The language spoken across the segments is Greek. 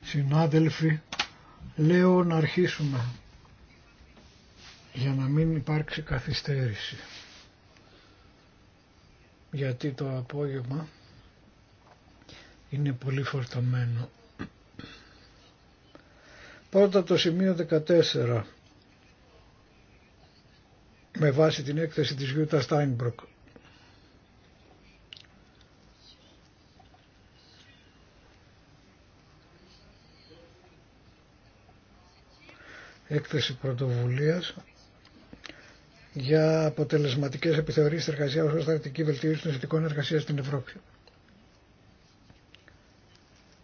Συνάδελφοι, λέω να αρχίσουμε για να μην υπάρξει καθυστέρηση. Γιατί το απόγευμα είναι πολύ φορτωμένο. Πρώτα το σημείο 14 με βάση την έκθεση της Γιούτα Στάινμπροκ. έκθεση πρωτοβουλίας για αποτελεσματικές επιθεωρήσεις εργασία ως στρατηγική βελτίωση των συνθηκών Εργασία στην Ευρώπη.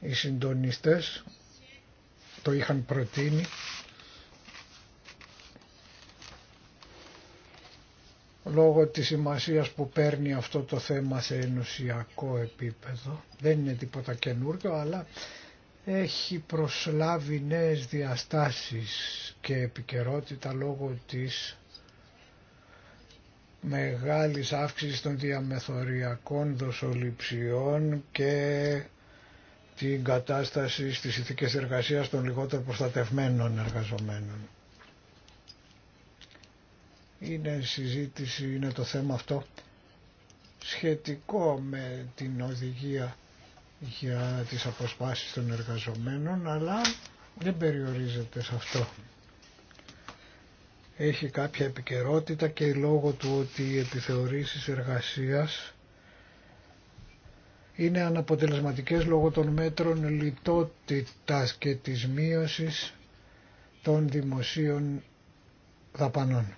Οι συντονιστές το είχαν προτείνει λόγω της σημασίας που παίρνει αυτό το θέμα σε ενωσιακό επίπεδο. Δεν είναι τίποτα καινούργιο, αλλά έχει προσλάβει νέες διαστάσεις και επικαιρότητα λόγω της μεγάλης αύξησης των διαμεθοριακών δοσοληψιών και την κατάσταση στις ηθικές εργασίας των λιγότερο προστατευμένων εργαζομένων. Είναι συζήτηση, είναι το θέμα αυτό σχετικό με την οδηγία για τις αποσπάσεις των εργαζομένων, αλλά δεν περιορίζεται σε αυτό. Έχει κάποια επικαιρότητα και λόγω του ότι οι επιθεωρήσεις εργασίας είναι αναποτελεσματικές λόγω των μέτρων λιτότητας και της μείωσης των δημοσίων δαπανών.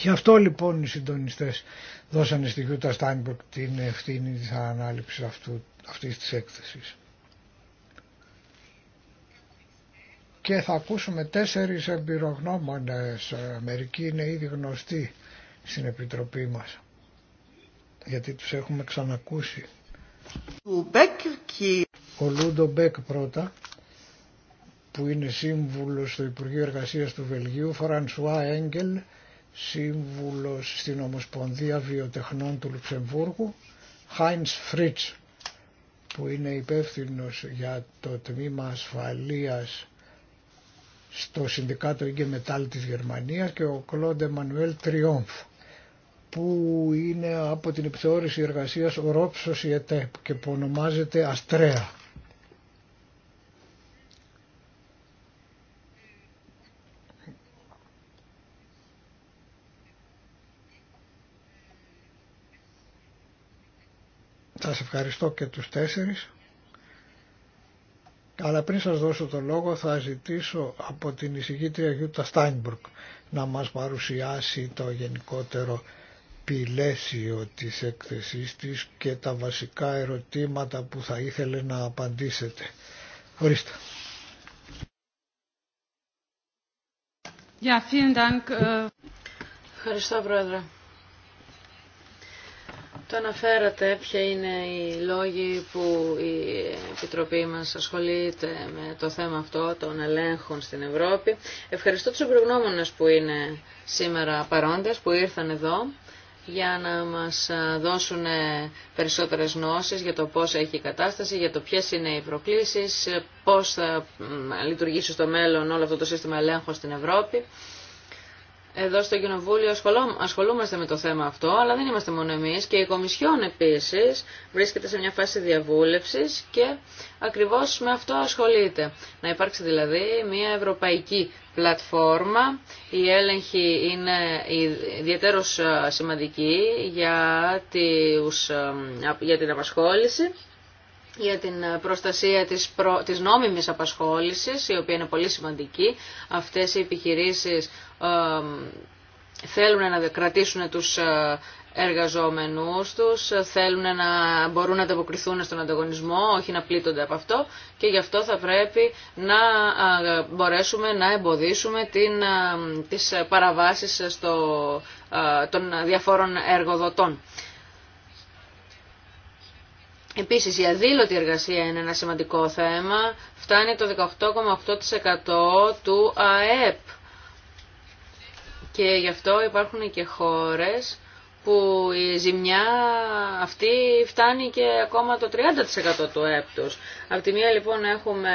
Γι' αυτό λοιπόν οι συντονιστές δώσανε στη Γιούτα Στάινμπερκ την ευθύνη της ανάληψης αυτού, αυτής της έκθεσης. Και θα ακούσουμε τέσσερις εμπειρογνώμονες, μερικοί είναι ήδη γνωστοί στην Επιτροπή μας, γιατί τους έχουμε ξανακούσει. Ο Λούντο Μπέκ πρώτα, που είναι σύμβουλος στο Υπουργείο Εργασίας του Βελγίου, Φρανσουά Έγγελ σύμβουλος στην Ομοσπονδία Βιοτεχνών του Λουξεμβούργου, Χάινς Φρίτς, που είναι υπεύθυνο για το τμήμα ασφαλείας στο Συνδικάτο Ίγκε Μετάλ της Γερμανίας και ο Κλόντε Μανουέλ Τριόμφ, που είναι από την επιθεώρηση εργασίας ο Ρόψος και που ονομάζεται Αστρέα. Σας ευχαριστώ και τους τέσσερις. Αλλά πριν σας δώσω το λόγο θα ζητήσω από την εισηγήτρια Γιούτα Στάινμπρουκ να μας παρουσιάσει το γενικότερο πηλέσιο της έκθεσής της και τα βασικά ερωτήματα που θα ήθελε να απαντήσετε. Ορίστε. Ε. Ευχαριστώ Πρόεδρε. Το αναφέρατε ποια είναι οι λόγοι που η Επιτροπή μας ασχολείται με το θέμα αυτό των ελέγχων στην Ευρώπη. Ευχαριστώ τους εμπρογνώμονες που είναι σήμερα παρόντες, που ήρθαν εδώ για να μας δώσουν περισσότερες γνώσεις για το πώς έχει η κατάσταση, για το ποιες είναι οι προκλήσεις, πώς θα λειτουργήσει στο μέλλον όλο αυτό το σύστημα ελέγχων στην Ευρώπη εδώ στο Κοινοβούλιο ασχολούμαστε με το θέμα αυτό, αλλά δεν είμαστε μόνο εμείς και η Κομισιόν επίσης βρίσκεται σε μια φάση διαβούλευσης και ακριβώς με αυτό ασχολείται. Να υπάρξει δηλαδή μια ευρωπαϊκή πλατφόρμα, η έλεγχη είναι ιδιαίτερως ε, σημαντική για, ε, για την απασχόληση για την ε, προστασία της, προ... της νόμιμης απασχόλησης, η οποία είναι πολύ σημαντική. Αυτές οι επιχειρήσεις θέλουν να κρατήσουν τους ε, εργαζόμενους τους, θέλουν να μπορούν να ανταποκριθούν στον ανταγωνισμό, όχι να πλήττονται από αυτό και γι' αυτό θα πρέπει να ε, μπορέσουμε να εμποδίσουμε την, τις παραβάσεις στο, των διαφόρων εργοδοτών. Επίσης η αδήλωτη εργασία είναι ένα σημαντικό θέμα. Φτάνει το 18,8% του ΑΕΠ. Και γι' αυτό υπάρχουν και χώρες που η ζημιά αυτή φτάνει και ακόμα το 30% του έπτους. Από τη μία λοιπόν έχουμε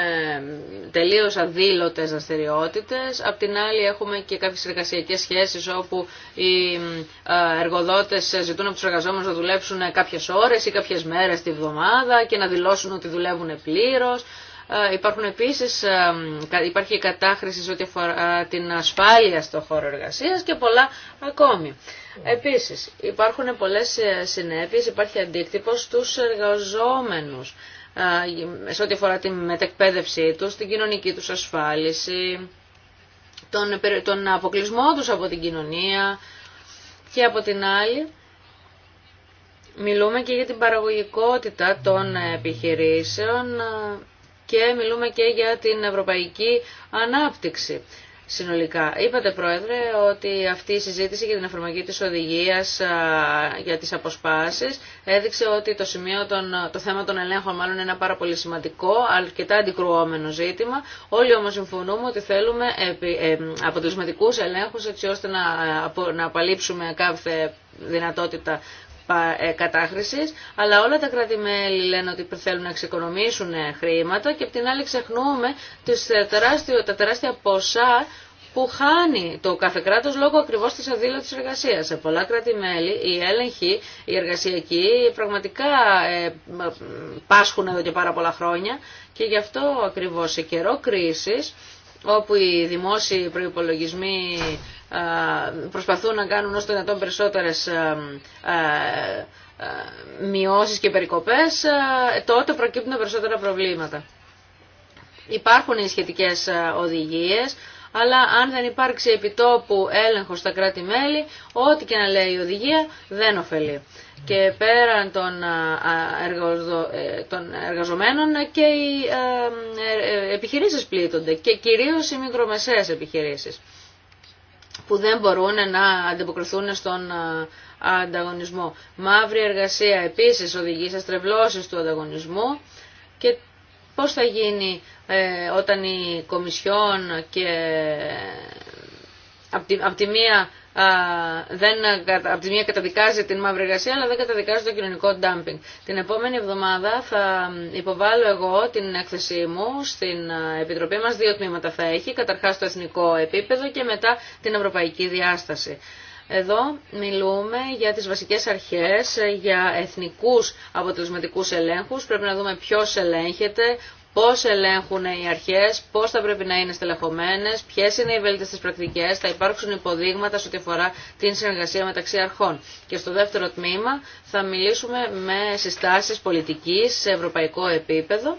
τελείως αδήλωτες δραστηριότητε, απ' την άλλη έχουμε και κάποιες εργασιακές σχέσεις όπου οι ε, εργοδότες ζητούν από τους εργαζόμενους να δουλέψουν κάποιες ώρες ή κάποιες μέρες τη βδομάδα και να δηλώσουν ότι δουλεύουν πλήρως. Ε, υπάρχουν επίσης, ε, υπάρχει κατάχρηση σε ό,τι αφορά την ασφάλεια στο χώρο εργασίας και πολλά ακόμη. Επίσης, υπάρχουν πολλές ε, συνέπειες, υπάρχει αντίκτυπο στους εργαζόμενους σε ό,τι αφορά την μετεκπαίδευσή τους, την κοινωνική τους ασφάλιση, τον, τον αποκλεισμό τους από την κοινωνία και από την άλλη μιλούμε και για την παραγωγικότητα των επιχειρήσεων και μιλούμε και για την ευρωπαϊκή ανάπτυξη. Συνολικά, είπατε Πρόεδρε ότι αυτή η συζήτηση για την εφαρμογή της οδηγίας για τις αποσπάσεις έδειξε ότι το, σημείο των, το θέμα των ελέγχων μάλλον είναι ένα πάρα πολύ σημαντικό, αρκετά αντικρουόμενο ζήτημα. Όλοι όμως συμφωνούμε ότι θέλουμε επι, ε, αποτελεσματικούς ελέγχους έτσι ώστε να, ε, να απαλείψουμε κάθε δυνατότητα ε, κατάχρησης, αλλά όλα τα κρατη λένε ότι θέλουν να εξοικονομήσουν ε, χρήματα και απ' την άλλη ξεχνούμε τις ε, τεράστια, τα τεράστια ποσά που χάνει το κάθε κράτο λόγω ακριβώ τη αδήλωτη εργασία. Σε πολλά κράτη-μέλη οι έλεγχοι, οι εργασιακοί πραγματικά ε, πάσχουν εδώ και πάρα πολλά χρόνια και γι' αυτό ακριβώ σε καιρό κρίση όπου οι δημόσιοι προπολογισμοί προσπαθούν να κάνουν όσο το δυνατόν περισσότερες ε, ε, ε, μειώσεις και περικοπές, τότε προκύπτουν περισσότερα προβλήματα. Υπάρχουν οι σχετικές οδηγίες, αλλά αν δεν υπάρξει επιτόπου έλεγχος στα κράτη-μέλη, ό,τι και να λέει η οδηγία δεν ωφελεί. Και πέραν των, εργαζομένων και οι επιχειρήσεις πλήττονται και κυρίως οι μικρομεσαίες επιχειρήσεις που δεν μπορούν να αντιποκριθούν στον ανταγωνισμό. Μαύρη εργασία επίσης οδηγεί σε στρεβλώσεις του ανταγωνισμού και πώς θα γίνει ε, όταν η Κομισιόν και ε, από τη μία δεν, από τη μία καταδικάζει την μαύρη εργασία αλλά δεν καταδικάζει το κοινωνικό ντάμπινγκ. Την επόμενη εβδομάδα θα υποβάλω εγώ την έκθεσή μου στην Επιτροπή μας. Δύο τμήματα θα έχει, καταρχάς το εθνικό επίπεδο και μετά την ευρωπαϊκή διάσταση. Εδώ μιλούμε για τις βασικές αρχές, ε, για εθνικούς αποτελεσματικούς ελέγχους. Πρέπει να δούμε ποιος ελέγχεται, πώς ελέγχουν οι αρχές, πώς θα πρέπει να είναι στελεχωμένες, ποιες είναι οι βέλτιστες πρακτικές, θα υπάρξουν υποδείγματα σε ό,τι αφορά την συνεργασία μεταξύ αρχών. Και στο δεύτερο τμήμα θα μιλήσουμε με συστάσεις πολιτικής σε ευρωπαϊκό επίπεδο,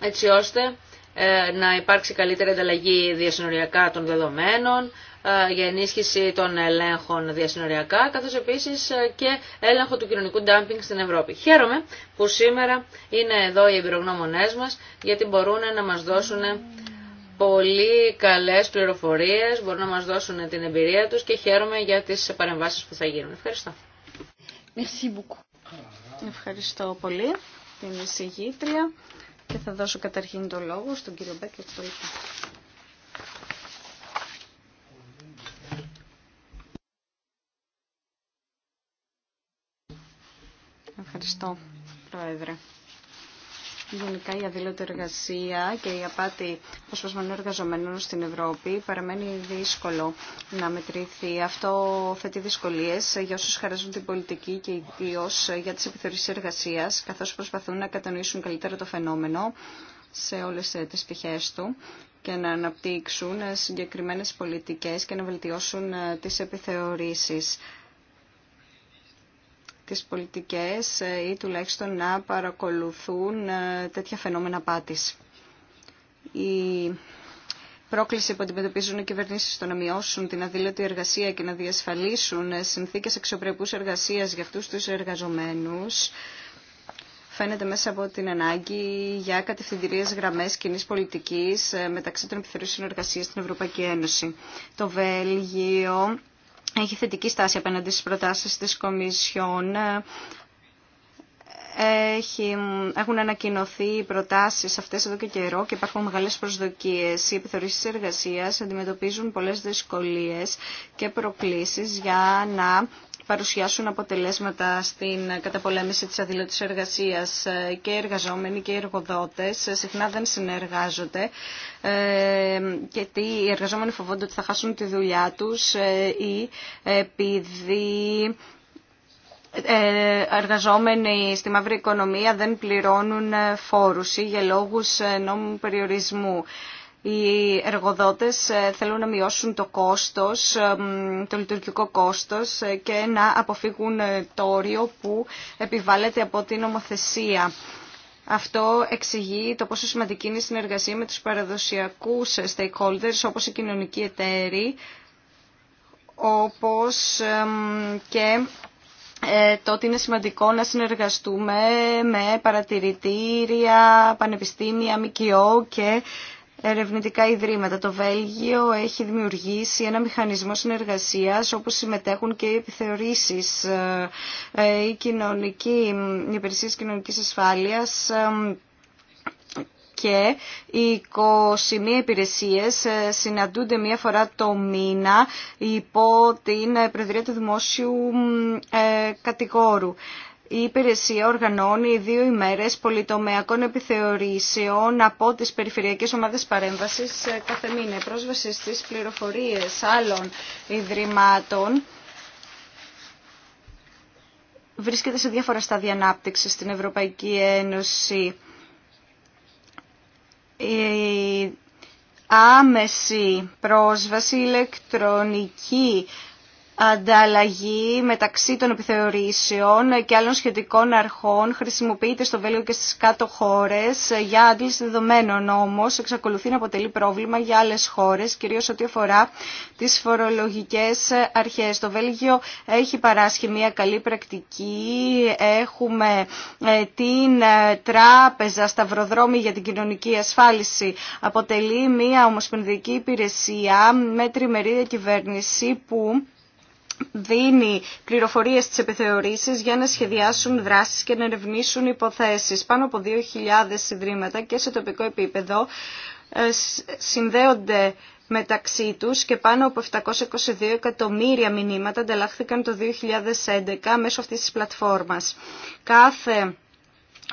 έτσι ώστε ε, να υπάρξει καλύτερη ανταλλαγή διασυνοριακά των δεδομένων, ε, για ενίσχυση των ελέγχων διασυνοριακά, καθώς επίσης ε, και έλεγχο του κοινωνικού ντάμπινγκ στην Ευρώπη. Χαίρομαι που σήμερα είναι εδώ οι εμπειρογνώμονές μας, γιατί μπορούν να μας δώσουν πολύ καλές πληροφορίες, μπορούν να μας δώσουν την εμπειρία τους και χαίρομαι για τις παρεμβάσεις που θα γίνουν. Ευχαριστώ. Ευχαριστώ πολύ την εισηγήτρια και θα δώσω καταρχήν το λόγο στον κύριο Μπέκερ. Ευχαριστώ, Πρόεδρε. Γενικά η αδήλωτη εργασία και η απάτη προσπασμένων εργαζομένων στην Ευρώπη παραμένει δύσκολο να μετρήθει. Αυτό θέτει δυσκολίε για όσου χαράζουν την πολιτική και ιδίω για τι επιθεωρήσει εργασία, καθώ προσπαθούν να κατανοήσουν καλύτερα το φαινόμενο σε όλες τις πτυχέ του και να αναπτύξουν συγκεκριμένες πολιτικές και να βελτιώσουν τις επιθεωρήσεις τις πολιτικές ε, ή τουλάχιστον να παρακολουθούν ε, τέτοια φαινόμενα πάτης. Η πρόκληση που αντιμετωπίζουν οι κυβερνήσεις στο να μειώσουν την αδήλωτη εργασία και να διασφαλίσουν ε, συνθήκες αξιοπρεπούς εργασίας για αυτούς τους εργαζομένους φαίνεται μέσα από την ανάγκη για κατευθυντηρίες γραμμές κοινή πολιτικής μεταξύ των επιθεωρήσεων εργασίας στην Ευρωπαϊκή Ένωση. Το Βέλγιο έχει θετική στάση απέναντι στις προτάσεις της Κομισιόν. Έχει, έχουν ανακοινωθεί οι προτάσεις αυτές εδώ και καιρό και υπάρχουν μεγάλες προσδοκίες. Οι επιθεωρήσεις εργασίας αντιμετωπίζουν πολλές δυσκολίες και προκλήσεις για να παρουσιάσουν αποτελέσματα στην καταπολέμηση της αδειλωτής εργασίας ε, και εργαζόμενοι και εργοδότες ε, συχνά δεν συνεργάζονται ε, γιατί οι εργαζόμενοι φοβούνται ότι θα χάσουν τη δουλειά τους ή επειδή εργαζόμενοι στη μαύρη οικονομία δεν πληρώνουν φόρους ή για λόγους νόμου περιορισμού οι εργοδότες ε, θέλουν να μειώσουν το κόστος, ε, το λειτουργικό κόστος ε, και να αποφύγουν το όριο που επιβάλλεται από την νομοθεσία. Αυτό εξηγεί το πόσο σημαντική είναι η συνεργασία με τους παραδοσιακούς stakeholders όπως οι κοινωνικοί εταίροι, όπως και το ότι είναι σημαντικό να συνεργαστούμε με παρατηρητήρια, πανεπιστήμια, ΜΚΟ και ερευνητικά ιδρύματα. Το Βέλγιο έχει δημιουργήσει ένα μηχανισμό συνεργασίας όπου συμμετέχουν και οι επιθεωρήσεις, ε, οι, κοινωνικοί, οι υπηρεσίες κοινωνικής ασφάλειας ε, και οι 21 υπηρεσίες ε, συναντούνται μία φορά το μήνα υπό την Προεδρία του Δημόσιου Κατηγόρου η υπηρεσία οργανώνει δύο ημέρες πολυτομεακών επιθεωρήσεων από τις περιφερειακές ομάδες παρέμβασης ε, κάθε μήνα. Πρόσβαση στις πληροφορίες άλλων ιδρυμάτων βρίσκεται σε διάφορα στάδια ανάπτυξη στην Ευρωπαϊκή Ένωση. Η άμεση πρόσβαση, ηλεκτρονική ανταλλαγή μεταξύ των επιθεωρήσεων και άλλων σχετικών αρχών χρησιμοποιείται στο Βέλγιο και στις κάτω χώρες για άντληση δεδομένων όμως εξακολουθεί να αποτελεί πρόβλημα για άλλες χώρες κυρίως ό,τι αφορά τις φορολογικές αρχές. Το Βέλγιο έχει παράσχει μια καλή πρακτική, έχουμε ε, την ε, τράπεζα σταυροδρόμη για την κοινωνική ασφάλιση αποτελεί μια ομοσπονδιακή υπηρεσία με τριμερή διακυβέρνηση που δίνει πληροφορίε στι επιθεωρήσει για να σχεδιάσουν δράσει και να ερευνήσουν υποθέσει. Πάνω από 2.000 ιδρύματα και σε τοπικό επίπεδο ε, συνδέονται μεταξύ τους και πάνω από 722 εκατομμύρια μηνύματα ανταλλάχθηκαν το 2011 μέσω αυτής της πλατφόρμας. Κάθε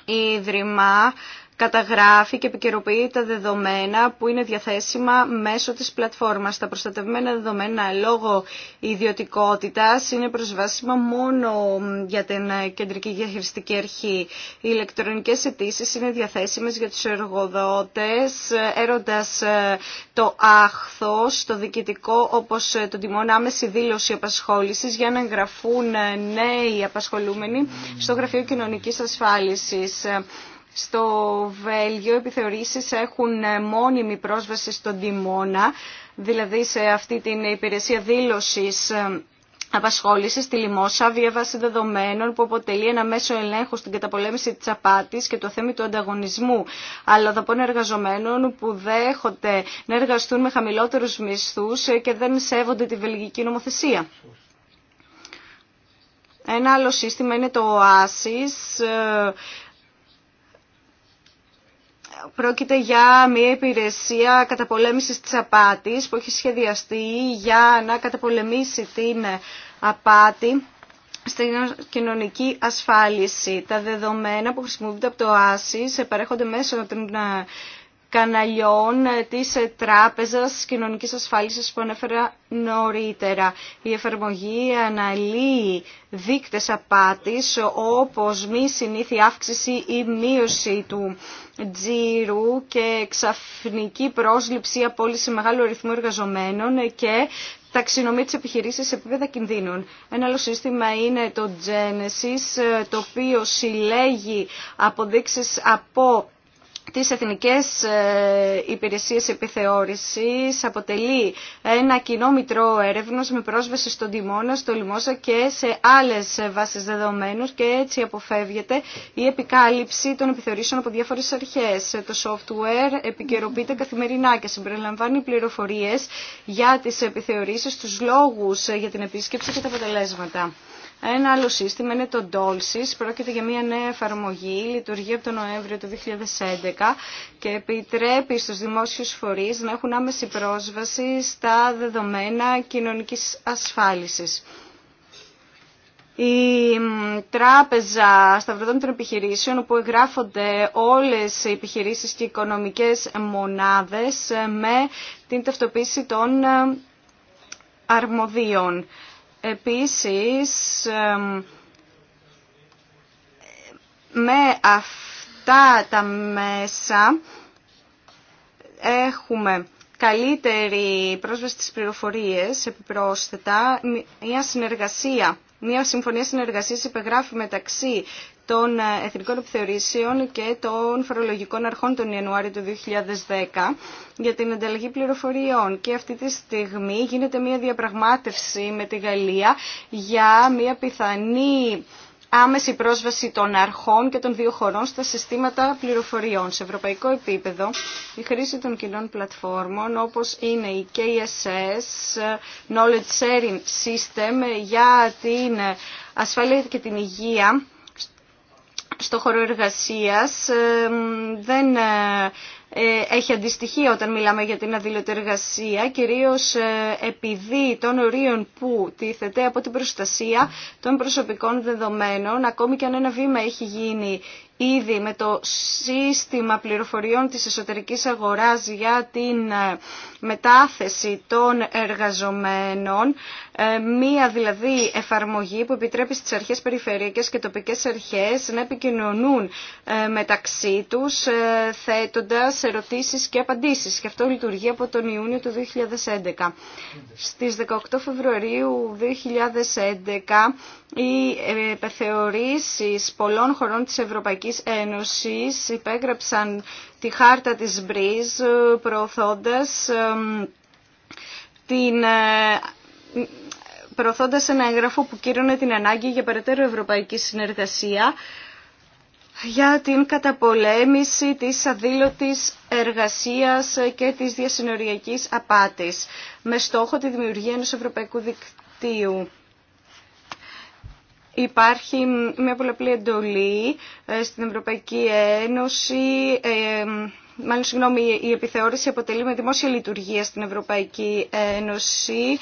ίδρυμα καταγράφει και επικαιροποιεί τα δεδομένα που είναι διαθέσιμα μέσω της πλατφόρμας. Τα προστατευμένα δεδομένα λόγω ιδιωτικότητας είναι προσβάσιμα μόνο για την κεντρική διαχειριστική αρχή. Οι ηλεκτρονικές αιτήσει είναι διαθέσιμες για τους εργοδότες, έροντας ε, το άχθος, το διοικητικό, όπως ε, το τιμόν άμεση δήλωση απασχόλησης για να εγγραφούν ε, νέοι απασχολούμενοι στο Γραφείο Κοινωνικής Ασφάλισης. Στο Βέλγιο επιθεωρήσεις έχουν ε, μόνιμη πρόσβαση στον τιμώνα, δηλαδή σε αυτή την υπηρεσία δήλωσης ε, απασχόλησης στη Λιμόσα, βάση δεδομένων που αποτελεί ένα μέσο ελέγχου στην καταπολέμηση της απάτης και το θέμα του ανταγωνισμού δαπών εργαζομένων που δέχονται να εργαστούν με χαμηλότερους μισθούς ε, και δεν σέβονται τη βελγική νομοθεσία. Ένα άλλο σύστημα είναι το ΟΑΣΙΣ, Πρόκειται για μια υπηρεσία καταπολέμησης της απάτης που έχει σχεδιαστεί για να καταπολεμήσει την απάτη στην κοινωνική ασφάλιση. Τα δεδομένα που χρησιμοποιούνται από το ΆΣΙΣ παρέχονται μέσω των ε, καναλιών ε, της ε, Τράπεζας Κοινωνικής Ασφάλισης που ανέφερα νωρίτερα. Η εφαρμογή αναλύει δείκτες απάτης όπως μη συνήθειά αύξηση ή μείωση του τζίρου και ξαφνική πρόσληψη απόλυση μεγάλου αριθμού εργαζομένων και ταξινομεί τη επιχειρήσεις σε επίπεδα κινδύνων. Ένα άλλο σύστημα είναι το Genesis, ε, το οποίο συλλέγει αποδείξεις από τις Εθνικές ε, Υπηρεσίες Επιθεώρησης αποτελεί ένα κοινό μητρό έρευνος με πρόσβαση στον Τιμόνα, στο Λιμόσα και σε άλλες βάσεις δεδομένου, και έτσι αποφεύγεται η επικάλυψη των επιθεωρήσεων από διάφορες αρχές. Το software επικαιροποιείται καθημερινά και συμπεριλαμβάνει πληροφορίες για τις επιθεωρήσεις, τους λόγους για την επίσκεψη και τα αποτελέσματα. Ένα άλλο σύστημα είναι το DOLSIS, πρόκειται για μια νέα εφαρμογή, λειτουργεί από τον Νοέμβριο του 2011 και επιτρέπει στους δημόσιους φορείς να έχουν άμεση πρόσβαση στα δεδομένα κοινωνικής ασφάλισης. Η τράπεζα σταυρωτών των επιχειρήσεων, όπου εγγράφονται όλες οι επιχειρήσεις και οι οικονομικές μονάδες ε, με την ταυτοποίηση των ε, αρμοδίων. Επίσης, με αυτά τα μέσα έχουμε καλύτερη πρόσβαση στις πληροφορίες επιπρόσθετα, μια συνεργασία. Μια συμφωνία συνεργασίας υπεγράφει μεταξύ των ε, εθνικών επιθεωρήσεων και των φορολογικών αρχών τον Ιανουάριο του 2010 για την ανταλλαγή πληροφοριών. Και αυτή τη στιγμή γίνεται μια διαπραγμάτευση με τη Γαλλία για μια πιθανή άμεση πρόσβαση των αρχών και των δύο χωρών στα συστήματα πληροφοριών. Σε ευρωπαϊκό επίπεδο, η χρήση των κοινών πλατφόρμων, όπως είναι η KSS, Knowledge Sharing System, για την ασφάλεια και την υγεία, στο χώρο εργασίας δεν ε, ε, έχει αντιστοιχεί όταν μιλάμε για την αδήλωτη εργασία, κυρίως ε, επειδή των ορίων που τίθεται από την προστασία των προσωπικών δεδομένων, ακόμη και αν ένα βήμα έχει γίνει ήδη με το σύστημα πληροφοριών της εσωτερικής αγοράς για την μετάθεση των εργαζομένων, ε, μία δηλαδή εφαρμογή που επιτρέπει στις αρχές περιφερειακές και τοπικές αρχές να επικοινωνούν ε, μεταξύ τους ε, θέτοντας ερωτήσεις και απαντήσεις. Και αυτό λειτουργεί από τον Ιούνιο του 2011. Στις 18 Φεβρουαρίου 2011 οι επεθεωρήσεις πολλών χωρών της Ευρωπαϊκής Ένωσης υπέγραψαν τη χάρτα της Μπρίζ ε, προωθώντας την ε, προωθώντας ένα έγγραφο που κύρωνε την ανάγκη για περαιτέρω ευρωπαϊκή συνεργασία για την καταπολέμηση της αδήλωτης εργασίας και της διασυνοριακής απάτης με στόχο τη δημιουργία ενός ευρωπαϊκού δικτύου υπάρχει μια πολλαπλή εντολή ε, στην Ευρωπαϊκή Ένωση. Ε, μάλλον, συγγνώμη, η επιθεώρηση αποτελεί με δημόσια λειτουργία στην Ευρωπαϊκή Ένωση.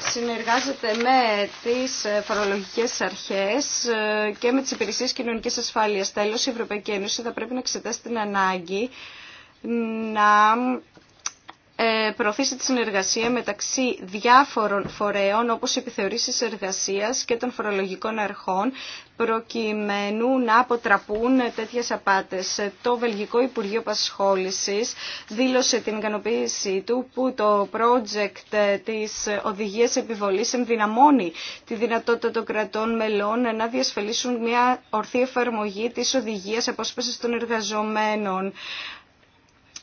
Συνεργάζεται με τις φορολογικές αρχές ε, και με τις υπηρεσίες κοινωνικής ασφάλειας. Τέλος, η Ευρωπαϊκή Ένωση θα πρέπει να εξετάσει την ανάγκη να ε, προωθήσει τη συνεργασία μεταξύ διάφορων φορέων όπως επιθεωρήσεις εργασίας και των φορολογικών αρχών προκειμένου να αποτραπούν τέτοιες απάτες. Το Βελγικό Υπουργείο Πασχόλησης δήλωσε την ικανοποίησή του που το project της οδηγίας επιβολής ενδυναμώνει τη δυνατότητα των κρατών μελών να διασφαλίσουν μια ορθή εφαρμογή της οδηγίας απόσπασης των εργαζομένων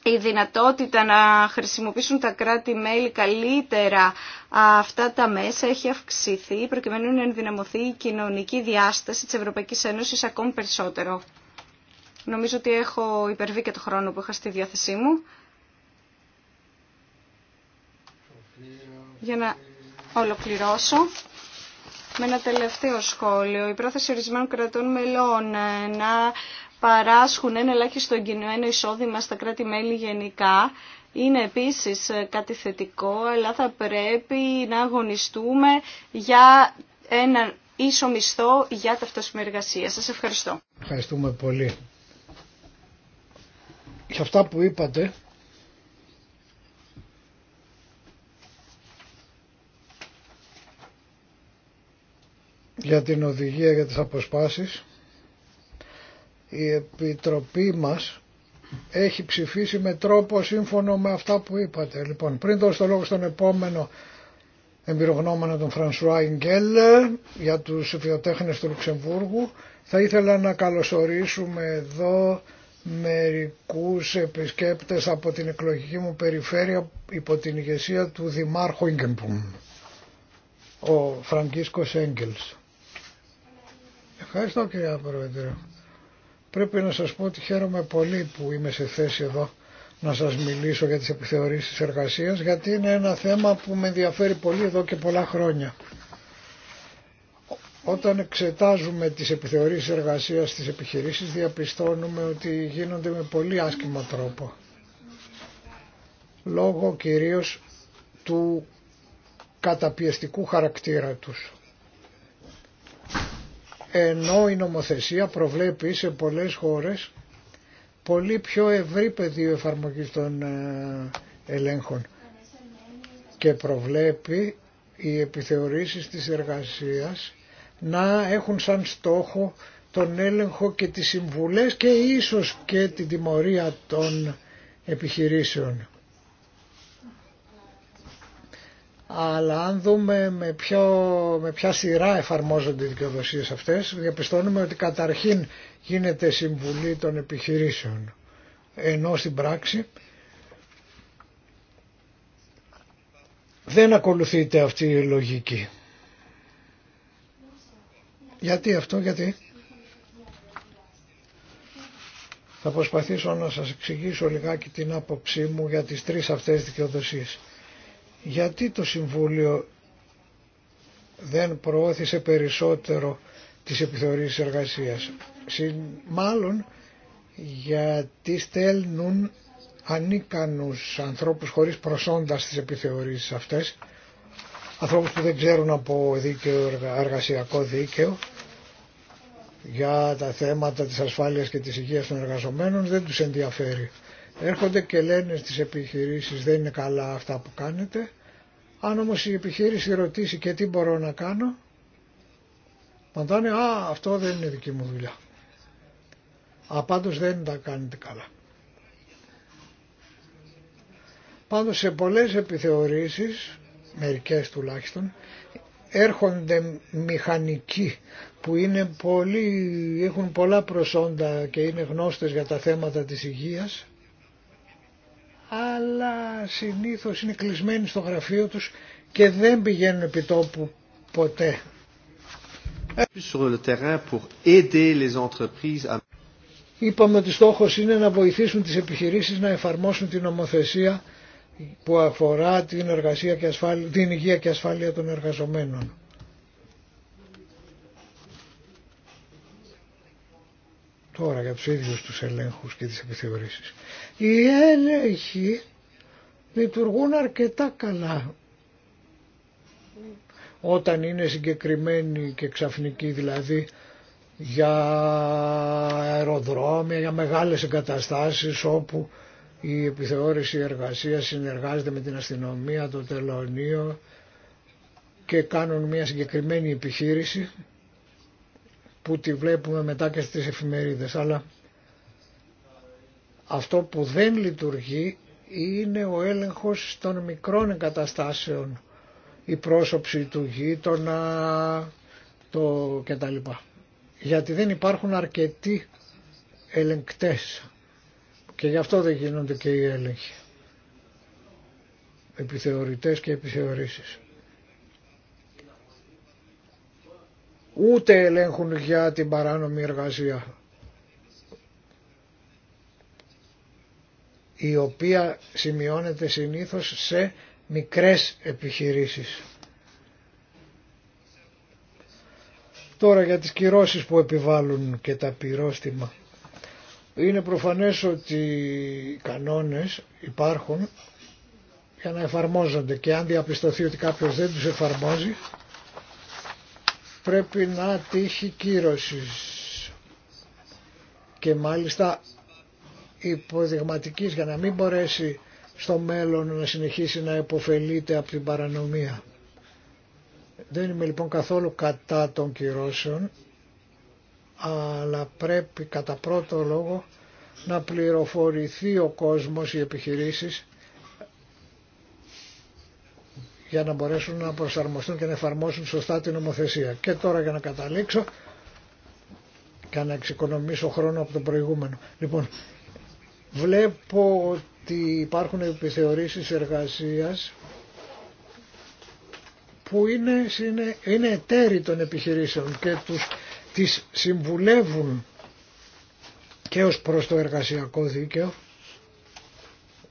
η δυνατότητα να χρησιμοποιήσουν τα κράτη-μέλη καλύτερα αυτά τα μέσα έχει αυξηθεί προκειμένου να ενδυναμωθεί η κοινωνική διάσταση της Ευρωπαϊκής Ένωσης ακόμη περισσότερο. Νομίζω ότι έχω υπερβεί και το χρόνο που είχα στη διάθεσή μου. Για να ολοκληρώσω με ένα τελευταίο σχόλιο. Η πρόθεση ορισμένων κρατών μελών να παράσχουν ένα ελάχιστο εγγυημένο εισόδημα στα κράτη-μέλη γενικά. Είναι επίσης ε, κάτι θετικό, αλλά θα πρέπει να αγωνιστούμε για έναν ίσο μισθό για ταυτόσιμη εργασία. Σας ευχαριστώ. Ευχαριστούμε πολύ. Σε αυτά που είπατε, για την οδηγία για τις αποσπάσεις, η Επιτροπή μας έχει ψηφίσει με τρόπο σύμφωνο με αυτά που είπατε. Λοιπόν, πριν δώσω το λόγο στον επόμενο εμπειρογνώμονα τον Φρανσουά Ιγγέλ για τους βιοτέχνες του Λουξεμβούργου, θα ήθελα να καλωσορίσουμε εδώ μερικούς επισκέπτες από την εκλογική μου περιφέρεια υπό την ηγεσία του Δημάρχου Ίγκεμπουμ, ο Φραγκίσκος Έγγελς. Ευχαριστώ κυρία Πρόεδρε. Πρέπει να σας πω ότι χαίρομαι πολύ που είμαι σε θέση εδώ να σας μιλήσω για τις επιθεωρήσεις εργασίας γιατί είναι ένα θέμα που με ενδιαφέρει πολύ εδώ και πολλά χρόνια. Όταν εξετάζουμε τις επιθεωρήσεις εργασίας στις επιχειρήσεις διαπιστώνουμε ότι γίνονται με πολύ άσκημο τρόπο. Λόγω κυρίως του καταπιεστικού χαρακτήρα τους ενώ η νομοθεσία προβλέπει σε πολλές χώρες πολύ πιο ευρύ πεδίο εφαρμογής των ε, ελέγχων και προβλέπει οι επιθεωρήσεις της εργασίας να έχουν σαν στόχο τον έλεγχο και τις συμβουλές και ίσως και την τιμωρία των επιχειρήσεων. Αλλά αν δούμε με, ποιο, με ποια σειρά εφαρμόζονται οι δικαιοδοσίες αυτές, διαπιστώνουμε ότι καταρχήν γίνεται συμβουλή των επιχειρήσεων. Ενώ στην πράξη δεν ακολουθείται αυτή η λογική. Γιατί αυτό, γιατί. Θα προσπαθήσω να σας εξηγήσω λιγάκι την άποψή μου για τις τρεις αυτές δικαιοδοσίες. Γιατί το Συμβούλιο δεν προώθησε περισσότερο τις επιθεωρήσεις εργασίας. Μάλλον γιατί στέλνουν ανίκανους ανθρώπους χωρίς προσόντα στις επιθεωρήσεις αυτές, ανθρώπους που δεν ξέρουν από δίκαιο, εργασιακό δίκαιο, για τα θέματα της ασφάλειας και της υγείας των εργαζομένων δεν τους ενδιαφέρει έρχονται και λένε στις επιχειρήσεις δεν είναι καλά αυτά που κάνετε. Αν όμως η επιχείρηση ρωτήσει και τι μπορώ να κάνω, παντάνε «Α, αυτό δεν είναι δική μου δουλειά». Α, αυτο δεν ειναι δικη μου δουλεια α δεν τα κάνετε καλά. Πάντως σε πολλές επιθεωρήσεις, μερικές τουλάχιστον, έρχονται μηχανικοί που είναι πολύ, έχουν πολλά προσόντα και είναι γνώστες για τα θέματα της υγείας αλλά συνήθως είναι κλεισμένοι στο γραφείο τους και δεν πηγαίνουν επί τόπου ποτέ. Είπαμε ότι στόχος είναι να βοηθήσουν τις επιχειρήσεις να εφαρμόσουν την νομοθεσία που αφορά την, εργασία και ασφάλεια, την υγεία και ασφάλεια των εργαζομένων. Τώρα για τους ίδιους τους ελέγχους και τις επιθεωρήσεις. Οι έλεγχοι λειτουργούν αρκετά καλά όταν είναι συγκεκριμένοι και ξαφνικοί δηλαδή για αεροδρόμια, για μεγάλες εγκαταστάσεις όπου η επιθεώρηση εργασία συνεργάζεται με την αστυνομία, το τελωνίο και κάνουν μια συγκεκριμένη επιχείρηση που τη βλέπουμε μετά και στις εφημερίδες. Αλλά αυτό που δεν λειτουργεί είναι ο έλεγχος των μικρών εγκαταστάσεων, η πρόσωψη του γείτονα το κτλ. Γιατί δεν υπάρχουν αρκετοί ελεγκτές και γι' αυτό δεν γίνονται και οι έλεγχοι, επιθεωρητές και επιθεωρήσεις. ούτε ελέγχουν για την παράνομη εργασία η οποία σημειώνεται συνήθως σε μικρές επιχειρήσεις. Τώρα για τις κυρώσεις που επιβάλλουν και τα πυρόστιμα. Είναι προφανές ότι οι κανόνες υπάρχουν για να εφαρμόζονται και αν διαπιστωθεί ότι κάποιος δεν τους εφαρμόζει πρέπει να τύχει κύρωση, και μάλιστα υποδειγματική για να μην μπορέσει στο μέλλον να συνεχίσει να υποφελείται από την παρανομία. Δεν είμαι λοιπόν καθόλου κατά των κυρώσεων, αλλά πρέπει κατά πρώτο λόγο να πληροφορηθεί ο κόσμος, οι επιχειρήσεις, για να μπορέσουν να προσαρμοστούν και να εφαρμόσουν σωστά την νομοθεσία. Και τώρα για να καταλήξω και να εξοικονομήσω χρόνο από το προηγούμενο. Λοιπόν, βλέπω ότι υπάρχουν επιθεωρήσεις εργασίας που είναι, είναι, εταίροι των επιχειρήσεων και τους, τις συμβουλεύουν και ως προς το εργασιακό δίκαιο,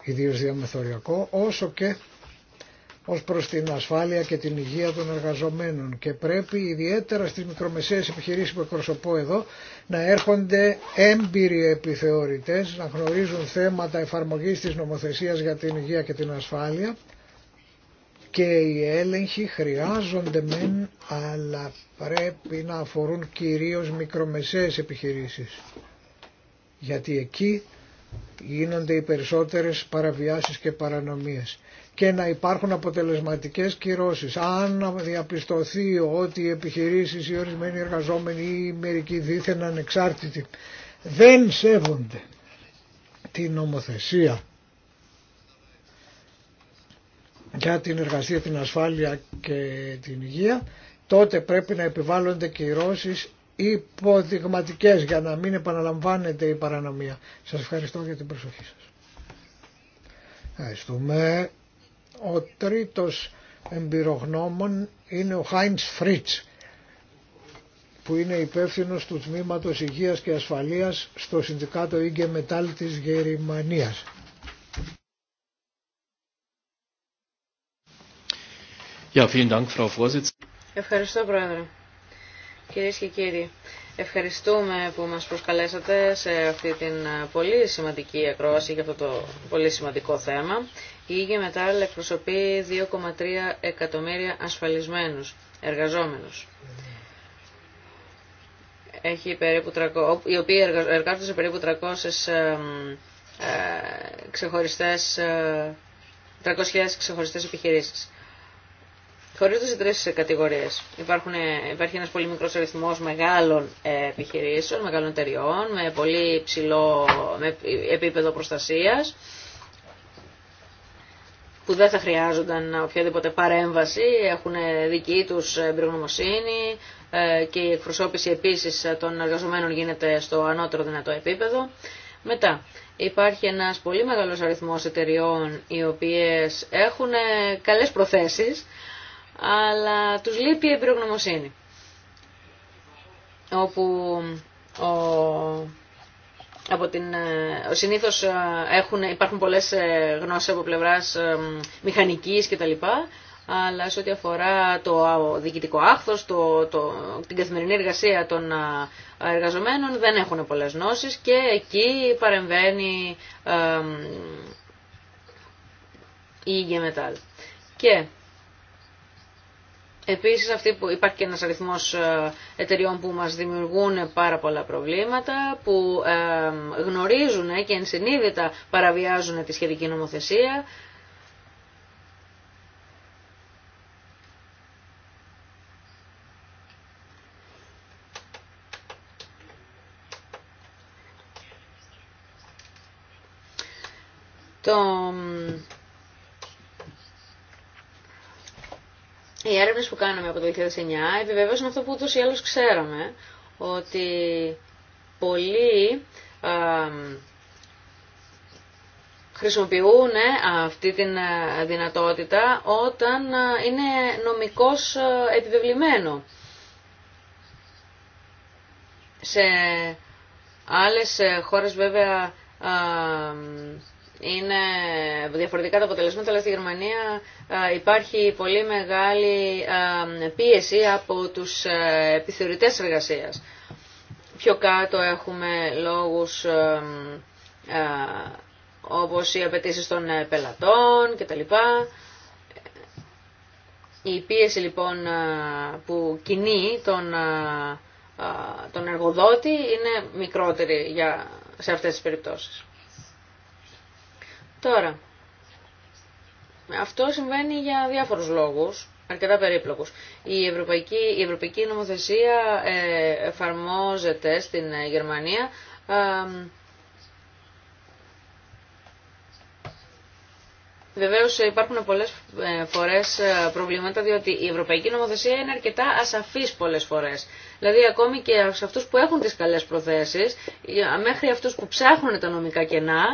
ιδίως διαμεθοριακό, όσο και ως προς την ασφάλεια και την υγεία των εργαζομένων και πρέπει ιδιαίτερα στις μικρομεσαίες επιχειρήσεις που εκπροσωπώ εδώ να έρχονται έμπειροι επιθεωρητές, να γνωρίζουν θέματα εφαρμογής της νομοθεσίας για την υγεία και την ασφάλεια και οι έλεγχοι χρειάζονται μεν αλλά πρέπει να αφορούν κυρίως μικρομεσαίες επιχειρήσεις γιατί εκεί γίνονται οι περισσότερες παραβιάσεις και παρανομίες και να υπάρχουν αποτελεσματικές κυρώσεις. Αν διαπιστωθεί ότι οι επιχειρήσεις, ή ορισμένοι εργαζόμενοι ή μερικοί δίθεν ανεξάρτητοι δεν σέβονται την νομοθεσία για την εργασία, την ασφάλεια και την υγεία, τότε πρέπει να επιβάλλονται κυρώσεις υποδειγματικές για να μην επαναλαμβάνεται η παρανομία. Σας ευχαριστώ για την προσοχή σας. Ευχαριστούμε. Ο τρίτος εμπειρογνώμων είναι ο Χάιντς Φρίτς που είναι υπεύθυνο του Τμήματος Υγείας και Ασφαλείας στο Συνδικάτο Ίγκε Μετάλ της Γερμανίας. Ja, vielen Dank, Frau Ευχαριστώ, Πρόεδρε. Κυρίες και κύριοι, ευχαριστούμε που μας προσκαλέσατε σε αυτή την ε, πολύ σημαντική ακρόαση για αυτό το πολύ σημαντικό θέμα. Η ίδια εκπροσωπεί 2,3 εκατομμύρια ασφαλισμένους, εργαζόμενους. Έχει περίπου 300, οι οποίοι εργάζονται σε περίπου 300 ε, ξεχωριστές, ε, 300.000 ξεχωριστές επιχειρήσεις. Χωρίζονται σε τρεις κατηγορίες. Υπάρχουν, ε, υπάρχει ένας πολύ μικρός αριθμός μεγάλων ε, επιχειρήσεων, μεγάλων εταιριών, με πολύ ψηλό με επίπεδο προστασίας που δεν θα χρειάζονταν οποιαδήποτε παρέμβαση, έχουν δική τους εμπειρογνωμοσύνη ε, και η εκπροσώπηση επίσης των εργαζομένων γίνεται στο ανώτερο δυνατό επίπεδο. Μετά, υπάρχει ένας πολύ μεγάλος αριθμός εταιριών οι οποίες έχουν ε, καλές προθέσεις, αλλά τους λείπει η εμπειρογνωμοσύνη. Όπου ο από την, ε, συνήθως ε, έχουν, υπάρχουν πολλές ε, γνώσεις από πλευράς μηχανικής κτλ. Αλλά σε ό,τι αφορά το διοικητικό άχθος, το, το, την καθημερινή εργασία των εργαζομένων δεν έχουν πολλές γνώσεις και εκεί παρεμβαίνει η γεμετάλ Και Επίσης αυτή που υπάρχει και ένας αριθμός ε, εταιριών που μας δημιουργούν πάρα πολλά προβλήματα, που ε, γνωρίζουν και ενσυνείδητα παραβιάζουν τη σχετική νομοθεσία. Το Οι έρευνες που κάναμε από το 2009 επιβεβαίωσαν αυτό που ούτως ή άλλως ξέραμε, ότι πολλοί χρησιμοποιούν ε, αυτή τη ε, δυνατότητα όταν ε, είναι νομικώς επιβεβλημένο. Σε άλλες χώρες βέβαια είναι διαφορετικά τα αποτελέσματα, αλλά στη Γερμανία υπάρχει πολύ μεγάλη πίεση από τους επιθεωρητές εργασίας. Πιο κάτω έχουμε λόγους όπως οι απαιτήσει των ε, πελατών κτλ. Η πίεση λοιπόν που κινεί τον, τον εργοδότη είναι μικρότερη για, σε αυτές τις περιπτώσεις. Τώρα, αυτό συμβαίνει για διάφορους λόγους, αρκετά περίπλοκους. Η ευρωπαϊκή, η ευρωπαϊκή νομοθεσία ε, εφαρμόζεται στην ε, Γερμανία Βεβαίω ε, υπάρχουν πολλέ φορέ προβλήματα διότι η ευρωπαϊκή νομοθεσία είναι αρκετά ασαφή πολλέ φορέ. Δηλαδή ακόμη και σε αυτού που έχουν τι καλέ προθέσει, μέχρι αυτού που ψάχνουν τα νομικά κενά,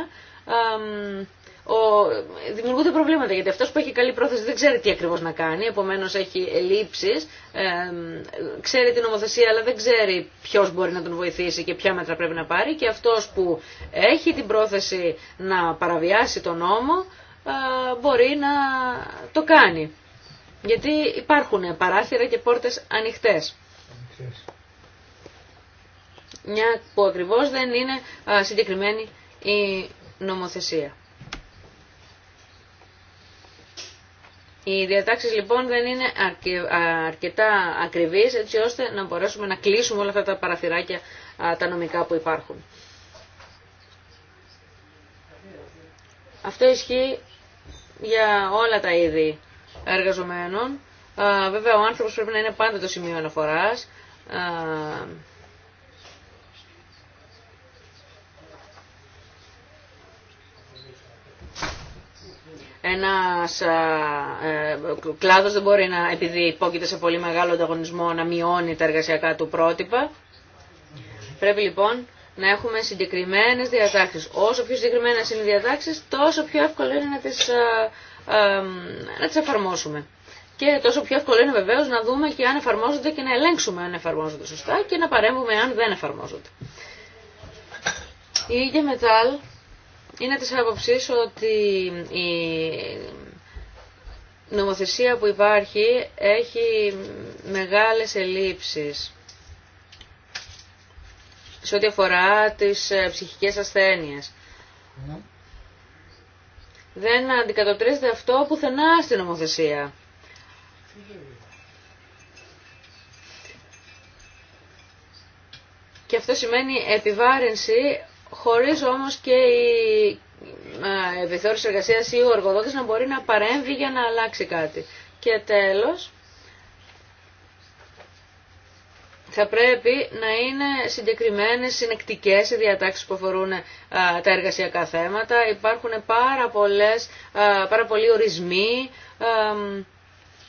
δημιουργούνται προβλήματα γιατί αυτός που έχει καλή πρόθεση δεν ξέρει τι ακριβώς να κάνει, επομένως έχει ελλείψεις, ξέρει την νομοθεσία αλλά δεν ξέρει ποιος μπορεί να τον βοηθήσει και ποια μέτρα πρέπει να πάρει και αυτός που έχει την πρόθεση να παραβιάσει τον νόμο ε, μπορεί να το κάνει. Γιατί υπάρχουν παράθυρα και πόρτες ανοιχτές. Μια που ακριβώς δεν είναι ε, συγκεκριμένη η νομοθεσία. Οι διατάξεις λοιπόν δεν είναι αρκετά ακριβείς έτσι ώστε να μπορέσουμε να κλείσουμε όλα αυτά τα παραθυράκια τα νομικά που υπάρχουν. Αυτό ισχύει για όλα τα είδη εργαζομένων. Βέβαια ο άνθρωπος πρέπει να είναι πάντα το σημείο αναφοράς ένας ε, κλάδος δεν μπορεί να, επειδή υπόκειται σε πολύ μεγάλο ανταγωνισμό, να μειώνει τα εργασιακά του πρότυπα. Πρέπει λοιπόν να έχουμε συγκεκριμένες διατάξεις. Όσο πιο συγκεκριμένες είναι οι διατάξεις, τόσο πιο εύκολο είναι να τις, να τις εφαρμόσουμε. Και τόσο πιο εύκολο είναι βεβαίω να δούμε και αν εφαρμόζονται και να ελέγξουμε αν εφαρμόζονται σωστά και να παρέμβουμε αν δεν εφαρμόζονται. Η ίδια είναι της άποψης ότι η νομοθεσία που υπάρχει έχει μεγάλες ελλείψεις σε ό,τι αφορά τις ε, ψυχικές ασθένειες. Ναι. Δεν αντικατοπτρίζεται αυτό πουθενά στην νομοθεσία. Και αυτό σημαίνει επιβάρυνση χωρίς όμως και η επιθεώρηση εργασίας ή ο εργοδότης να μπορεί να παρέμβει για να αλλάξει κάτι. Και τέλος, θα πρέπει να είναι συγκεκριμένες, συνεκτικές οι διατάξεις που αφορούν τα εργασιακά θέματα. Υπάρχουν πάρα, πολλές, πάρα πολλοί ορισμοί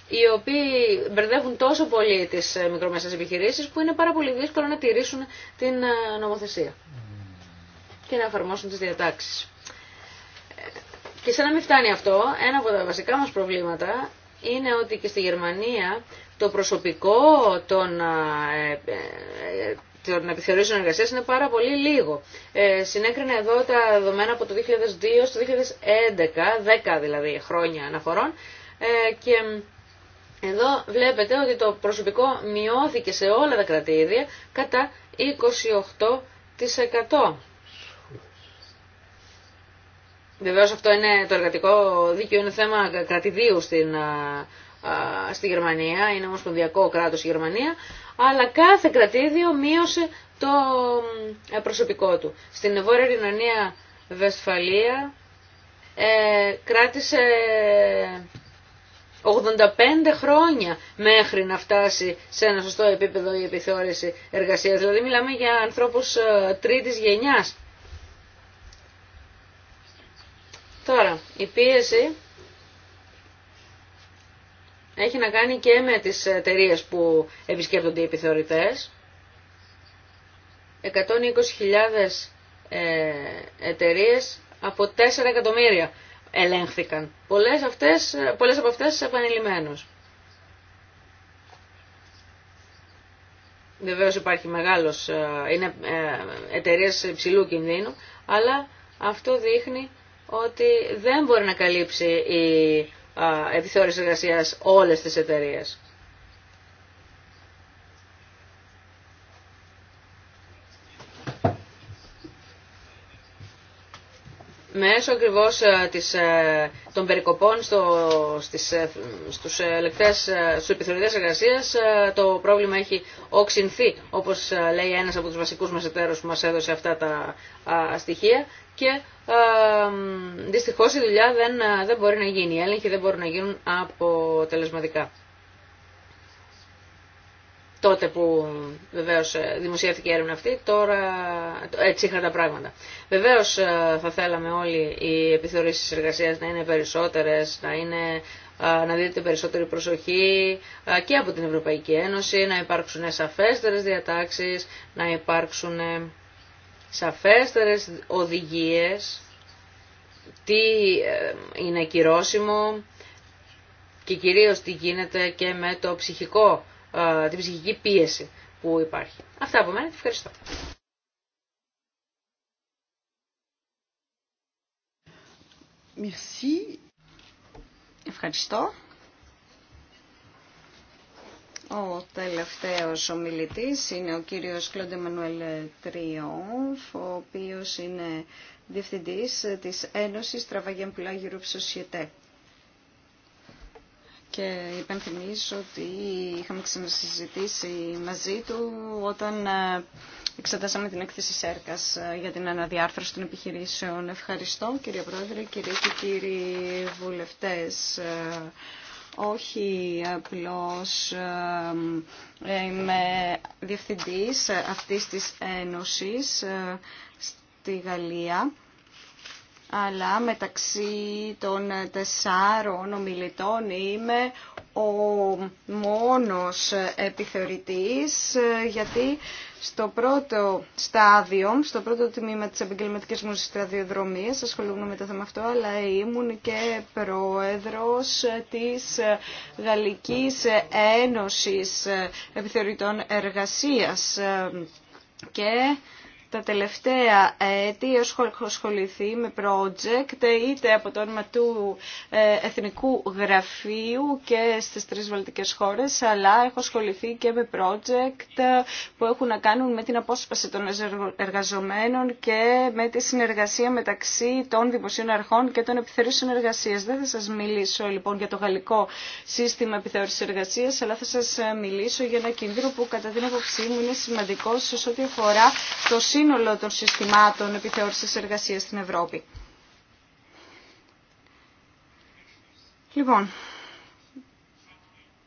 οι οποίοι μπερδεύουν τόσο πολύ τις ε, μικρομεσαίες επιχειρήσεις που είναι πάρα πολύ δύσκολο να τηρήσουν την νομοθεσία. Mm και να εφαρμόσουν τις διατάξεις. Ε, και σαν να μην φτάνει αυτό, ένα από τα βασικά μας προβλήματα είναι ότι και στη Γερμανία το προσωπικό των, ε, ε, των επιθεωρήσεων εργασία είναι πάρα πολύ λίγο. Συνέκρινε εδώ τα δεδομένα από το 2002 στο 2011, 10 δηλαδή χρόνια αναφορών, και εδώ βλέπετε ότι το προσωπικό μειώθηκε σε όλα τα κρατήδια κατά 28%. Βεβαίω αυτό είναι το εργατικό δίκαιο, είναι θέμα κρατηδίου στην, στη Γερμανία, είναι ομοσπονδιακό κράτος η Γερμανία, αλλά κάθε κρατήδιο μείωσε το ε, προσωπικό του. Στην Βόρεια Ρινωνία Βεσφαλία ε, κράτησε 85 χρόνια μέχρι να φτάσει σε ένα σωστό επίπεδο η επιθεώρηση εργασίας. Δηλαδή μιλάμε για ανθρώπους ε, τρίτης γενιάς. Τώρα, η πίεση έχει να κάνει και με τις εταιρείε που επισκέπτονται οι επιθεωρητές. 120.000 ε, εταιρείε από 4 εκατομμύρια ελέγχθηκαν. Πολλές, αυτές, πολλές από αυτές επανειλημμένως. Βεβαίως υπάρχει μεγάλος, ε, είναι ε, εταιρείε υψηλού κινδύνου, αλλά αυτό δείχνει ότι δεν μπορεί να καλύψει η επιθεώρηση εργασίας όλες τις εταιρείες. μέσω ακριβώ ε, ε, των περικοπών στο, στις, ε, στους, ελεκτές, στους το πρόβλημα έχει οξυνθεί όπως λέει ένας από τους βασικούς μας εταίρους που μας έδωσε αυτά τα στοιχεία και δυστυχώς η δουλειά δεν, δεν μπορεί να γίνει, οι έλεγχοι δεν μπορούν να γίνουν αποτελεσματικά τότε που βεβαίω ε, δημοσιεύτηκε η έρευνα αυτή, τώρα ε, έτσι είχαν τα πράγματα. Βεβαίω ε, θα θέλαμε όλοι οι επιθεωρήσει εργασία να είναι περισσότερε, να, είναι, να δείτε περισσότερη προσοχή και από την Ευρωπαϊκή Ένωση, να υπάρξουν σαφέστερες διατάξεις, να υπάρξουν σαφέστερες οδηγίες, τι είναι κυρώσιμο και κυρίως τι γίνεται και με το ψυχικό την ψυχική πίεση που υπάρχει. Αυτά από μένα ευχαριστώ. Merci. Ευχαριστώ. Ο τελευταίος ομιλητής είναι ο κύριος Κλόντε Μανουέλ Τριόμφ, ο οποίος είναι διευθυντής της Ένωσης Τραβαγιαν Employee Ρουψοσιετέ και υπενθυμίζω ότι είχαμε ξανασυζητήσει μαζί του όταν ε, εξετάσαμε την έκθεση ΣΕΡΚΑΣ ε, για την αναδιάρθρωση των επιχειρήσεων. Ευχαριστώ κύριε Πρόεδρε, κυρίε και κύριοι βουλευτές. Ε, όχι απλώς είμαι διευθυντής αυτής της Ένωσης στη Γαλλία αλλά μεταξύ των τεσσάρων ομιλητών είμαι ο μόνος επιθεωρητής γιατί στο πρώτο στάδιο, στο πρώτο τμήμα της επαγγελματική μου σταδιοδρομίας ασχολούμαι με το θέμα αυτό, αλλά ήμουν και πρόεδρος της Γαλλικής Ένωσης Επιθεωρητών Εργασίας και τα τελευταία έτη έχω ασχοληθεί με project είτε από το όνομα του ε, Εθνικού Γραφείου και στις τρεις βαλτικές χώρες αλλά έχω ασχοληθεί και με project που έχουν να κάνουν με την απόσπαση των εργαζομένων και με τη συνεργασία μεταξύ των δημοσίων αρχών και των επιθεωρήσεων εργασία. Δεν θα σας μιλήσω λοιπόν για το γαλλικό σύστημα επιθεώρησης εργασίας αλλά θα σας μιλήσω για ένα κίνδυνο που κατά την άποψή μου είναι σημαντικό σε ό,τι αφορά το σύστημα σύνολο των συστημάτων επιθεώρησης εργασίας στην Ευρώπη. Λοιπόν,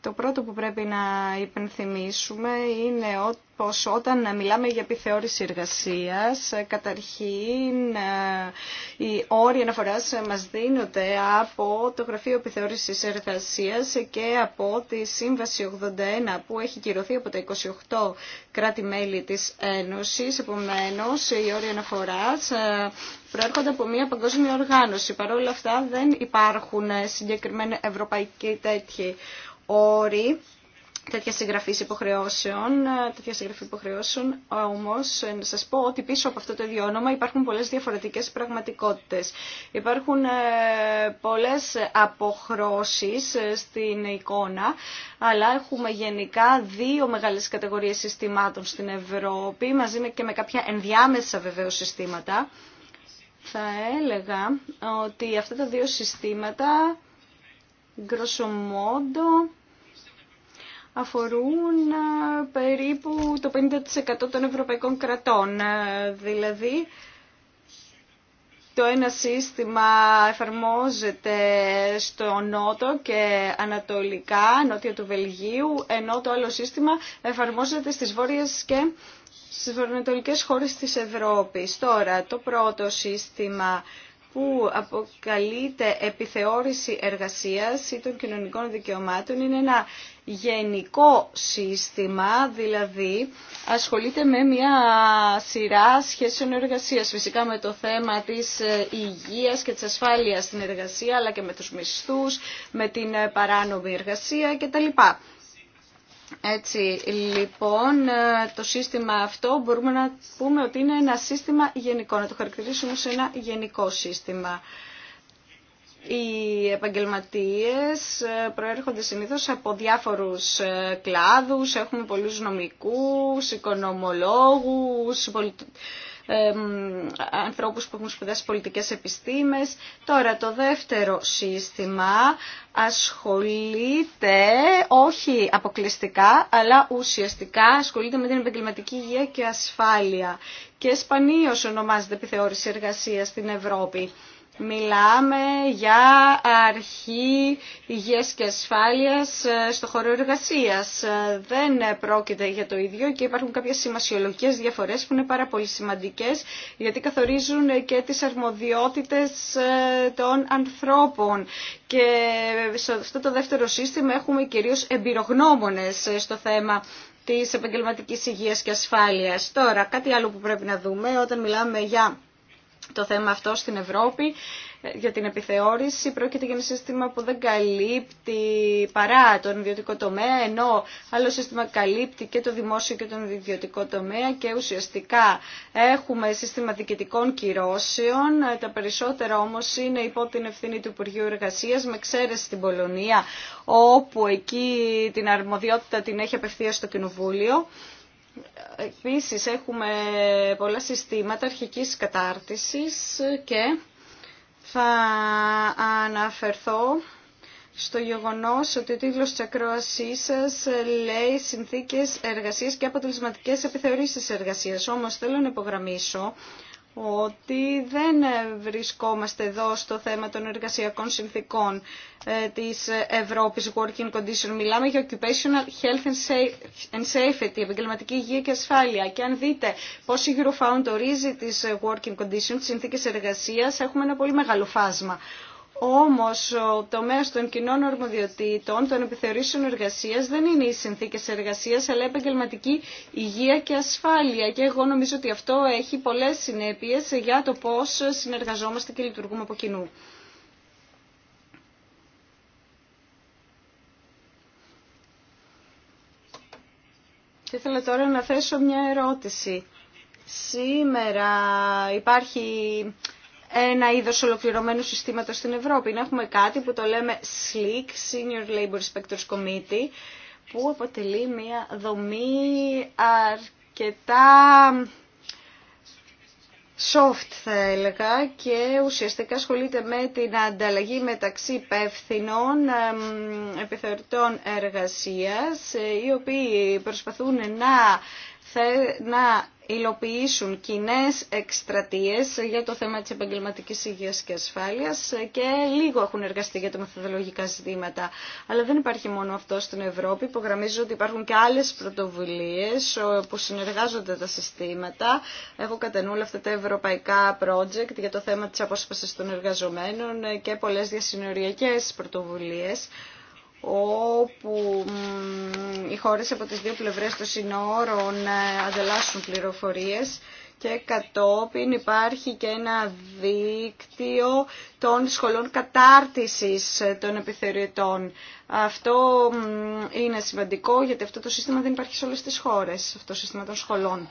το πρώτο που πρέπει να υπενθυμίσουμε είναι ότι πως όταν μιλάμε για επιθεώρηση εργασίας, καταρχήν ε, οι όροι αναφοράς μας δίνονται από το Γραφείο Επιθεώρησης Εργασίας και από τη Σύμβαση 81 που έχει κυρωθεί από τα 28 κράτη-μέλη της Ένωσης. Επομένως, οι όροι αναφοράς ε, προέρχονται από μια παγκόσμια οργάνωση. Παρ' όλα αυτά δεν υπάρχουν συγκεκριμένα ευρωπαϊκοί τέτοιοι όροι ε, τέτοια συγγραφή υποχρεώσεων, τέτοια συγγραφή υποχρεώσεων, όμως ε, να σας πω ότι πίσω από αυτό το ίδιο όνομα υπάρχουν πολλές διαφορετικές πραγματικότητες. Υπάρχουν ε, πολλές αποχρώσεις στην εικόνα, αλλά έχουμε γενικά δύο μεγάλες κατηγορίες συστημάτων στην Ευρώπη, μαζί και με κάποια ενδιάμεσα βεβαίω συστήματα. Θα έλεγα ότι αυτά τα δύο συστήματα, γκροσομόντο, αφορούν ε, περίπου το 50% των ευρωπαϊκών κρατών. Ε, δηλαδή, το ένα σύστημα εφαρμόζεται στο νότο και ανατολικά, νότια του Βελγίου, ενώ το άλλο σύστημα εφαρμόζεται στις βόρειες και στις βορειοανατολικές χώρες της Ευρώπης. Τώρα, το πρώτο σύστημα που αποκαλείται επιθεώρηση εργασίας ή των κοινωνικών δικαιωμάτων είναι ένα γενικό σύστημα, δηλαδή ασχολείται με μια σειρά σχέσεων εργασίας, φυσικά με το θέμα της ε, υγείας και της ασφάλειας στην εργασία, αλλά και με τους μισθούς, με την ε, παράνομη εργασία κτλ. Έτσι, λοιπόν, ε, το σύστημα αυτό μπορούμε να πούμε ότι είναι ένα σύστημα γενικό, να το χαρακτηρίσουμε σε ένα γενικό σύστημα. Οι επαγγελματίες ε, προέρχονται συνήθως από διάφορους ε, κλάδους, έχουμε πολλούς νομικούς, οικονομολόγους, ανθρώπους που έχουν σπουδάσει πολιτικές επιστήμες. Τώρα το δεύτερο σύστημα ασχολείται όχι αποκλειστικά αλλά ουσιαστικά ασχολείται με την επαγγελματική υγεία και ασφάλεια και σπανίως ονομάζεται επιθεώρηση εργασίας στην Ευρώπη. Μιλάμε για αρχή υγείας και ασφάλειας ε, στο χώρο εργασίας. Ε, δεν πρόκειται για το ίδιο και υπάρχουν κάποιες σημασιολογικές διαφορές που είναι πάρα πολύ σημαντικές γιατί καθορίζουν και τις αρμοδιότητες ε, των ανθρώπων. Και σε αυτό το δεύτερο σύστημα έχουμε κυρίως εμπειρογνώμονες στο θέμα της επαγγελματικής υγείας και ασφάλειας. Τώρα, κάτι άλλο που πρέπει να δούμε όταν μιλάμε για το θέμα αυτό στην Ευρώπη ε, για την επιθεώρηση πρόκειται για ένα σύστημα που δεν καλύπτει παρά τον ιδιωτικό τομέα, ενώ άλλο σύστημα καλύπτει και το δημόσιο και τον ιδιωτικό τομέα και ουσιαστικά έχουμε σύστημα διοικητικών κυρώσεων, ε, τα περισσότερα όμως είναι υπό την ευθύνη του Υπουργείου Εργασίας, με εξαίρεση στην Πολωνία, όπου εκεί την αρμοδιότητα την έχει απευθεία στο Κοινοβούλιο. Επίσης έχουμε πολλά συστήματα αρχικής κατάρτισης και θα αναφερθώ στο γεγονός ότι ο τίτλος της ακρόασής σας λέει συνθήκες εργασίας και αποτελεσματικές επιθεωρήσεις εργασίας. Όμως θέλω να υπογραμμίσω ότι δεν βρισκόμαστε εδώ στο θέμα των εργασιακών συνθήκων ε, της Ευρώπης Working Condition. Μιλάμε για Occupational Health and Safety, επαγγελματική υγεία και ασφάλεια. Και αν δείτε πώς η Eurofound ορίζει τις Working Conditions, τις συνθήκες εργασίας, έχουμε ένα πολύ μεγάλο φάσμα. Όμω, ο τομέα των κοινών ορμοδιοτήτων, των επιθεωρήσεων εργασία δεν είναι οι συνθήκε εργασία, αλλά επαγγελματική υγεία και ασφάλεια και εγώ νομίζω ότι αυτό έχει πολλέ συνέπειε για το πώ συνεργαζόμαστε και λειτουργούμε από κοινού. Και ήθελα τώρα να θέσω μια ερώτηση. Σήμερα υπάρχει ένα είδος ολοκληρωμένου συστήματος στην Ευρώπη. Να έχουμε κάτι που το λέμε SLEEK, Senior Labor Inspectors Committee, που αποτελεί μια δομή αρκετά soft θα έλεγα και ουσιαστικά ασχολείται με την ανταλλαγή μεταξύ υπεύθυνων επιθεωρητών εργασίας οι οποίοι προσπαθούν να, να υλοποιήσουν κοινέ εκστρατείε για το θέμα της επαγγελματική υγείας και ασφάλειας και λίγο έχουν εργαστεί για τα μεθοδολογικά ζητήματα. Αλλά δεν υπάρχει μόνο αυτό στην Ευρώπη. Υπογραμμίζω ότι υπάρχουν και άλλες πρωτοβουλίες που συνεργάζονται τα συστήματα. Έχω κατά νου αυτά τα ευρωπαϊκά project για το θέμα τη απόσπαση των εργαζομένων και πολλέ διασυνοριακέ πρωτοβουλίε όπου οι χώρες από τις δύο πλευρές των συνόρων ε, ανταλλάσσουν πληροφορίες και κατόπιν υπάρχει και ένα δίκτυο των σχολών κατάρτισης ε, των επιθεωρητών. Αυτό είναι σημαντικό γιατί αυτό το σύστημα δεν υπάρχει σε όλες τις χώρες, αυτό το σύστημα των σχολών.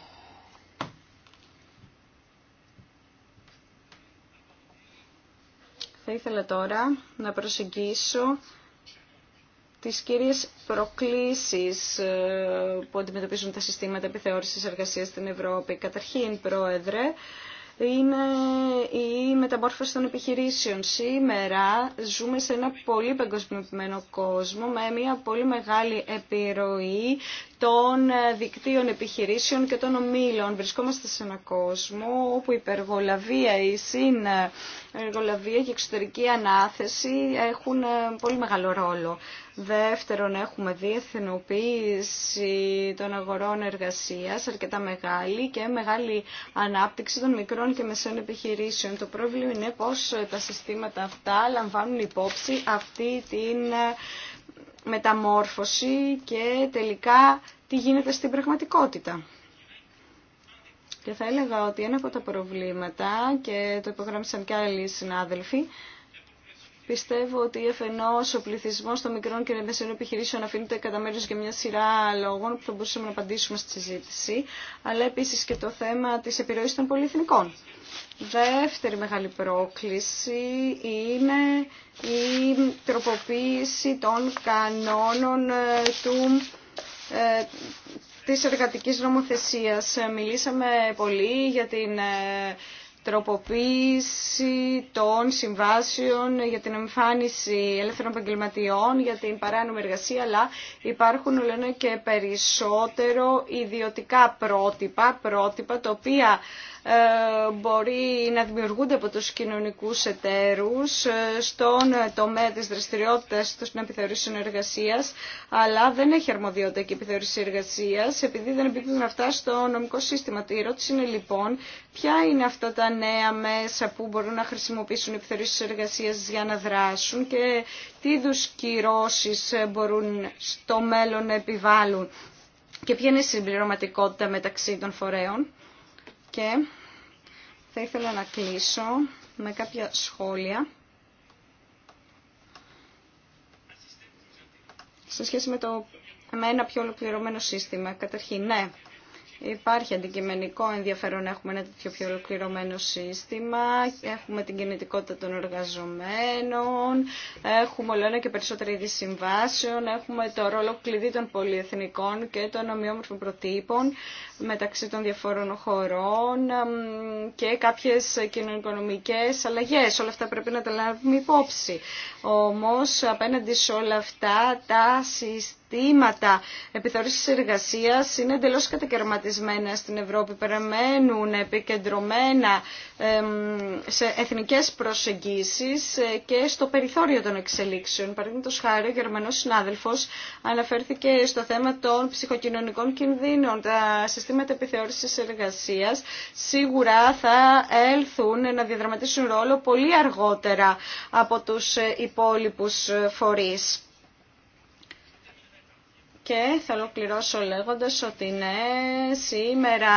Θα ήθελα τώρα να προσεγγίσω τις κυρίες προκλήσεις ε, που αντιμετωπίζουν τα συστήματα επιθεώρησης εργασίας στην Ευρώπη. Καταρχήν, Πρόεδρε, είναι η μεταμόρφωση των επιχειρήσεων. Σήμερα ζούμε σε ένα πολύ παγκοσμιοποιημένο κόσμο με μια πολύ μεγάλη επιρροή των ε, δικτύων επιχειρήσεων και των ομίλων. Βρισκόμαστε σε έναν κόσμο όπου η υπεργολαβία, η συνεργολαβία και η εξωτερική ανάθεση έχουν ε, πολύ μεγάλο ρόλο. Δεύτερον, έχουμε διεθνοποίηση των αγορών εργασίας, αρκετά μεγάλη και μεγάλη ανάπτυξη των μικρών και μεσαίων επιχειρήσεων. Το πρόβλημα είναι πώς τα συστήματα αυτά λαμβάνουν υπόψη αυτή την ε, μεταμόρφωση και τελικά τι γίνεται στην πραγματικότητα. Και θα έλεγα ότι ένα από τα προβλήματα, και το υπογράμμισαν και άλλοι συνάδελφοι, πιστεύω ότι αφενό ο πληθυσμό των μικρών και μεσαίων επιχειρήσεων αφήνεται κατά μέρο για μια σειρά λόγων που θα μπορούσαμε να απαντήσουμε στη συζήτηση, αλλά επίση και το θέμα τη επιρροή των πολυεθνικών. Δεύτερη μεγάλη πρόκληση είναι η τροποποίηση των κανόνων ε, του ε, της εργατικής νομοθεσίας. Μιλήσαμε πολύ για την ε, τροποποίηση των συμβάσεων για την εμφάνιση ελεύθερων επαγγελματιών, για την παράνομη εργασία, αλλά υπάρχουν λένε και περισσότερο ιδιωτικά πρότυπα, πρότυπα τα οποία ε, μπορεί να δημιουργούνται από τους κοινωνικούς εταίρους ε, στον τομέα της δραστηριότητας των στην επιθεωρήση αλλά δεν έχει αρμοδιότητα και επιθεωρήση εργασία, επειδή δεν επίπτουν αυτά στο νομικό σύστημα. Η ερώτηση είναι λοιπόν, ποια είναι αυτά τα νέα μέσα που μπορούν να χρησιμοποιήσουν οι επιθεωρήσεις εργασία για να δράσουν και τι είδου κυρώσει μπορούν στο μέλλον να επιβάλλουν και ποια είναι η συμπληρωματικότητα μεταξύ των φορέων. Και θα ήθελα να κλείσω με κάποια σχόλια σε σχέση με, το, ένα πιο ολοκληρωμένο σύστημα. Καταρχήν, ναι, Υπάρχει αντικειμενικό ενδιαφέρον να έχουμε ένα τέτοιο πιο ολοκληρωμένο σύστημα. Έχουμε την κινητικότητα των εργαζομένων, έχουμε όλο ένα και περισσότερα είδη συμβάσεων, έχουμε το ρόλο κλειδί των πολυεθνικών και των ομοιόμορφων προτύπων μεταξύ των διαφόρων χωρών και κάποιες κοινωνικονομικές αλλαγές. Όλα αυτά πρέπει να τα λάβουμε υπόψη. Όμως απέναντι σε όλα αυτά τα συστήματα επιθεώρησης εργασίας είναι εντελώς κατακαιρματισμένα στην Ευρώπη. Παραμένουν επικεντρωμένα σε εθνικές προσεγγίσεις ε, και στο περιθώριο των εξελίξεων. Παραδείγματο χάρη, ο Γερμανός συνάδελφος αναφέρθηκε στο θέμα των ψυχοκοινωνικών κινδύνων. Τα συστήματα επιθεώρηση εργασία, σίγουρα θα έλθουν να διαδραματίσουν ρόλο πολύ αργότερα από τους ε, υπόλοιπου φορεί. Και θα ολοκληρώσω λέγοντας ότι ναι, σήμερα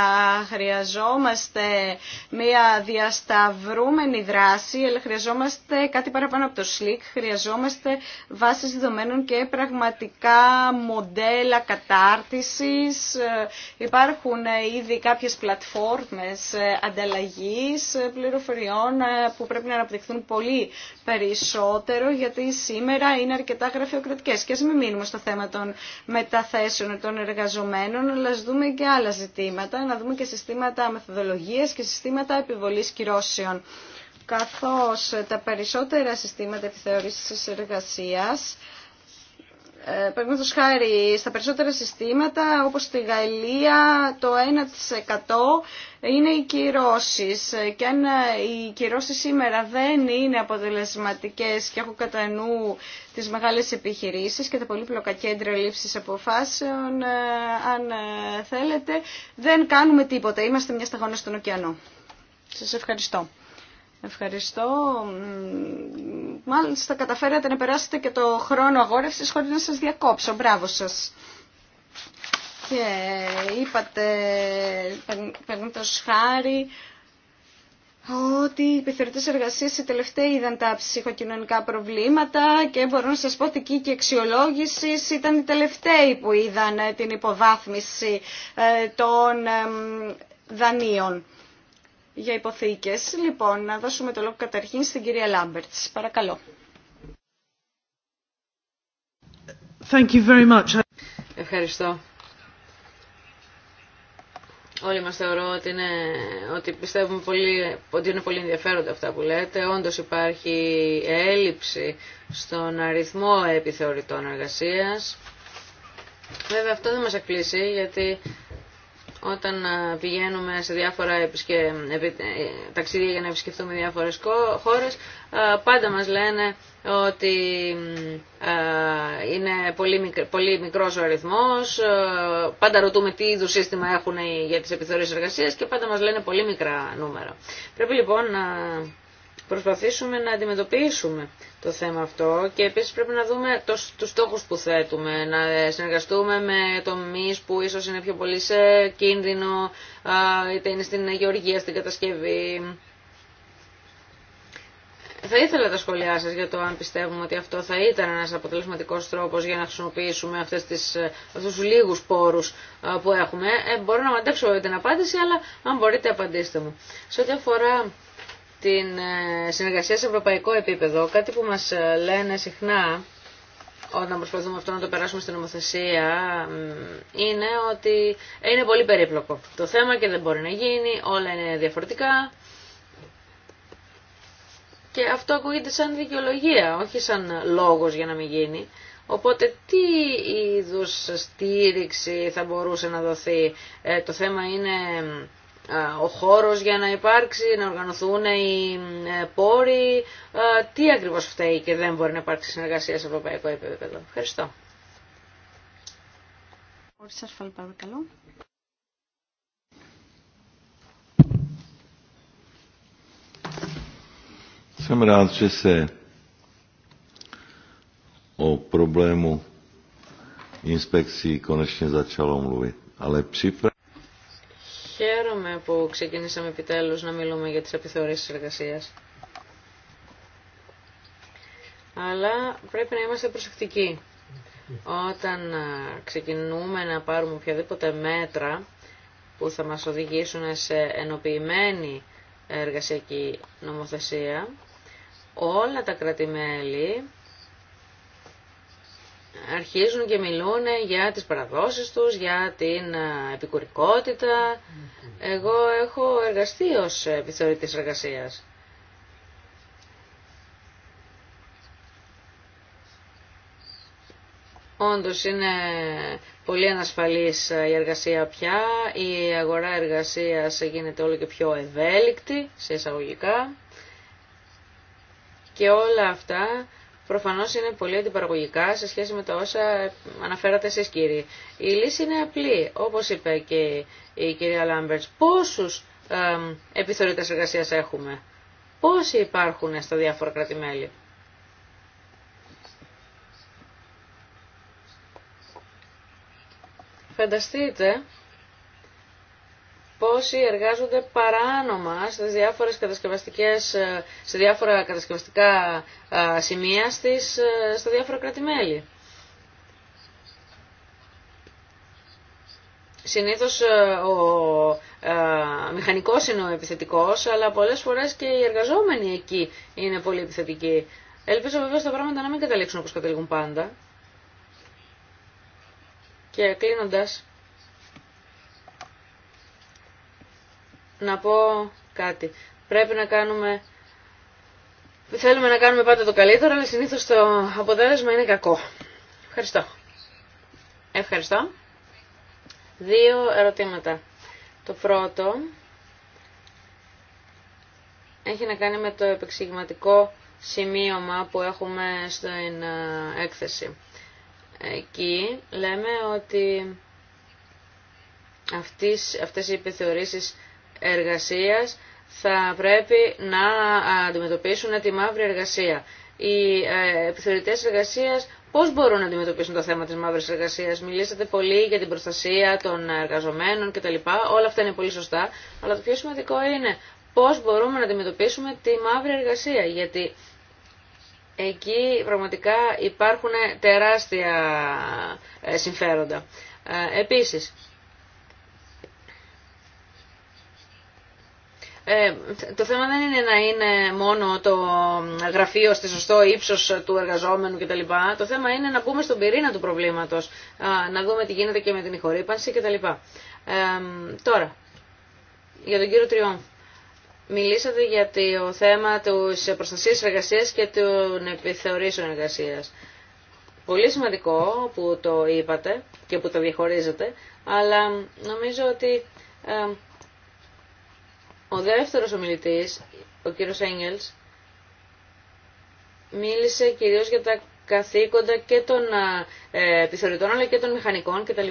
χρειαζόμαστε μια διασταυρούμενη δράση, αλλά χρειαζόμαστε κάτι παραπάνω από το σλικ, χρειαζόμαστε βάσεις δεδομένων και πραγματικά μοντέλα κατάρτισης. Υπάρχουν ήδη κάποιες πλατφόρμες ανταλλαγής πληροφοριών που πρέπει να αναπτυχθούν πολύ περισσότερο, γιατί σήμερα είναι αρκετά γραφειοκρατικές. Και ας μην μείνουμε στο θέμα των με μεταθέσεων των εργαζομένων, αλλά ας δούμε και άλλα ζητήματα, να δούμε και συστήματα μεθοδολογίας και συστήματα επιβολής κυρώσεων. Καθώς τα περισσότερα συστήματα επιθεωρήσης εργασίας ε, Παραδείγματο χάρη, στα περισσότερα συστήματα, όπως στη Γαλλία, το 1% είναι οι κυρώσει. Και αν ε, οι κυρώσει σήμερα δεν είναι αποτελεσματικέ και έχω κατά νου τις μεγάλες επιχειρήσεις και τα πολύπλοκα κέντρα λήψη αποφάσεων, ε, αν θέλετε, δεν κάνουμε τίποτα. Είμαστε μια σταγόνα στον ωκεανό. Σας ευχαριστώ. Ευχαριστώ. Μάλιστα καταφέρατε να περάσετε και το χρόνο αγόρευσης χωρίς να σας διακόψω. Μπράβο σας. Και είπατε, παίρνοντα χάρη, ότι οι επιθεωρητέ εργασία οι τελευταίοι είδαν τα ψυχοκοινωνικά προβλήματα και μπορώ να σα πω ότι εκεί και αξιολόγηση ήταν οι τελευταίοι που είδαν την υποβάθμιση ε, των δανείων για υποθήκες. Λοιπόν, να δώσουμε το λόγο καταρχήν στην κυρία Λάμπερτς. Παρακαλώ. Thank you very much. Ευχαριστώ. Όλοι μας θεωρώ ότι, είναι, ότι πιστεύουμε πολύ, ότι είναι πολύ ενδιαφέροντα αυτά που λέτε. Όντως υπάρχει έλλειψη στον αριθμό επιθεωρητών εργασίας. Βέβαια αυτό δεν μας εκπλήσει γιατί όταν ε, πηγαίνουμε σε διάφορα επισκε... Ε, ταξίδια για να επισκεφτούμε διάφορες χώρες, ε, πάντα μας λένε ότι είναι πολύ, μικρο, πολύ μικρός ο αριθμός, πάντα ρωτούμε τι είδους σύστημα έχουν για τις επιθεωρήσεις εργασίας και πάντα μας λένε πολύ μικρά νούμερα. Πρέπει λοιπόν να προσπαθήσουμε να αντιμετωπίσουμε το θέμα αυτό και επίσης πρέπει να δούμε το, τους στόχους που θέτουμε, να συνεργαστούμε με τομείς που ίσως είναι πιο πολύ σε κίνδυνο, είτε είναι στην γεωργία, στην κατασκευή. Θα ήθελα τα σχόλιά σας για το αν πιστεύουμε ότι αυτό θα ήταν ένας αποτελεσματικός τρόπος για να χρησιμοποιήσουμε αυτές τις, αυτούς τους λίγους πόρους που έχουμε. Ε, μπορώ να μαντέψω την απάντηση, αλλά αν μπορείτε απαντήστε μου. Σε ό,τι αφορά την ε, συνεργασία σε ευρωπαϊκό επίπεδο, κάτι που μας ε, λένε συχνά όταν προσπαθούμε αυτό να το περάσουμε στην νομοθεσία, είναι ότι είναι πολύ περίπλοκο το θέμα και δεν μπορεί να γίνει, όλα είναι διαφορετικά. Και αυτό ακούγεται σαν δικαιολογία, όχι σαν λόγος για να μην γίνει. Οπότε τι είδους στήριξη θα μπορούσε να δοθεί. Ε, το θέμα είναι ο χώρος για να υπάρξει, να οργανωθούν οι ε, πόροι. Τι ακριβώς φταίει και δεν μπορεί να υπάρξει συνεργασία σε ευρωπαϊκό επίπεδο. Ευχαριστώ. παρακαλώ. Jsem rád, že se o problému inspekcí konečně začalo mluvit. Ale připrav που ξεκινήσαμε επιτέλους να μιλούμε για τις επιθεωρήσεις εργασίας. Αλλά πρέπει να είμαστε προσεκτικοί. Όταν ξεκινούμε να πάρουμε οποιαδήποτε μέτρα που θα μας οδηγήσουν σε ενοποιημένη εργασιακή νομοθεσία, όλα τα κρατημέλη αρχίζουν και μιλούν για τις παραδόσεις τους, για την ε, επικουρικότητα. Εγώ έχω εργαστεί ως ε, επιθεωρητής εργασίας. Όντως είναι πολύ ανασφαλής ε, η εργασία πια, η αγορά εργασίας γίνεται όλο και πιο ευέλικτη σε εισαγωγικά και όλα αυτά προφανώς είναι πολύ αντιπαραγωγικά σε σχέση με τα όσα αναφέρατε εσείς κύριοι. Η λύση είναι απλή, όπως είπε και η κυρία Λάμπερτς. Πόσους ε, επιθεωρητές εργασίας έχουμε, πόσοι υπάρχουν στα διάφορα κράτη-μέλη. Φανταστείτε πόσοι εργάζονται παράνομα στις διάφορες κατασκευαστικές, ε, σε διάφορα κατασκευαστικά ε, σημεία στις, ε, στα διάφορα κράτη-μέλη. Συνήθως ο μηχανικός είναι ο επιθετικός, αλλά πολλές φορές και οι εργαζόμενοι εκεί είναι πολύ επιθετικοί. Ελπίζω βέβαια τα πράγματα να μην καταλήξουν όπως καταλήγουν πάντα. Και κλείνοντας, να πω κάτι. Πρέπει να κάνουμε... Θέλουμε να κάνουμε πάντα το καλύτερο, αλλά συνήθως το αποτέλεσμα είναι κακό. Ευχαριστώ. Ευχαριστώ. Δύο ερωτήματα. Το πρώτο έχει να κάνει με το επεξηγηματικό σημείωμα που έχουμε στην ε, έκθεση. Εκεί λέμε ότι αυτές, αυτές οι επιθεωρήσεις εργασίας θα πρέπει να αντιμετωπίσουν τη μαύρη εργασία. Οι ε, επιθεωρητές εργασίας πώς μπορούν να αντιμετωπίσουν το θέμα της μαύρης εργασίας. Μιλήσατε πολύ για την προστασία των εργαζομένων κτλ. Όλα αυτά είναι πολύ σωστά. Αλλά το πιο σημαντικό είναι πώς μπορούμε να αντιμετωπίσουμε τη μαύρη εργασία. Γιατί εκεί πραγματικά υπάρχουν τεράστια ε, συμφέροντα. Ε, επίσης, Ε, το θέμα δεν είναι να είναι μόνο το γραφείο στη σωστό ύψος του εργαζόμενου κτλ. Το θέμα είναι να μπούμε στον πυρήνα του προβλήματος, να δούμε τι γίνεται και με την ηχορύπανση κτλ. Ε, τώρα, για τον κύριο Τριών. Μιλήσατε για το θέμα της προστασίας εργασίας και των επιθεωρήσεων εργασίας. Πολύ σημαντικό που το είπατε και που το διαχωρίζετε, αλλά νομίζω ότι ε, ο δεύτερος ομιλητής, ο κύριος Έγγελς, μίλησε κυρίως για τα καθήκοντα και των ε, επιθεωρητών αλλά και των μηχανικών κτλ.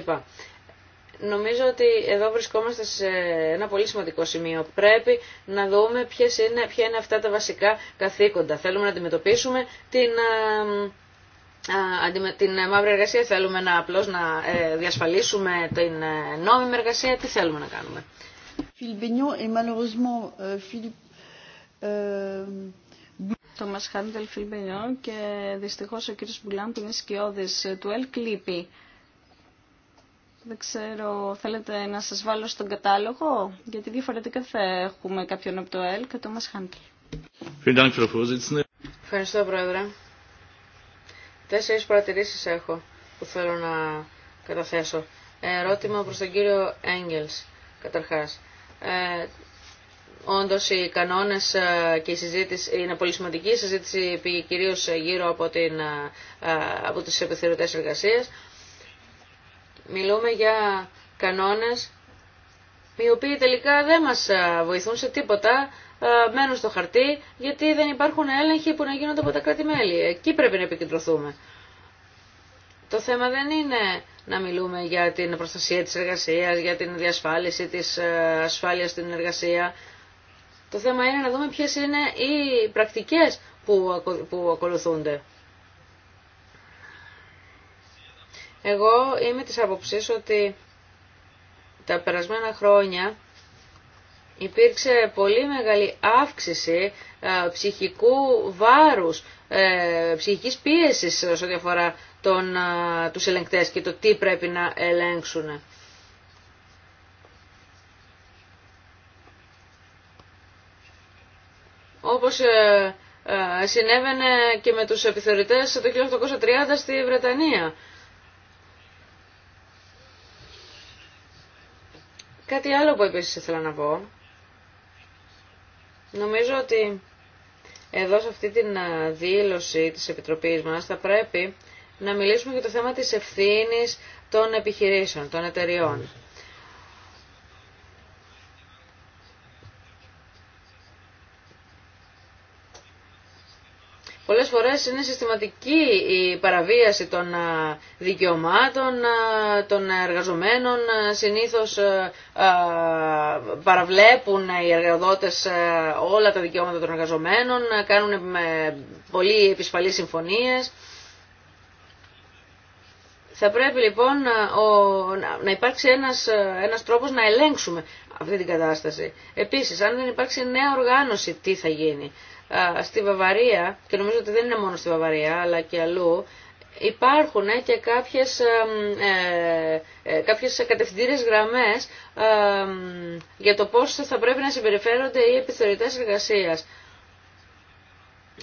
Νομίζω ότι εδώ βρισκόμαστε σε ένα πολύ σημαντικό σημείο. Πρέπει να δούμε ποιες είναι, ποια είναι αυτά τα βασικά καθήκοντα. Θέλουμε να αντιμετωπίσουμε την, μαύρη εργασία, θέλουμε να απλώς να ε, διασφαλίσουμε την ε, νόμιμη εργασία, τι θέλουμε να κάνουμε το μας Φιλμπενιό και δυστυχώς ο κύριος Μπουλάν που είναι σκιώδης ε, του ΕΛΚ Δεν ξέρω, θέλετε να σας βάλω στον κατάλογο, γιατί διαφορετικά θα έχουμε κάποιον από το ΕΛ και το μας Χάντελ. Ευχαριστώ, Πρόεδρε. Τέσσερις παρατηρήσει έχω που θέλω να καταθέσω. Ερώτημα προς τον κύριο Έγγελς, καταρχάς ε, όντως οι κανόνες ε, και η συζήτηση είναι πολύ σημαντική. Η συζήτηση πήγε κυρίως γύρω από, την, ε, ε, από τις Μιλούμε για κανόνες οι οποίοι τελικά δεν μας βοηθούν σε τίποτα, μένουν στο χαρτί, γιατί δεν υπάρχουν έλεγχοι που να γίνονται από τα κράτη-μέλη. Εκεί πρέπει να επικεντρωθούμε. Το θέμα δεν είναι να μιλούμε για την προστασία της εργασίας, για την διασφάλιση της ε, ασφάλειας στην εργασία. Το θέμα είναι να δούμε ποιες είναι οι πρακτικές που ακολουθούνται. Εγώ είμαι της άποψης ότι τα περασμένα χρόνια υπήρξε πολύ μεγάλη αύξηση ε, ψυχικού βάρους, ε, ψυχικής πίεσης όσο διαφορά τον, τους ελεγκτές και το τι πρέπει να ελέγξουν. Όπως ε, ε, συνέβαινε και με τους επιθεωρητές το 1830 στη Βρετανία. Κάτι άλλο που επίσης ήθελα να πω. Νομίζω ότι εδώ σε αυτή την δήλωση της Επιτροπής μας θα πρέπει να μιλήσουμε για το θέμα της ευθύνης των επιχειρήσεων, των εταιριών. Πολλές φορές είναι συστηματική η παραβίαση των ε, δικαιωμάτων ε, των εργαζομένων. Ε, συνήθως παραβλέπουν οι εργαδότες όλα τα δικαιώματα των εργαζομένων, κάνουν πολύ επισφαλείς συμφωνίες. Θα πρέπει λοιπόν ε, να υπάρξει ένας, ε, ένας τρόπος να ελέγξουμε αυτή την κατάσταση. Επίσης, αν δεν υπάρξει νέα οργάνωση, τι θα γίνει. Στη Βαβαρία, και νομίζω ότι δεν είναι μόνο στη Βαβαρία, αλλά και αλλού, υπάρχουν ε, και κάποιες, ε, ε, κάποιες κατευθυντήριες γραμμές για το πώς θα πρέπει να συμπεριφέρονται οι επιθεωρητές εργασίας.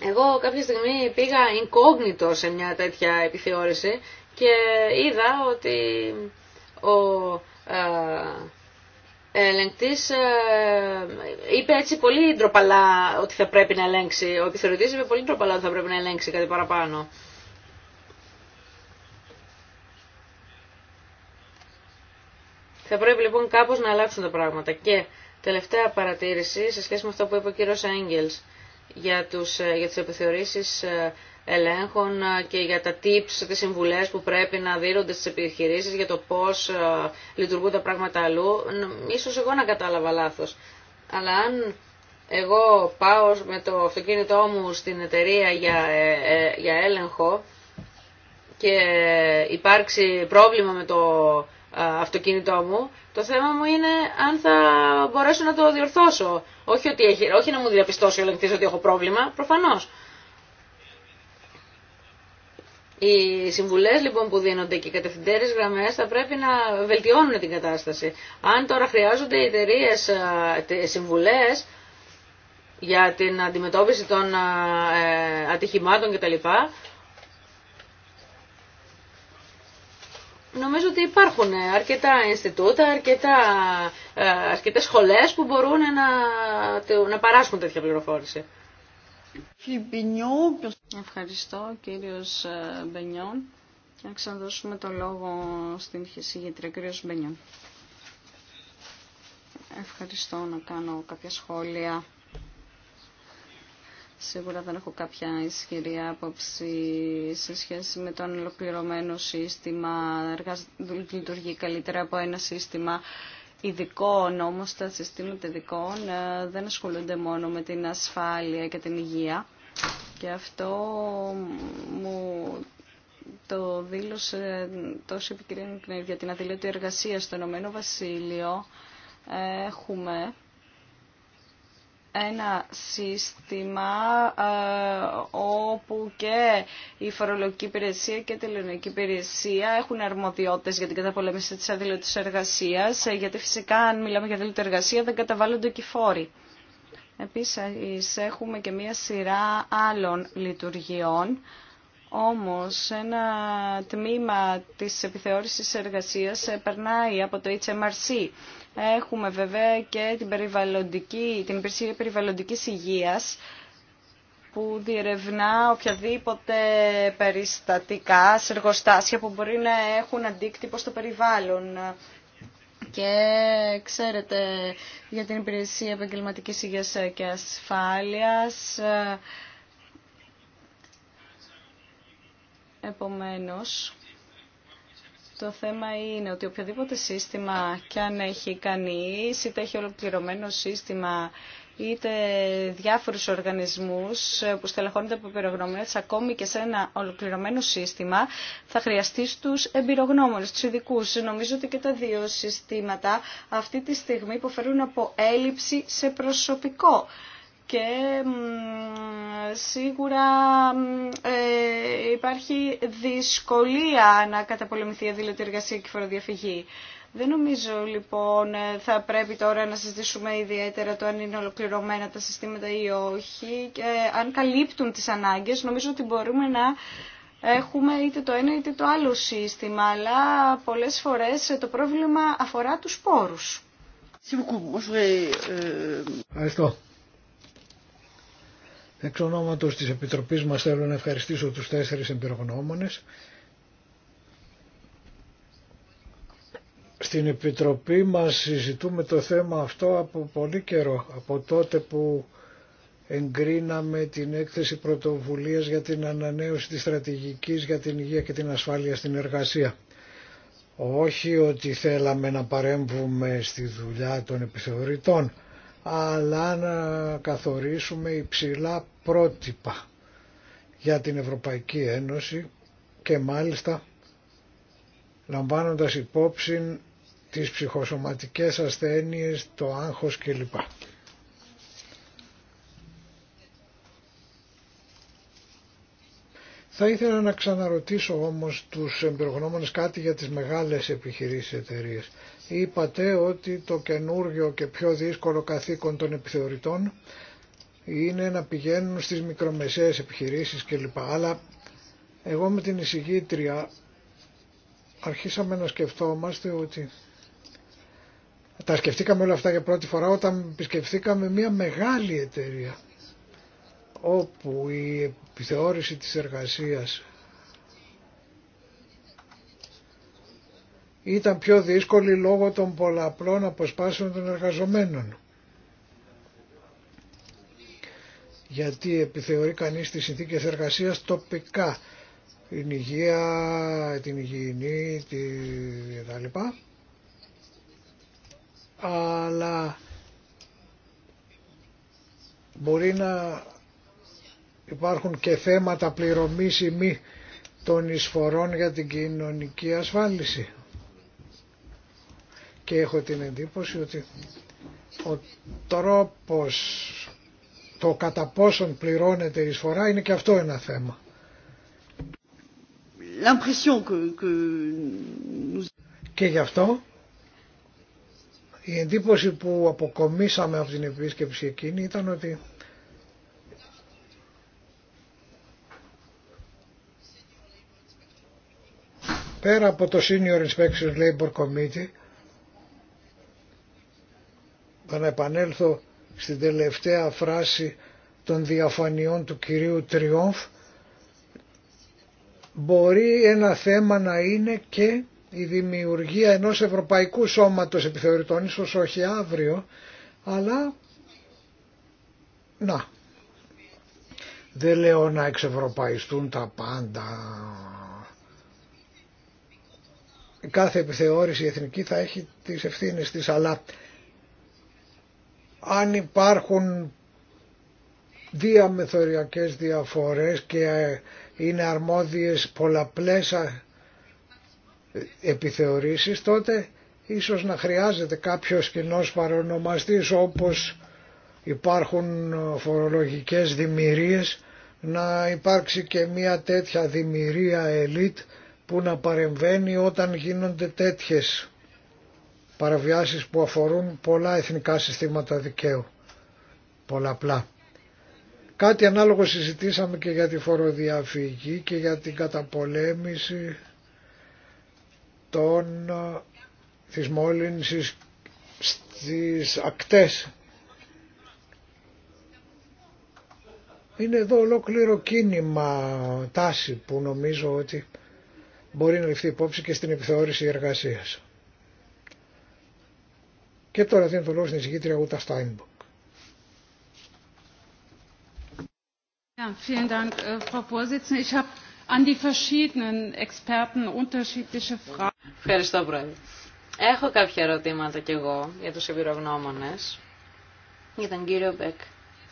Εγώ κάποια στιγμή πήγα incognito σε μια τέτοια επιθεώρηση και είδα ότι ο ε, ελεγκτής ε, είπε έτσι πολύ ντροπαλά ότι θα πρέπει να ελέγξει, ο επιθεωρητής είπε πολύ ντροπαλά ότι θα πρέπει να ελέγξει κάτι παραπάνω. Θα πρέπει λοιπόν κάπως να αλλάξουν τα πράγματα. Και τελευταία παρατήρηση σε σχέση με αυτό που είπε ο κύριος Έγγελς για, τους, ε, για τις επιθεωρήσεις ελέγχων ε, και για τα tips, τις συμβουλές που πρέπει να δίνονται στις επιχειρήσεις για το πώς ε, λειτουργούν τα πράγματα αλλού. Ίσως εγώ να κατάλαβα λάθος. Αλλά αν εγώ πάω με το αυτοκίνητό μου στην εταιρεία για, ε, για έλεγχο και υπάρξει πρόβλημα με το αυτοκίνητό μου, το θέμα μου είναι αν θα μπορέσω να το διορθώσω. Όχι, ότι όχι να μου διαπιστώσει ο ότι έχω πρόβλημα, προφανώς. Οι συμβουλέ λοιπόν που δίνονται και οι κατευθυντέρε γραμμές θα πρέπει να βελτιώνουν την κατάσταση. Αν τώρα χρειάζονται οι εταιρείε συμβουλές για την αντιμετώπιση των ε, ατυχημάτων κτλ. Νομίζω ότι υπάρχουν αρκετά Ινστιτούτα, αρκετά, ε, αρκετές σχολές που μπορούν να, να παράσχουν τέτοια πληροφόρηση. Ευχαριστώ κύριος ε, Μπενιόν και να ξαναδώσουμε το λόγο στην συγγετρία κύριος Μπενιόν. Ευχαριστώ να κάνω κάποια σχόλια. Σίγουρα δεν έχω κάποια ισχυρή άποψη σε σχέση με το ολοκληρωμένο σύστημα. Λειτουργεί καλύτερα από ένα σύστημα ειδικών, όμως τα συστήματα ειδικών ε, δεν ασχολούνται μόνο με την ασφάλεια και την υγεία. Και αυτό μου το δήλωσε τόσο επικοινωνία για την αδειλία του εργασία στο Ηνωμένο Βασίλειο. Ε, έχουμε ένα σύστημα ε, όπου και η φορολογική υπηρεσία και η τελειωνική υπηρεσία έχουν αρμοδιότητες για την καταπολέμηση της αδειλωτής εργασίας, ε, γιατί φυσικά αν μιλάμε για αδειλωτή εργασία δεν καταβάλλονται και φόροι. Επίσης έχουμε και μία σειρά άλλων λειτουργιών, όμως ένα τμήμα της επιθεώρησης εργασίας ε, περνάει από το HMRC Έχουμε βέβαια και την, περιβαλλοντική, την υπηρεσία περιβαλλοντικής υγείας που διερευνά οποιαδήποτε περιστατικά σε εργοστάσια που μπορεί να έχουν αντίκτυπο στο περιβάλλον. Και ξέρετε για την υπηρεσία επαγγελματική υγείας και ασφάλειας. Επομένως, το θέμα είναι ότι οποιοδήποτε σύστημα κι αν έχει κανείς, είτε έχει ολοκληρωμένο σύστημα, είτε διάφορους οργανισμούς που στελεχώνονται από εμπειρογνώμονες, ακόμη και σε ένα ολοκληρωμένο σύστημα, θα χρειαστεί στους εμπειρογνώμονες, τους ειδικούς. Νομίζω ότι και τα δύο συστήματα αυτή τη στιγμή υποφέρουν από έλλειψη σε προσωπικό και σίγουρα ε, υπάρχει δυσκολία να καταπολεμηθεί η αδηλωτή εργασία και η φοροδιαφυγή. Δεν νομίζω λοιπόν θα πρέπει τώρα να συζητήσουμε ιδιαίτερα το αν είναι ολοκληρωμένα τα συστήματα ή όχι και ε, αν καλύπτουν τις ανάγκες νομίζω ότι μπορούμε να έχουμε είτε το ένα είτε το άλλο σύστημα αλλά πολλές φορές το πρόβλημα αφορά τους πόρους. Euh, Ευχαριστώ. Εξ ονόματος της Επιτροπής μας θέλω να ευχαριστήσω τους τέσσερις εμπειρογνώμονες. Στην Επιτροπή μας συζητούμε το θέμα αυτό από πολύ καιρό, από τότε που εγκρίναμε την έκθεση πρωτοβουλίας για την ανανέωση της στρατηγικής για την υγεία και την ασφάλεια στην εργασία. Όχι ότι θέλαμε να παρέμβουμε στη δουλειά των επιθεωρητών, αλλά να καθορίσουμε υψηλά πρότυπα για την Ευρωπαϊκή Ένωση και μάλιστα λαμβάνοντας υπόψη τις ψυχοσωματικές ασθένειες, το άγχος κλπ. Θα ήθελα να ξαναρωτήσω όμως τους εμπειρογνώμονες κάτι για τις μεγάλες επιχειρήσεις εταιρείες είπατε ότι το καινούργιο και πιο δύσκολο καθήκον των επιθεωρητών είναι να πηγαίνουν στις μικρομεσαίες επιχειρήσεις κλπ. Αλλά εγώ με την εισηγήτρια αρχίσαμε να σκεφτόμαστε ότι τα σκεφτήκαμε όλα αυτά για πρώτη φορά όταν επισκεφθήκαμε μια μεγάλη εταιρεία όπου η επιθεώρηση της εργασίας ήταν πιο δύσκολη λόγω των πολλαπλών αποσπάσεων των εργαζομένων. Γιατί επιθεωρεί κανείς τις συνθήκες εργασίας τοπικά, την υγεία, την υγιεινή, τη... λοιπά Αλλά μπορεί να υπάρχουν και θέματα πληρωμής ή των εισφορών για την κοινωνική ασφάλιση και έχω την εντύπωση ότι ο τρόπος το κατά πόσον πληρώνεται η εισφορά είναι και αυτό ένα θέμα. Και γι' αυτό η εντύπωση που αποκομίσαμε από την επίσκεψη εκείνη ήταν ότι πέρα από το Senior Inspection Labor Committee θα επανέλθω στην τελευταία φράση των διαφανειών του κυρίου Τριόμφ μπορεί ένα θέμα να είναι και η δημιουργία ενός Ευρωπαϊκού Σώματος Επιθεωρητών, ίσως όχι αύριο, αλλά να. Δεν λέω να εξευρωπαϊστούν τα πάντα. Κάθε επιθεώρηση εθνική θα έχει τις ευθύνες της, αλλά αν υπάρχουν διαμεθοριακές διαφορές και ε, είναι αρμόδιες πολλαπλές ε, επιθεωρήσεις τότε ίσως να χρειάζεται κάποιος κοινό παρονομαστής όπως υπάρχουν φορολογικές δημιουργίες να υπάρξει και μια τέτοια δημιουργία ελίτ που να παρεμβαίνει όταν γίνονται τέτοιες παραβιάσεις που αφορούν πολλά εθνικά συστήματα δικαίου, πολλαπλά. Κάτι ανάλογο συζητήσαμε και για τη φοροδιαφυγή και για την καταπολέμηση των, της μόλυνσης στις ακτές. Είναι εδώ ολόκληρο κίνημα, τάση που νομίζω ότι μπορεί να ληφθεί υπόψη και στην επιθεώρηση εργασίας. Και τώρα δίνω το λόγο στην εισηγήτρια Ούτα Στάινμποκ. Ja, vielen Ευχαριστώ, Πρόεδρε. Έχω κάποια ερωτήματα κι εγώ για τους εμπειρογνώμονες, για τον κύριο Μπέκ.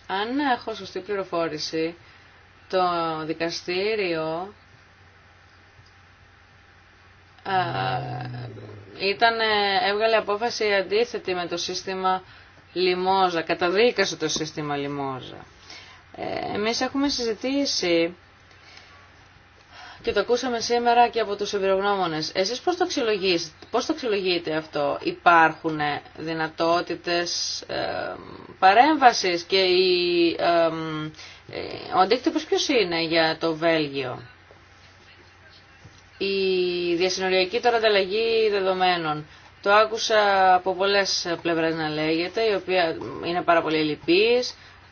Αν έχω σωστή πληροφόρηση, το δικαστήριο ήταν, ε, έβγαλε απόφαση αντίθετη με το σύστημα λιμόζα, καταδίκασε το σύστημα λιμόζα. Ε, εμείς έχουμε συζητήσει και το ακούσαμε σήμερα και από τους εμπειρογνώμονες. Εσείς πώς το, πώς το αξιολογείτε αυτό. Υπάρχουν δυνατότητες ε, παρέμβασης και η, ε, ο αντίκτυπος ποιος είναι για το Βέλγιο. Η διασυνοριακή τώρα ανταλλαγή δεδομένων. Το άκουσα από πολλές πλευρές να λέγεται, η οποία είναι πάρα πολύ ελλειπής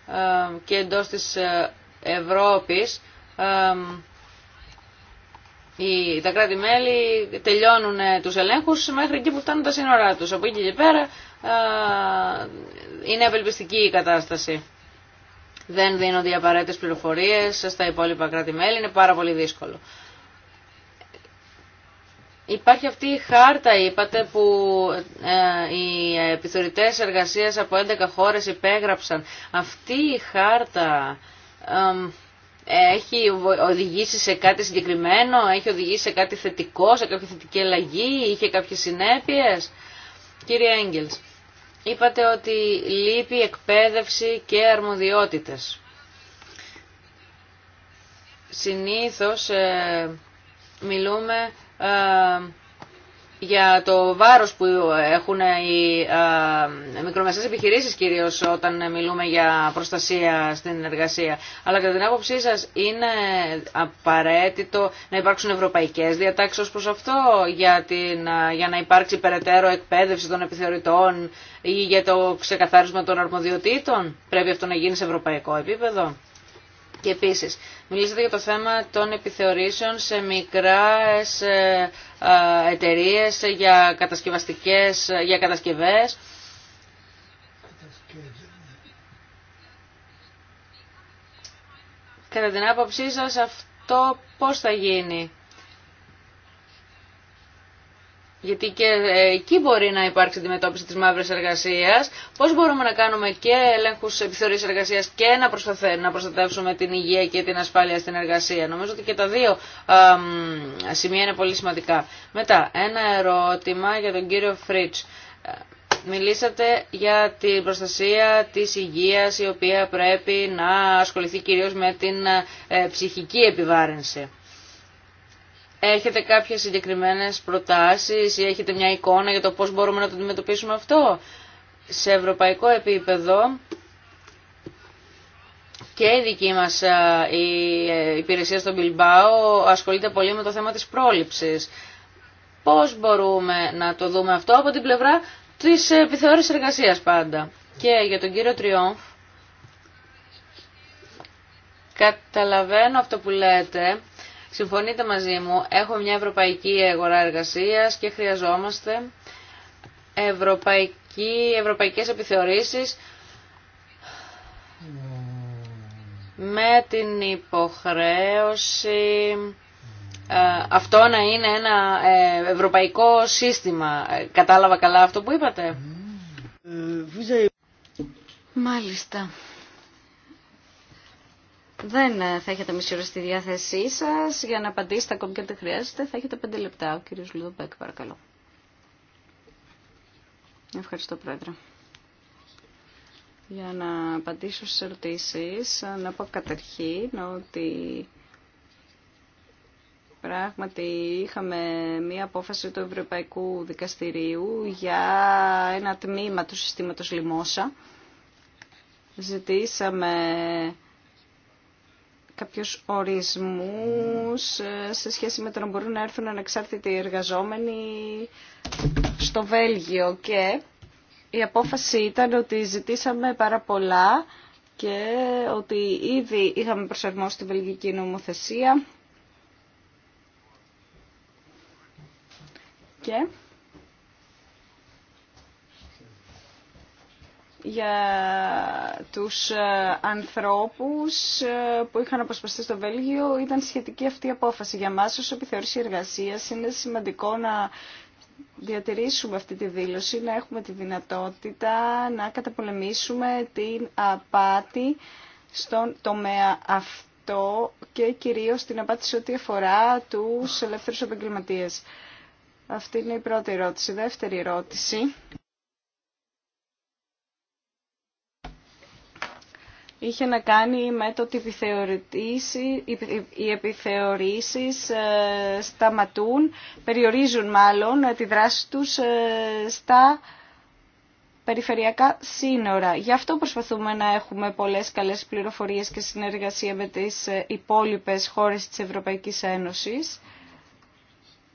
ε, και εντός της ε, Ευρώπης ε, τα κράτη-μέλη τελειώνουν τους ελέγχους μέχρι εκεί που φτάνουν τα σύνορά τους. Από εκεί και πέρα είναι απελπιστική η κατάσταση. Δεν δίνονται οι απαραίτητες πληροφορίες στα υπόλοιπα κράτη-μέλη, είναι πάρα πολύ δύσκολο. Υπάρχει αυτή η χάρτα, είπατε, που ε, οι επιθεωρητές εργασίας από 11 χώρες υπέγραψαν. Αυτή η χάρτα έχει οδηγήσει σε κάτι συγκεκριμένο, έχει οδηγήσει σε κάτι θετικό, σε κάποια θετική αλλαγή, είχε κάποιες συνέπειες. Κύριε Έγγελς, είπατε ότι λείπει εκπαίδευση και αρμοδιότητες. Συνήθως ε, μιλούμε ε, για το βάρος που έχουν οι ε, μικρομεσαίες επιχειρήσεις κυρίως όταν μιλούμε για προστασία στην εργασία. Αλλά κατά την άποψή σας είναι απαραίτητο να υπάρξουν ευρωπαϊκές διατάξεις ως προς αυτό για, ε, για να υπάρξει περαιτέρω εκπαίδευση των επιθεωρητών ή για το ξεκαθάρισμα των αρμοδιοτήτων. Πρέπει αυτό να γίνει σε ευρωπαϊκό επίπεδο. Και επίσης, μιλήσατε για το θέμα των επιθεωρήσεων σε μικρά ε, εταιρείε για, κατασκευαστικές, για κατασκευές. Κατά την άποψή σας αυτό πώς θα γίνει. γιατί και εκεί μπορεί να υπάρξει αντιμετώπιση της μαύρης εργασίας, πώς μπορούμε να κάνουμε και ελέγχους επιθεωρής εργασίας και να, προστατεύσουμε την υγεία και την ασφάλεια στην εργασία. Νομίζω ότι και τα δύο σημεία είναι πολύ σημαντικά. Μετά, ένα ερώτημα για τον κύριο Φρίτς. Μιλήσατε για την προστασία της υγείας η οποία πρέπει να ασχοληθεί κυρίως με την ε, ψυχική επιβάρυνση. Έχετε κάποιες συγκεκριμένες προτάσεις ή έχετε μια εικόνα για το πώς μπορούμε να το αντιμετωπίσουμε αυτό. Σε ευρωπαϊκό επίπεδο και η δική μας η ε, υπηρεσία στον Μπιλμπάο ασχολείται πολύ με το θέμα της πρόληψης. Πώς μπορούμε να το δούμε αυτό από την πλευρά της ε, επιθεώρησης εργασίας πάντα. Και για τον κύριο Τριόμφ, καταλαβαίνω αυτό που λέτε, Συμφωνείτε μαζί μου, έχω μια ευρωπαϊκή αγορά εργασίας και χρειαζόμαστε ευρωπαϊκή, ευρωπαϊκές επιθεωρήσεις με την υποχρέωση ε, αυτό να είναι ένα ε, ευρωπαϊκό σύστημα. Ε, κατάλαβα καλά αυτό που είπατε. Μάλιστα δεν ε, θα έχετε μισή ώρα στη διάθεσή σας για να απαντήσετε ακόμη και αν δεν χρειάζεται. Θα έχετε πέντε λεπτά. Ο κύριο Λουδομπέκ, παρακαλώ. Ευχαριστώ, Πρόεδρε. Για να απαντήσω στι ερωτήσεις, να πω καταρχήν ότι πράγματι είχαμε μία απόφαση του Ευρωπαϊκού Δικαστηρίου για ένα τμήμα του συστήματος Λιμόσα. Ζητήσαμε κάποιους ορισμούς ε, σε σχέση με το να μπορούν να έρθουν ανεξάρτητοι εργαζόμενοι στο Βέλγιο και η απόφαση ήταν ότι ζητήσαμε πάρα πολλά και ότι ήδη είχαμε προσαρμόσει τη βελγική νομοθεσία και για τους ε, ανθρώπους ε, που είχαν αποσπαστεί στο Βέλγιο ήταν σχετική αυτή η απόφαση. Για μας ως επιθεωρήση εργασίας είναι σημαντικό να διατηρήσουμε αυτή τη δήλωση, να έχουμε τη δυνατότητα να καταπολεμήσουμε την απάτη στον τομέα αυτό και κυρίως την απάτη σε ό,τι αφορά τους ελεύθερους επαγγελματίε. Αυτή είναι η πρώτη ερώτηση. Δεύτερη ερώτηση. είχε να κάνει με το ότι οι επιθεωρήσεις ε, σταματούν, περιορίζουν μάλλον ε, τη δράση τους ε, στα περιφερειακά σύνορα. Γι' αυτό προσπαθούμε να έχουμε πολλές καλές πληροφορίες και συνεργασία με τις υπόλοιπες χώρες της Ευρωπαϊκής Ένωσης,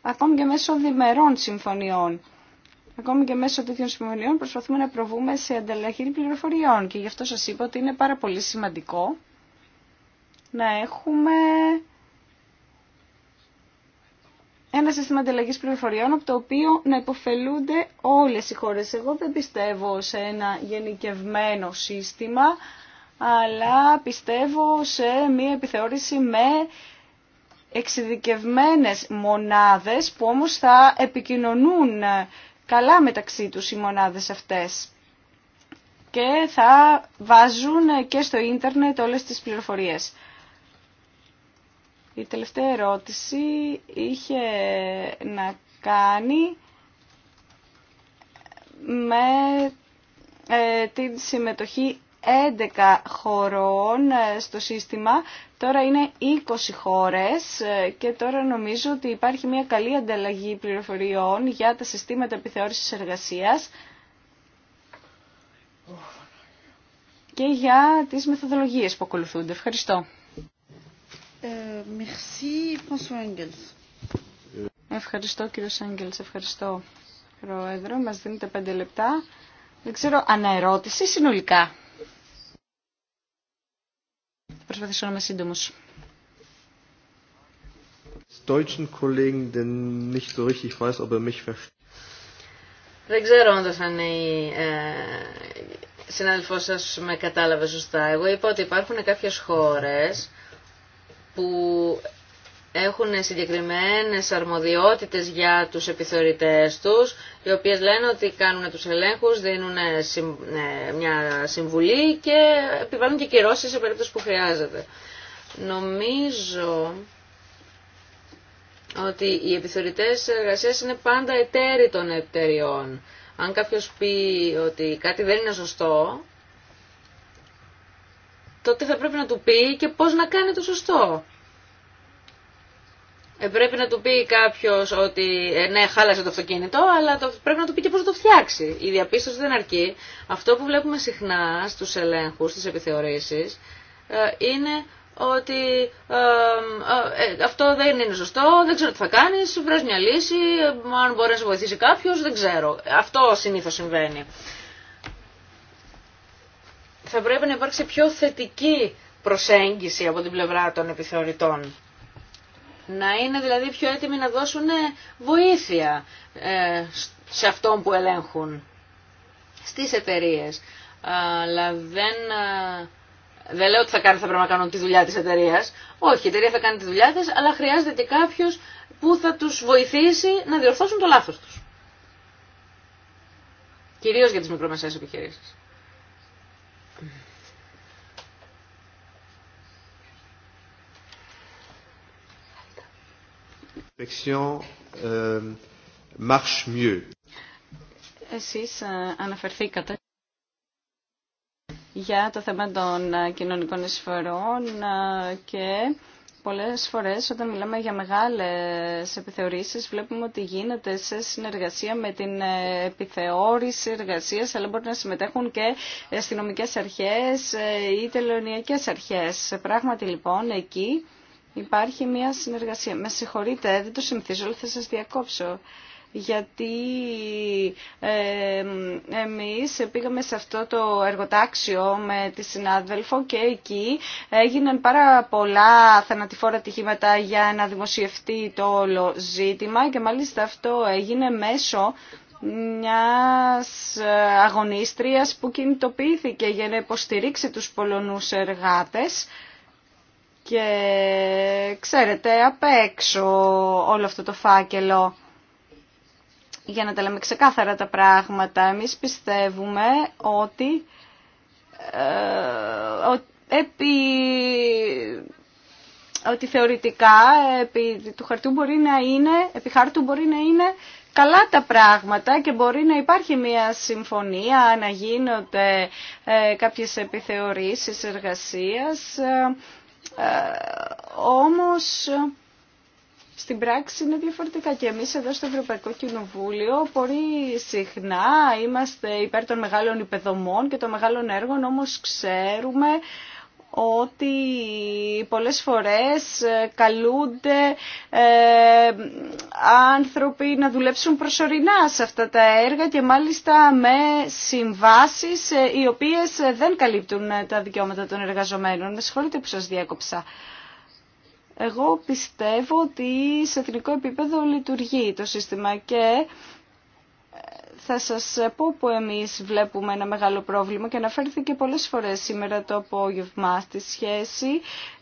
ακόμη και μέσω διμερών συμφωνιών. Ακόμη και μέσω τέτοιων συμφωνιών προσπαθούμε να προβούμε σε ανταλλαγή πληροφοριών και γι' αυτό σας είπα ότι είναι πάρα πολύ σημαντικό να έχουμε ένα σύστημα ανταλλαγή πληροφοριών από το οποίο να υποφελούνται όλες οι χώρες. Εγώ δεν πιστεύω σε ένα γενικευμένο σύστημα, αλλά πιστεύω σε μία επιθεώρηση με εξειδικευμένες μονάδες που όμως θα επικοινωνούν καλά μεταξύ τους οι μονάδες αυτές και θα βάζουν και στο ίντερνετ όλες τις πληροφορίες. Η τελευταία ερώτηση είχε να κάνει με ε, την συμμετοχή 11 χωρών ε, στο σύστημα, τώρα είναι 20 χώρες ε, και τώρα νομίζω ότι υπάρχει μια καλή ανταλλαγή πληροφοριών για τα συστήματα επιθεώρησης εργασίας και για τις μεθοδολογίες που ακολουθούνται. Ευχαριστώ. Ε, ευχαριστώ κύριο Σάγγελ. ευχαριστώ πρόεδρο. Μας δίνετε πέντε λεπτά. Δεν ξέρω, αναερώτηση συνολικά. Προσπαθήσω να είμαι σύντομο. Er Δεν ξέρω θα αν η ε, συνάδελφό σα με κατάλαβε σωστά. Εγώ είπα ότι υπάρχουν κάποιε χώρε που έχουν συγκεκριμένες αρμοδιότητες για τους επιθεωρητές τους, οι οποίες λένε ότι κάνουν τους ελέγχους, δίνουν ε, μια συμβουλή και επιβάλλουν και κυρώσεις σε περίπτωση που χρειάζεται. Νομίζω ότι οι επιθεωρητές εργασίας είναι πάντα εταίροι των εταιριών. Αν κάποιος πει ότι κάτι δεν είναι σωστό, τότε θα πρέπει να του πει και πώς να κάνει το σωστό. Ε, πρέπει να του πει κάποιο ότι ε, ναι, χάλασε το αυτοκίνητο, αλλά το, πρέπει να του πει και πώ το φτιάξει. Η διαπίστωση δεν αρκεί. Αυτό που βλέπουμε συχνά στου ελέγχου, στι επιθεωρήσει, ε, είναι ότι αυτό δεν είναι σωστό, δεν ξέρω τι θα κάνει βρε μια λύση, αν μπορεί να σε βοηθήσει κάποιο, δεν ξέρω. Αυτό συνήθω συμβαίνει. Θα πρέπει να υπάρξει πιο θετική προσέγγιση από την πλευρά των επιθεωρητών να είναι δηλαδή πιο έτοιμοι να δώσουν ε, βοήθεια ε, σε αυτόν που ελέγχουν στις εταιρείε. Αλλά δεν, ε, δεν λέω ότι θα, κάνει, θα πρέπει να κάνουν τη δουλειά της εταιρεία. Όχι, η εταιρεία θα κάνει τη δουλειά της, αλλά χρειάζεται και κάποιος που θα τους βοηθήσει να διορθώσουν το λάθος τους. Κυρίως για τις μικρομεσαίες επιχειρήσεις. Euh, Εσείς ε, αναφερθήκατε για το θέμα των ε, κοινωνικών εισφορών ε, και πολλές φορές όταν μιλάμε για μεγάλες επιθεωρήσεις βλέπουμε ότι γίνεται σε συνεργασία με την επιθεώρηση εργασίας αλλά μπορεί να συμμετέχουν και αστυνομικές αρχές ή τελωνιακές αρχές. Πράγματι λοιπόν εκεί Υπάρχει μια συνεργασία. Με συγχωρείτε, δεν το συνηθίζω, αλλά θα σας διακόψω. Γιατί ε, εμείς πήγαμε σε αυτό το εργοτάξιο με τη συνάδελφο και εκεί έγιναν πάρα πολλά θανατηφόρα τυχήματα για να δημοσιευτεί το όλο ζήτημα και μάλιστα αυτό έγινε μέσω μιας αγωνίστριας που κινητοποιήθηκε για να υποστηρίξει τους Πολωνούς εργάτες και ξέρετε απ' έξω όλο αυτό το φάκελο για να τα λέμε ξεκάθαρα τα πράγματα. Εμείς πιστεύουμε ότι ε, επί, ότι θεωρητικά επί του χαρτού μπορεί να είναι, επί χάρτου μπορεί να είναι καλά τα πράγματα και μπορεί να υπάρχει μια συμφωνία, να γίνονται ε, κάποιες επιθεωρήσεις εργασίας ε, ε, όμως στην πράξη είναι διαφορετικά και εμείς εδώ στο Ευρωπαϊκό Κοινοβούλιο πολύ συχνά είμαστε υπέρ των μεγάλων υπεδομών και των μεγάλων έργων, όμως ξέρουμε ότι πολλές φορές ε, καλούνται ε, άνθρωποι να δουλέψουν προσωρινά σε αυτά τα έργα και μάλιστα με συμβάσεις ε, οι οποίες δεν καλύπτουν τα δικαιώματα των εργαζομένων. Με συγχωρείτε που σας διέκοψα. Εγώ πιστεύω ότι σε εθνικό επίπεδο λειτουργεί το σύστημα και θα σας πω που εμείς βλέπουμε ένα μεγάλο πρόβλημα και αναφέρθηκε πολλές φορές σήμερα το απόγευμα στη σχέση,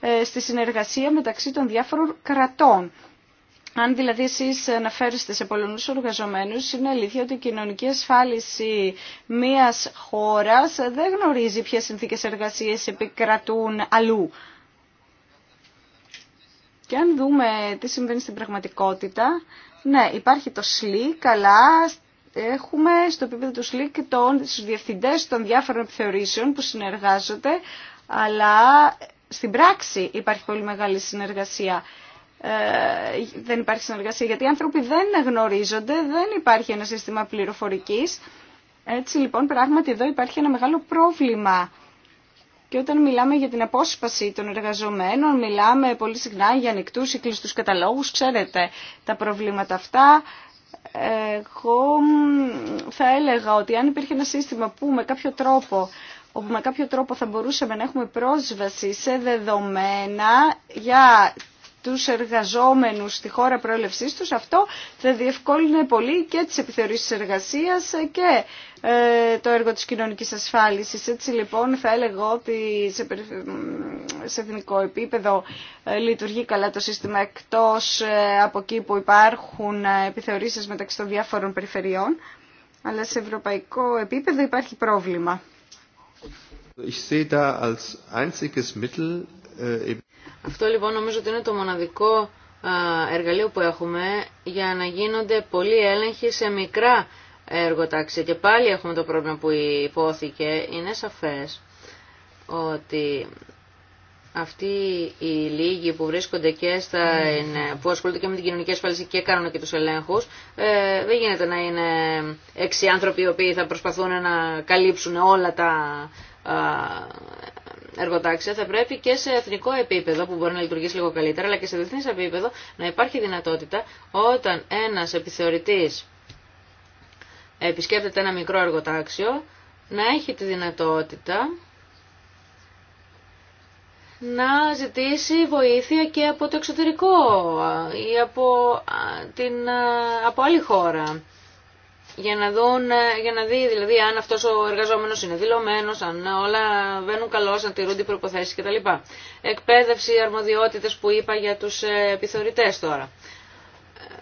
ε, στη συνεργασία μεταξύ των διάφορων κρατών. Αν δηλαδή εσείς αναφέρεστε σε πολλούς εργαζομένους, είναι αλήθεια ότι η κοινωνική ασφάλιση μιας χώρας δεν γνωρίζει ποιες συνθήκες εργασίας επικρατούν αλλού. Και αν δούμε τι συμβαίνει στην πραγματικότητα, ναι, υπάρχει το σλί, καλά έχουμε στο επίπεδο του ΣΛΙΚ τους διευθυντές των διάφορων επιθεωρήσεων που συνεργάζονται, αλλά στην πράξη υπάρχει πολύ μεγάλη συνεργασία. Ε, δεν υπάρχει συνεργασία γιατί οι άνθρωποι δεν γνωρίζονται, δεν υπάρχει ένα σύστημα πληροφορικής. Έτσι λοιπόν πράγματι εδώ υπάρχει ένα μεγάλο πρόβλημα. Και όταν μιλάμε για την απόσπαση των εργαζομένων, μιλάμε πολύ συχνά για ανοιχτού ή κλειστού καταλόγου. Ξέρετε τα προβλήματα αυτά. Εγώ θα έλεγα ότι αν υπήρχε ένα σύστημα που με κάποιο τρόπο όπου με κάποιο τρόπο θα μπορούσαμε να έχουμε πρόσβαση σε δεδομένα για τους εργαζόμενους στη χώρα προέλευσής τους, αυτό θα διευκόλυνε πολύ και τις επιθεωρήσεις εργασίας και ε, το έργο της κοινωνικής ασφάλισης. Έτσι λοιπόν θα έλεγα ότι σε, εθνικό επίπεδο ε, λειτουργεί καλά το σύστημα εκτός ε, από εκεί που υπάρχουν επιθεωρήσεις μεταξύ των διάφορων περιφερειών, αλλά σε ευρωπαϊκό επίπεδο υπάρχει πρόβλημα. Ich sehe da als einziges Mittel ε, Αυτό λοιπόν νομίζω ότι είναι το μοναδικό εργαλείο που έχουμε για να γίνονται πολλοί έλεγχοι σε μικρά εργοτάξια. Και πάλι έχουμε το πρόβλημα που υπόθηκε. Είναι σαφές ότι αυτοί οι λίγοι που βρίσκονται και στα, που ασχολούνται και με την κοινωνική ασφάλιση και κάνουν και τους ελέγχους, ε, δεν γίνεται να είναι έξι άνθρωποι οι οποίοι θα προσπαθούν να καλύψουν όλα τα εργοτάξια θα πρέπει και σε εθνικό επίπεδο που μπορεί να λειτουργήσει λίγο καλύτερα αλλά και σε διεθνή επίπεδο να υπάρχει δυνατότητα όταν ένας επιθεωρητής επισκέπτεται ένα μικρό εργοτάξιο να έχει τη δυνατότητα να ζητήσει βοήθεια και από το εξωτερικό ή από, την, από άλλη χώρα για να, δουν, ε, για να δει δηλαδή αν αυτός ο εργαζόμενος είναι δηλωμένο, αν όλα βαίνουν καλώ, αν τηρούνται οι προποθέσει κτλ. Εκπαίδευση, αρμοδιότητε που είπα για τους ε, επιθεωρητές τώρα. Ε,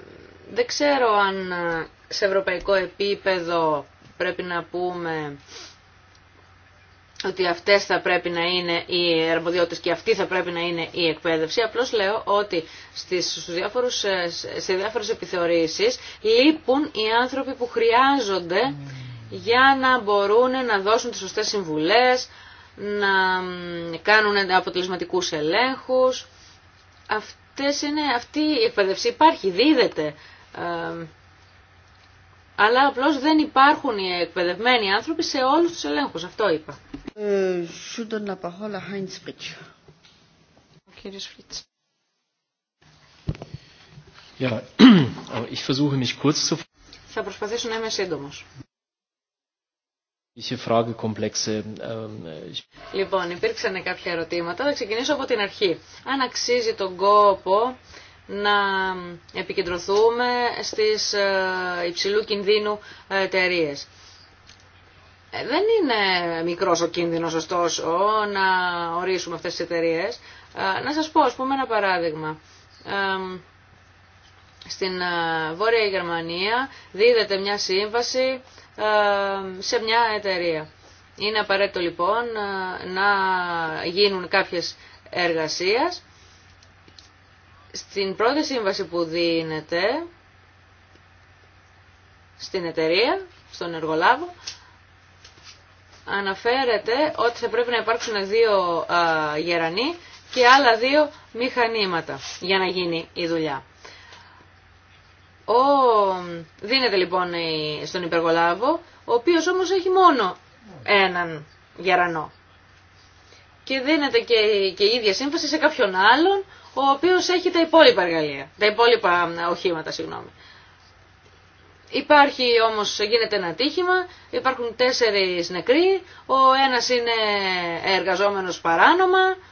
δεν ξέρω αν σε ευρωπαϊκό επίπεδο πρέπει να πούμε ότι αυτές θα πρέπει να είναι οι αρμοδιότητες και αυτή θα πρέπει να είναι η εκπαίδευση. Απλώς λέω ότι στις, σε διάφορες επιθεωρήσεις λείπουν οι άνθρωποι που χρειάζονται για να μπορούν να δώσουν τις σωστές συμβουλές, να κάνουν αποτελεσματικούς ελέγχους. Αυτές είναι, αυτή η εκπαίδευση υπάρχει, δίδεται. Ε, αλλά απλώς δεν υπάρχουν οι εκπαιδευμένοι άνθρωποι σε όλους τους ελέγχους. Αυτό είπα. Ε, θα προσπαθήσω να είμαι σύντομος. Ähm, λοιπόν, υπήρξαν κάποια ερωτήματα. Θα ξεκινήσω από την αρχή. Αν αξίζει τον κόπο να επικεντρωθούμε στις ε, υψηλού κινδύνου ε, εταιρείε. Ε, δεν είναι μικρός ο κίνδυνος ωστόσο να ορίσουμε αυτές τις εταιρείε. Να σας πω, ας πούμε, ένα παράδειγμα. Στην Βόρεια Γερμανία δίδεται μια σύμβαση σε μια εταιρεία. Είναι απαραίτητο λοιπόν να γίνουν κάποιες εργασίες στην πρώτη σύμβαση που δίνεται στην εταιρεία, στον εργολάβο, αναφέρεται ότι θα πρέπει να υπάρξουν δύο γερανοί και άλλα δύο μηχανήματα για να γίνει η δουλειά. Ο... Δίνεται λοιπόν στον υπεργολάβο, ο οποίος όμως έχει μόνο έναν γερανό. Και δίνεται και, και η ίδια σύμβαση σε κάποιον άλλον, ο οποίος έχει τα υπόλοιπα εργαλεία, τα υπόλοιπα οχήματα, συγγνώμη. Υπάρχει όμως, γίνεται ένα τύχημα, υπάρχουν τέσσερις νεκροί, ο ένας είναι εργαζόμενος παράνομα,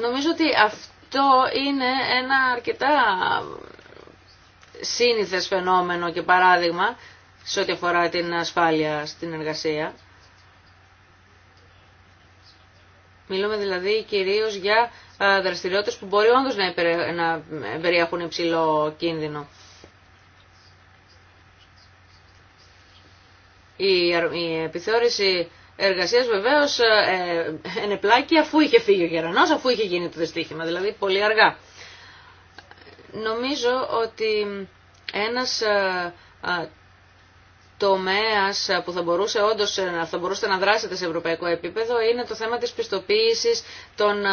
Νομίζω ότι αυτό είναι ένα αρκετά σύνηθες φαινόμενο και παράδειγμα σε ό,τι αφορά την ασφάλεια στην εργασία. Μιλούμε δηλαδή κυρίως για ε, δραστηριότητες που μπορεί όντως να περιέχουν υψηλό κίνδυνο. Η επιθεώρηση εργασίας βεβαίως ενεπλάκη ε, αφού είχε φύγει ο γερανός, αφού είχε γίνει το δυστύχημα, δηλαδή πολύ αργά. Νομίζω ότι ένας ε, τομέας που θα, μπορούσε, όντως, θα να δράσετε σε ευρωπαϊκό επίπεδο είναι το θέμα της πιστοποίησης των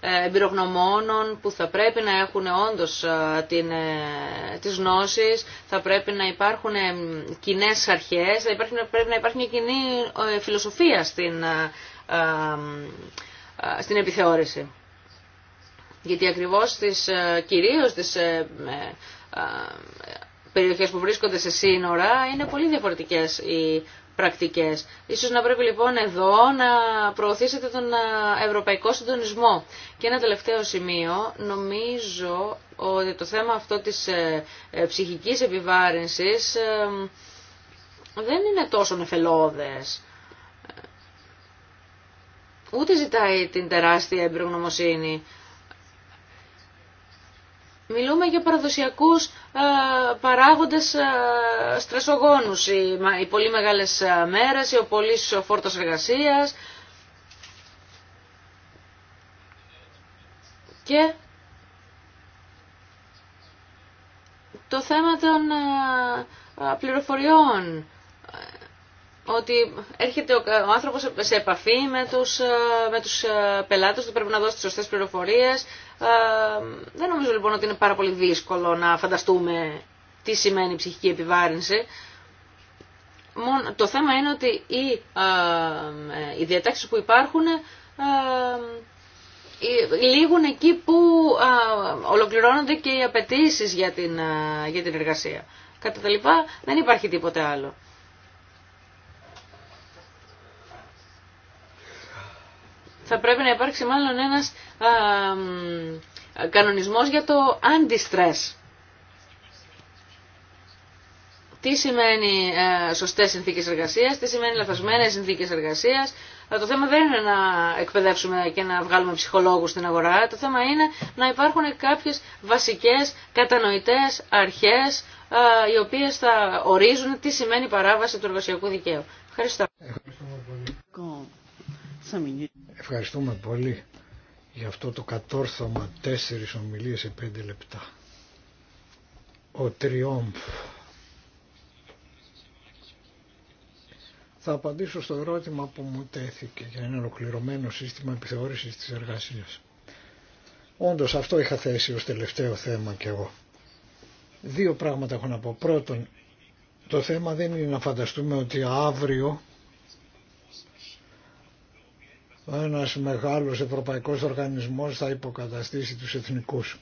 ε, εμπειρογνωμόνων που θα πρέπει να έχουν όντως ε, την, ε, τις γνώσεις, θα πρέπει να υπάρχουν κοινέ αρχές, θα υπάρχει, πρέπει να υπάρχει μια κοινή φιλοσοφία στην, στην επιθεώρηση. Γιατί ακριβώς τις, κυρίως τις περιοχές που βρίσκονται σε σύνορα είναι πολύ διαφορετικές οι πρακτικές. Ίσως να πρέπει λοιπόν εδώ να προωθήσετε τον ε, ευρωπαϊκό συντονισμό. Και ένα τελευταίο σημείο, νομίζω ότι το θέμα αυτό της ε, ε, ψυχικής επιβάρυνσης δεν είναι τόσο νεφελώδες. Ούτε ζητάει την τεράστια εμπειρογνωμοσύνη Μιλούμε για παραδοσιακούς ε, παράγοντες ε, στρεσογόνους, οι πολύ μεγάλες ε, μέρες, ο πολύ φόρτος εργασίας και το θέμα των πληροφοριών ότι έρχεται ο, άνθρωπος σε επαφή με τους, ε, με τους ε, πελάτες του, πρέπει να δώσει τις σωστές πληροφορίες. Ε, δεν νομίζω λοιπόν ότι είναι πάρα πολύ δύσκολο να φανταστούμε τι σημαίνει ψυχική επιβάρυνση. το θέμα είναι ότι οι, οι διατάξεις που υπάρχουν λίγουν εκεί που ολοκληρώνονται και οι απαιτήσει για για την εργασία. Κατά τα λοιπά δεν υπάρχει τίποτε άλλο. θα πρέπει να υπάρξει μάλλον ένας α, κανονισμός για το αντιστρες. Τι σημαίνει α, σωστές συνθήκες εργασίας, τι σημαίνει λαθασμένες συνθήκες εργασίας. Το θέμα δεν είναι να εκπαιδεύσουμε και να βγάλουμε ψυχολόγους στην αγορά. Το θέμα είναι να υπάρχουν κάποιες βασικές κατανοητές αρχές οι οποίες θα ορίζουν τι σημαίνει παράβαση του εργασιακού δικαίου. Ευχαριστώ. Ευχαριστούμε πολύ για αυτό το κατόρθωμα τέσσερις ομιλίες σε πέντε λεπτά. Ο Τριόμφ. Θα απαντήσω στο ερώτημα που μου τέθηκε για ένα ολοκληρωμένο σύστημα επιθεώρησης της εργασίας. Όντως αυτό είχα θέσει ως τελευταίο θέμα κι εγώ. Δύο πράγματα έχω να πω. Πρώτον, το θέμα δεν είναι να φανταστούμε ότι αύριο ένας μεγάλος ευρωπαϊκός οργανισμός θα υποκαταστήσει τους εθνικούς.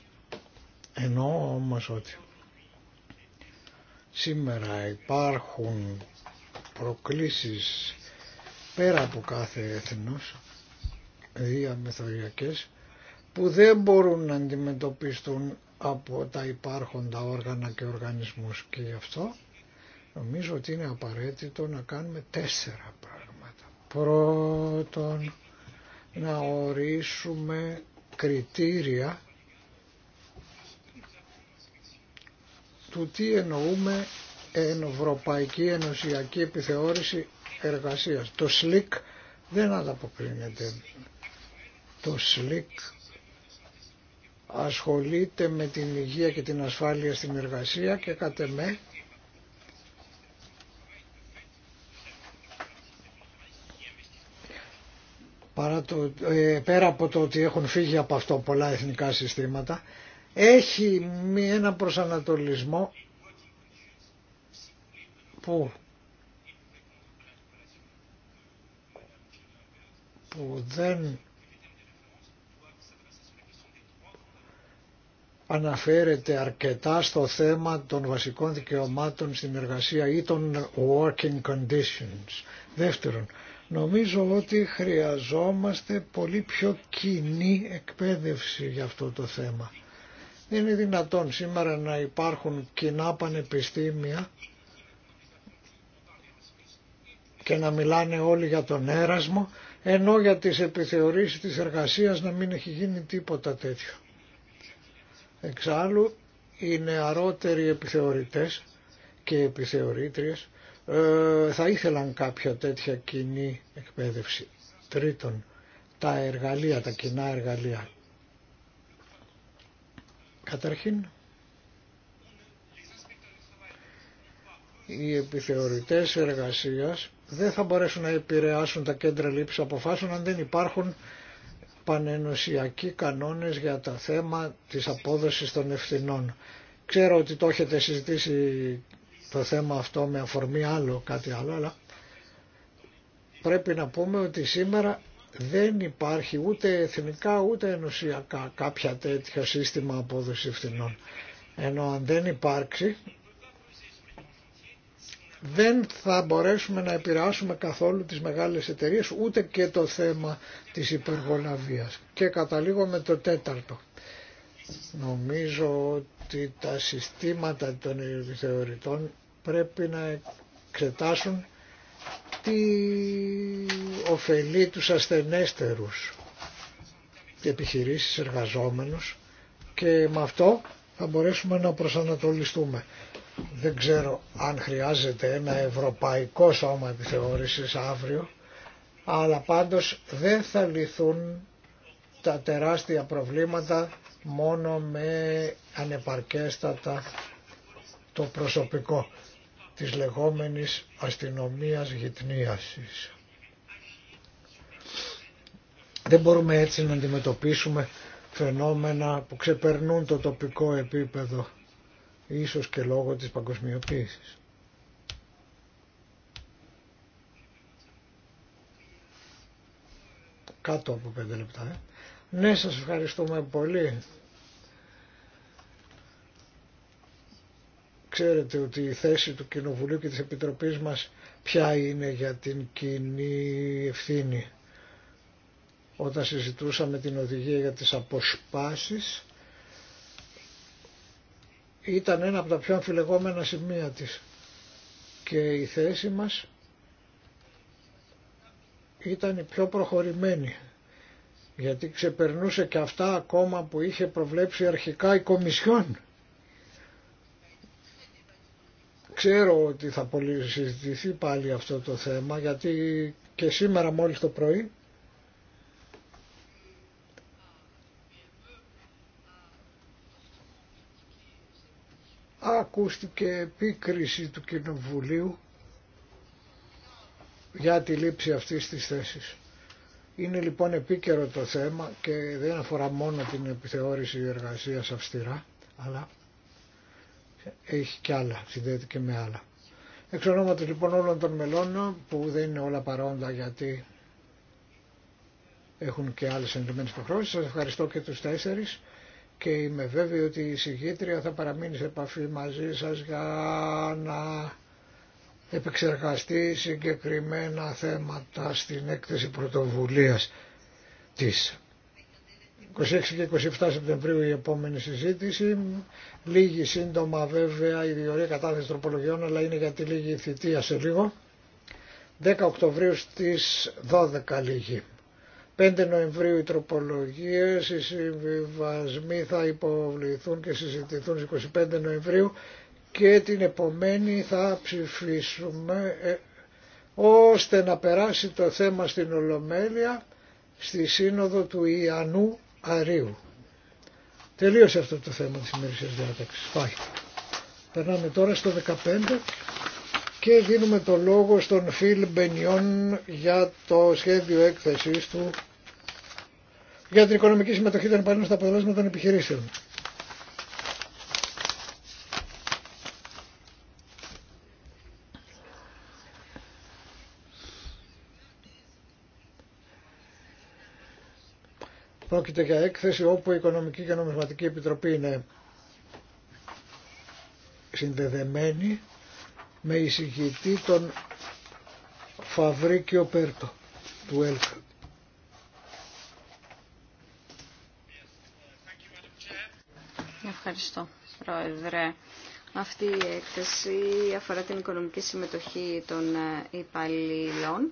Ενώ όμως ότι σήμερα υπάρχουν προκλήσεις πέρα από κάθε έθνος, διαμεθοριακές, που δεν μπορούν να αντιμετωπιστούν από τα υπάρχοντα όργανα και οργανισμούς και γι' αυτό νομίζω ότι είναι απαραίτητο να κάνουμε τέσσερα πράγματα. Πρώτον, να ορίσουμε κριτήρια του τι εννοούμε ευρωπαϊκή ενωσιακή επιθεώρηση εργασίας. Το SLIC δεν ανταποκρίνεται. Το SLIC ασχολείται με την υγεία και την ασφάλεια στην εργασία και κατ' παρά το, ε, πέρα από το ότι έχουν φύγει από αυτό πολλά εθνικά συστήματα, έχει ένα προσανατολισμό που, που δεν αναφέρεται αρκετά στο θέμα των βασικών δικαιωμάτων στην εργασία ή των working conditions. Δεύτερον, Νομίζω ότι χρειαζόμαστε πολύ πιο κοινή εκπαίδευση για αυτό το θέμα. Δεν είναι δυνατόν σήμερα να υπάρχουν κοινά πανεπιστήμια και να μιλάνε όλοι για τον έρασμο, ενώ για τις επιθεωρήσεις της εργασίας να μην έχει γίνει τίποτα τέτοιο. Εξάλλου, οι νεαρότεροι επιθεωρητές και επιθεωρήτριες ε, θα ήθελαν κάποια τέτοια κοινή εκπαίδευση. Τρίτον, τα εργαλεία, τα κοινά εργαλεία. Καταρχήν, οι επιθεωρητές εργασίας δεν θα μπορέσουν να επηρεάσουν τα κέντρα λήψης αποφάσεων αν δεν υπάρχουν πανενωσιακοί κανόνες για τα θέμα της απόδοσης των ευθυνών. Ξέρω ότι το έχετε συζητήσει το θέμα αυτό με αφορμή άλλο κάτι άλλο αλλά πρέπει να πούμε ότι σήμερα δεν υπάρχει ούτε εθνικά ούτε ενωσιακά κάποια τέτοια σύστημα απόδοση φθηνών. Ενώ αν δεν υπάρξει δεν θα μπορέσουμε να επηρεάσουμε καθόλου τις μεγάλες εταιρείες ούτε και το θέμα της υπεργολαβίας. Και καταλήγω με το τέταρτο. Νομίζω ότι τα συστήματα των θεωρητών πρέπει να εξετάσουν τι ωφελεί τους ασθενέστερους και επιχειρήσεις εργαζόμενους και με αυτό θα μπορέσουμε να προσανατολιστούμε. Δεν ξέρω αν χρειάζεται ένα ευρωπαϊκό σώμα επιθεώρησης αύριο, αλλά πάντως δεν θα λυθούν τα τεράστια προβλήματα μόνο με ανεπαρκέστατα το προσωπικό της λεγόμενης αστυνομίας γυτνίασης. Δεν μπορούμε έτσι να αντιμετωπίσουμε φαινόμενα που ξεπερνούν το τοπικό επίπεδο, ίσως και λόγω της παγκοσμιοποίησης. Κάτω από πέντε λεπτά. Ε. Ναι, σας ευχαριστούμε πολύ. Ξέρετε ότι η θέση του Κοινοβουλίου και της Επιτροπής μας ποια είναι για την κοινή ευθύνη. Όταν συζητούσαμε την οδηγία για τις αποσπάσεις, ήταν ένα από τα πιο αμφιλεγόμενα σημεία της. Και η θέση μας ήταν η πιο προχωρημένη γιατί ξεπερνούσε και αυτά ακόμα που είχε προβλέψει αρχικά η Κομισιόν Ξέρω ότι θα πολύ συζητηθεί πάλι αυτό το θέμα γιατί και σήμερα μόλις το πρωί ακούστηκε επίκριση του Κοινοβουλίου για τη λήψη αυτής της θέσης. Είναι λοιπόν επίκαιρο το θέμα και δεν αφορά μόνο την επιθεώρηση εργασίας αυστηρά, αλλά έχει και άλλα, συνδέεται και με άλλα. Εξ ονόματος λοιπόν όλων των μελών που δεν είναι όλα παρόντα γιατί έχουν και άλλες ενδυμένες προχρώσεις. Σας ευχαριστώ και τους τέσσερις και είμαι βέβαιο ότι η συγγήτρια θα παραμείνει σε επαφή μαζί σας για να επεξεργαστεί συγκεκριμένα θέματα στην έκθεση πρωτοβουλίας της. 26 και 27 Σεπτεμβρίου η επόμενη συζήτηση. Λίγη σύντομα βέβαια η διορία κατάθεση τροπολογιών, αλλά είναι τη λίγη θητεία σε λίγο. 10 Οκτωβρίου στις 12 λίγη. 5 Νοεμβρίου οι τροπολογίες, οι συμβιβασμοί θα υποβληθούν και συζητηθούν στις 25 Νοεμβρίου και την επομένη θα ψηφίσουμε ε, ώστε να περάσει το θέμα στην Ολομέλεια στη Σύνοδο του Ιανού Αρίου. Τελείωσε αυτό το θέμα της ημερήσιας διάταξης. Πάει. Περνάμε τώρα στο 15 και δίνουμε το λόγο στον Φιλ Μπενιόν για το σχέδιο έκθεσής του για την οικονομική συμμετοχή των υπαλλήλων στα αποτελέσματα των επιχειρήσεων. Πρόκειται για έκθεση όπου η Οικονομική και Νομισματική Επιτροπή είναι συνδεδεμένη με εισηγητή τον Φαβρίκιο Πέρτο του ΕΛΚ. Ευχαριστώ, Πρόεδρε. Αυτή η έκθεση αφορά την οικονομική συμμετοχή των υπαλλήλων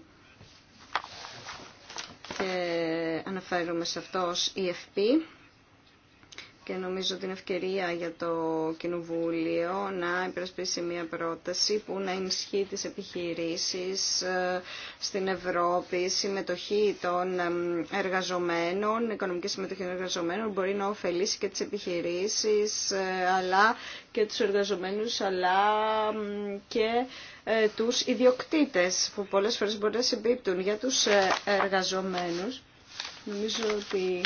Φέρουμε σε αυτό ως EFP και νομίζω την ευκαιρία για το Κοινοβούλιο να υπερασπίσει μια πρόταση που να ενισχύει τις επιχειρήσεις ε, στην Ευρώπη, συμμετοχή των ε, εργαζομένων, οικονομική συμμετοχή των εργαζομένων μπορεί να ωφελήσει και τις επιχειρήσεις ε, αλλά και τους εργαζομένους αλλά και τους ιδιοκτήτες που πολλές φορές μπορεί να συμπίπτουν για τους εργαζομένους Νομίζω ότι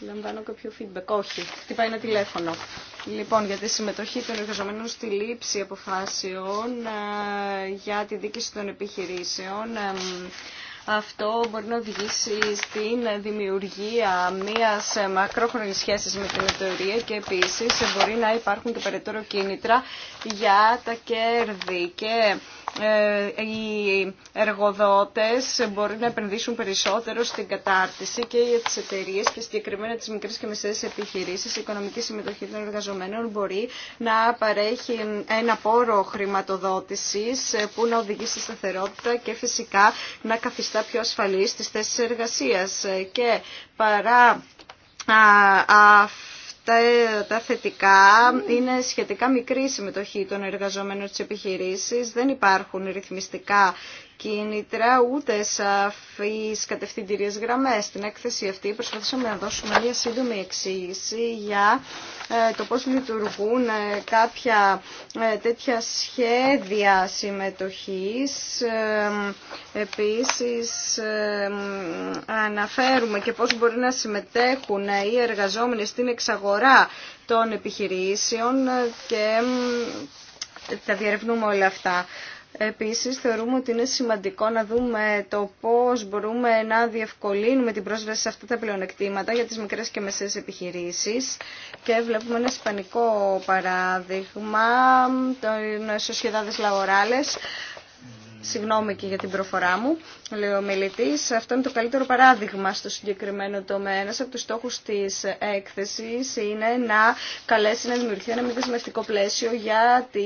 λαμβάνω κάποιο feedback. Όχι, χτυπάει ένα τηλέφωνο. Λοιπόν, για τη συμμετοχή των εργαζομένων στη λήψη αποφάσεων ε, για τη δίκηση των επιχειρήσεων, ε, αυτό μπορεί να οδηγήσει στην δημιουργία μιας ε, μακρόχρονης σχέσης με την εταιρεία και επίσης μπορεί να υπάρχουν και περαιτέρω κίνητρα για τα κέρδη και ε, οι εργοδότες μπορεί να επενδύσουν περισσότερο στην κατάρτιση και για τις εταιρείε και συγκεκριμένα τις μικρές και μεσαίες επιχειρήσεις. Η οικονομική συμμετοχή των εργαζομένων μπορεί να παρέχει ένα πόρο χρηματοδότησης που να οδηγεί στη σταθερότητα και φυσικά να καθιστά πιο ασφαλή τις θέσεις εργασίας. Και παρά τα, θετικά είναι σχετικά μικρή συμμετοχή των εργαζόμενων της επιχειρήσης. δεν υπάρχουν ρυθμιστικά κίνητρα, ούτε σαφείς κατευθυντηρίες γραμμές. Στην έκθεση αυτή προσπαθήσαμε να δώσουμε μια σύντομη εξήγηση για ε, το πώς λειτουργούν ε, κάποια ε, τέτοια σχέδια συμμετοχής. Επίσης αναφέρουμε και πώς μπορεί να συμμετέχουν οι εργαζόμενοι στην εξαγορά των επιχειρήσεων και τα διερευνούμε όλα αυτά. Επίσης θεωρούμε ότι είναι σημαντικό να δούμε το πώς μπορούμε να διευκολύνουμε την πρόσβαση σε αυτά τα πλεονεκτήματα για τις μικρές και μεσαίες επιχειρήσεις και βλέπουμε ένα ισπανικό παράδειγμα των Σοσιαδάδες Λαοράλες Συγγνώμη και για την προφορά μου, λέει ο μιλητή. Αυτό είναι το καλύτερο παράδειγμα στο συγκεκριμένο τομέα. Ένα από τους στόχους της έκθεση είναι να καλέσει να δημιουργηθεί ένα μη δεσμευτικό πλαίσιο για τι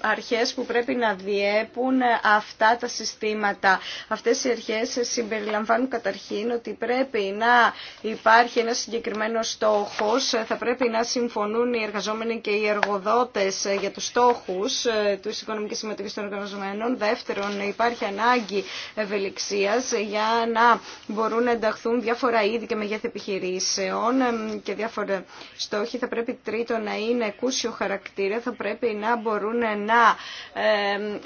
αρχέ που πρέπει να διέπουν αυτά τα συστήματα. Αυτέ οι αρχέ συμπεριλαμβάνουν καταρχήν ότι πρέπει να υπάρχει ένα συγκεκριμένο στόχο. θα πρέπει να συμφωνούν οι εργαζόμενοι και οι εργοδότε για ε, του στόχου του οικονομική συμμετοχής των εργαζομένων τον Δεύτερον, υπάρχει ανάγκη ευελιξίας για να μπορούν να ενταχθούν διάφορα είδη και μεγέθη επιχειρήσεων και διάφορα στόχοι. Θα πρέπει τρίτον να είναι εκούσιο χαρακτήρα, θα πρέπει να μπορούν να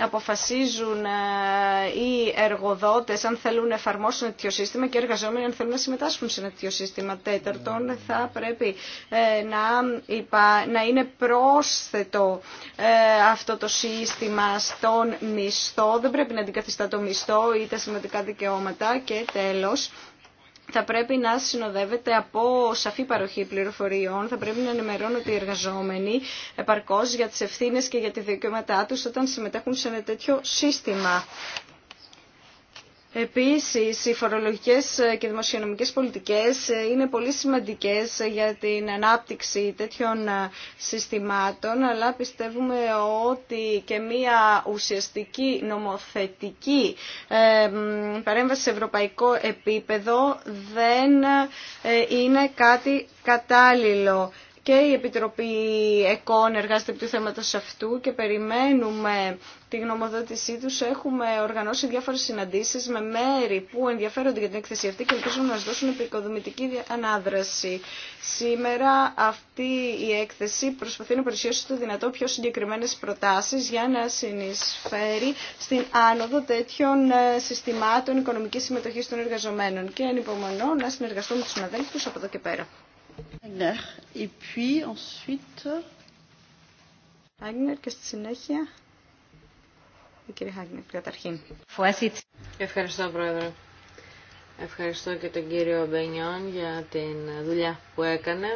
αποφασίζουν ε, οι εργοδότες αν θέλουν να εφαρμόσουν τέτοιο σύστημα και οι εργαζόμενοι αν θέλουν να συμμετάσχουν σε τέτοιο σύστημα. Τέταρτον, θα πρέπει ε, να, είναι πρόσθετο ε, αυτό το σύστημα στον μισθό μισθό δεν πρέπει να αντικαθιστά το μισθό ή τα σημαντικά δικαιώματα και τέλος θα πρέπει να συνοδεύεται από σαφή παροχή πληροφοριών, θα πρέπει να ενημερώνονται οι εργαζόμενοι επαρκώς για τις ευθύνε και για τη δικαιώματά του όταν συμμετέχουν σε ένα τέτοιο σύστημα. Επίσης, οι φορολογικές και δημοσιονομικές πολιτικές είναι πολύ σημαντικές για την ανάπτυξη τέτοιων συστημάτων, αλλά πιστεύουμε ότι και μία ουσιαστική νομοθετική παρέμβαση σε ευρωπαϊκό επίπεδο δεν ε, είναι κάτι κατάλληλο και η Επιτροπή ΕΚΟΝ εργάζεται επί του θέματος αυτού και περιμένουμε τη γνωμοδότησή τους. Έχουμε οργανώσει διάφορες συναντήσεις με μέρη που ενδιαφέρονται για την έκθεση αυτή και ελπίζουν να μας δώσουν επικοδομητική ανάδραση. Σήμερα αυτή η έκθεση προσπαθεί να παρουσιάσει το δυνατό πιο συγκεκριμένες προτάσεις για να συνεισφέρει στην άνοδο τέτοιων ε, συστημάτων οικονομικής συμμετοχής των εργαζομένων και ανυπομονώ να συνεργαστώ με τους συναδέλφους από εδώ και πέρα. Άγνερ και στη συνέχεια Ευχαριστώ Πρόεδρε. Ευχαριστώ και τον κύριο Μπενιόν για την δουλειά που έκανε.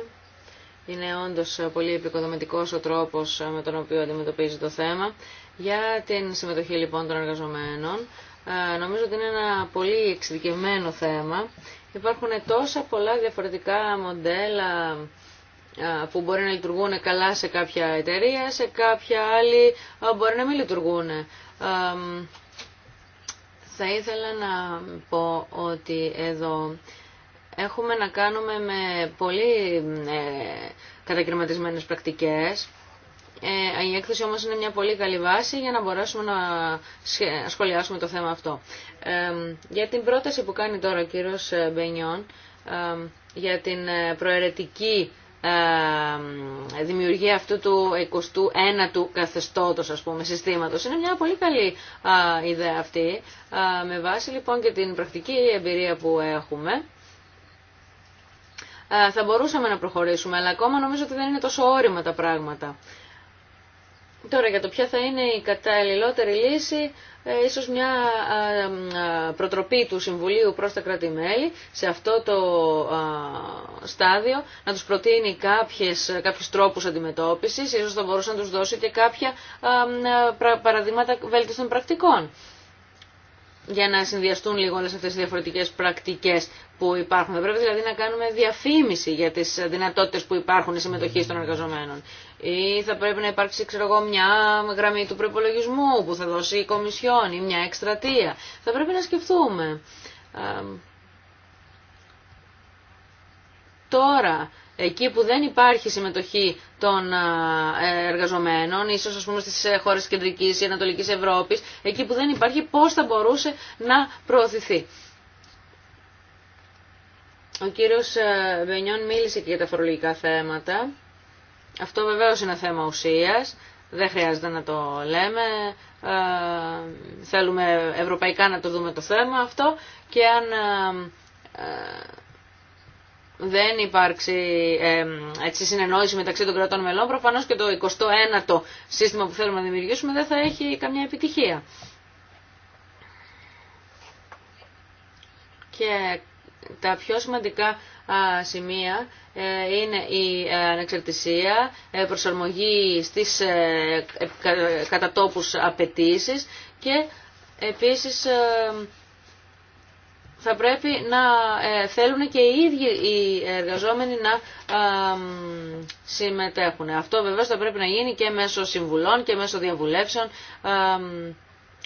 Είναι όντως πολύ επικοδομητικός ο τρόπος με τον οποίο αντιμετωπίζει το θέμα. Για την συμμετοχή λοιπόν των εργαζομένων, ε, νομίζω ότι είναι ένα πολύ εξειδικευμένο θέμα. Υπάρχουν τόσα πολλά διαφορετικά μοντέλα που μπορεί να λειτουργούν καλά σε κάποια εταιρεία, σε κάποια άλλη μπορεί να μην λειτουργούν. Θα ήθελα να πω ότι εδώ έχουμε να κάνουμε με πολύ ε, κατακριματισμένες πρακτικές ε, η έκθεση όμως είναι μια πολύ καλή βάση για να μπορέσουμε να σχολιάσουμε το θέμα αυτό. Ε, για την πρόταση που κάνει τώρα ο κύριος ε, Μπενιόν για την προαιρετική δημιουργία αυτού του 21ου καθεστώτος ας πούμε συστήματος. Είναι μια πολύ καλή ιδέα αυτή με βάση λοιπόν και την πρακτική εμπειρία που έχουμε θα μπορούσαμε να προχωρήσουμε αλλά ακόμα νομίζω ότι δεν είναι τόσο όριμα τα πράγματα. Τώρα για το ποια θα είναι η καταλληλότερη λύση, ε, ίσως μια προτροπή του Συμβουλίου προς τα κρατη σε αυτό το στάδιο να τους προτείνει κάποιες, κάποιους τρόπους αντιμετώπισης, ίσως θα μπορούσε να τους δώσει και κάποια παραδείγματα βέλτιστων πρακτικών για να συνδυαστούν λίγο όλες αυτές οι διαφορετικές πρακτικές που υπάρχουν. Θα πρέπει δηλαδή να κάνουμε διαφήμιση για τις δυνατότητες που υπάρχουν συμμετοχή των εργαζομένων. Ή θα πρέπει να υπάρξει ξέρω εγώ, μια γραμμή του προπολογισμού που θα δώσει η Κομισιόν ή μια εκστρατεία. Θα πρέπει να σκεφτούμε. τώρα, εκεί που δεν υπάρχει συμμετοχή των ε, εργαζομένων, ίσως ας πούμε στις ε, χώρες της Κεντρικής ή Ανατολικής Ευρώπης, εκεί που δεν υπάρχει πώς θα μπορούσε να προωθηθεί. Ο κύριος Μπενιόν ε, μίλησε και για τα φορολογικά θέματα. Αυτό βεβαίως είναι θέμα ουσίας. Δεν χρειάζεται να το λέμε. θέλουμε ευρωπαϊκά να το δούμε το θέμα αυτό. Και αν δεν υπάρξει ε, έτσι, συνεννόηση μεταξύ των κρατών μελών, προφανώς και το 21 ο σύστημα που θέλουμε να δημιουργήσουμε δεν θα έχει καμιά επιτυχία. Και τα πιο σημαντικά σημεία ε, είναι η ε, ανεξαρτησία, ε, προσαρμογή στις κατατόπους απαιτήσεις και επίσης θα πρέπει να ε, θέλουν και οι ίδιοι οι εργαζόμενοι να συμμετέχουν. Αυτό βεβαίως θα πρέπει να γίνει και μέσω συμβουλών και μέσω διαβουλεύσεων.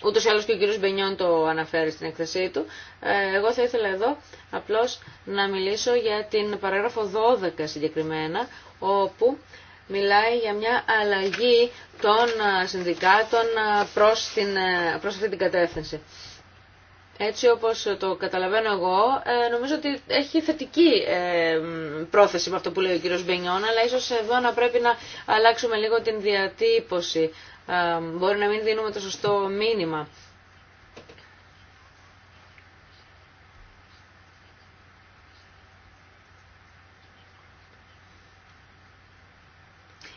Ούτως ή άλλως και ο κύριος Μπενιόν το αναφέρει στην εκθεσή του. Ε, εγώ θα ήθελα εδώ απλώς να μιλήσω για την παράγραφο 12 συγκεκριμένα, όπου μιλάει για μια αλλαγή των συνδικάτων προς, την, ε, προς αυτή την κατεύθυνση έτσι όπως το καταλαβαίνω εγώ, ε, νομίζω ότι έχει θετική ε, πρόθεση με αυτό που λέει ο κύριος Μπενιόν, αλλά ίσως εδώ να πρέπει να αλλάξουμε λίγο την διατύπωση. Ε, μπορεί να μην δίνουμε το σωστό μήνυμα.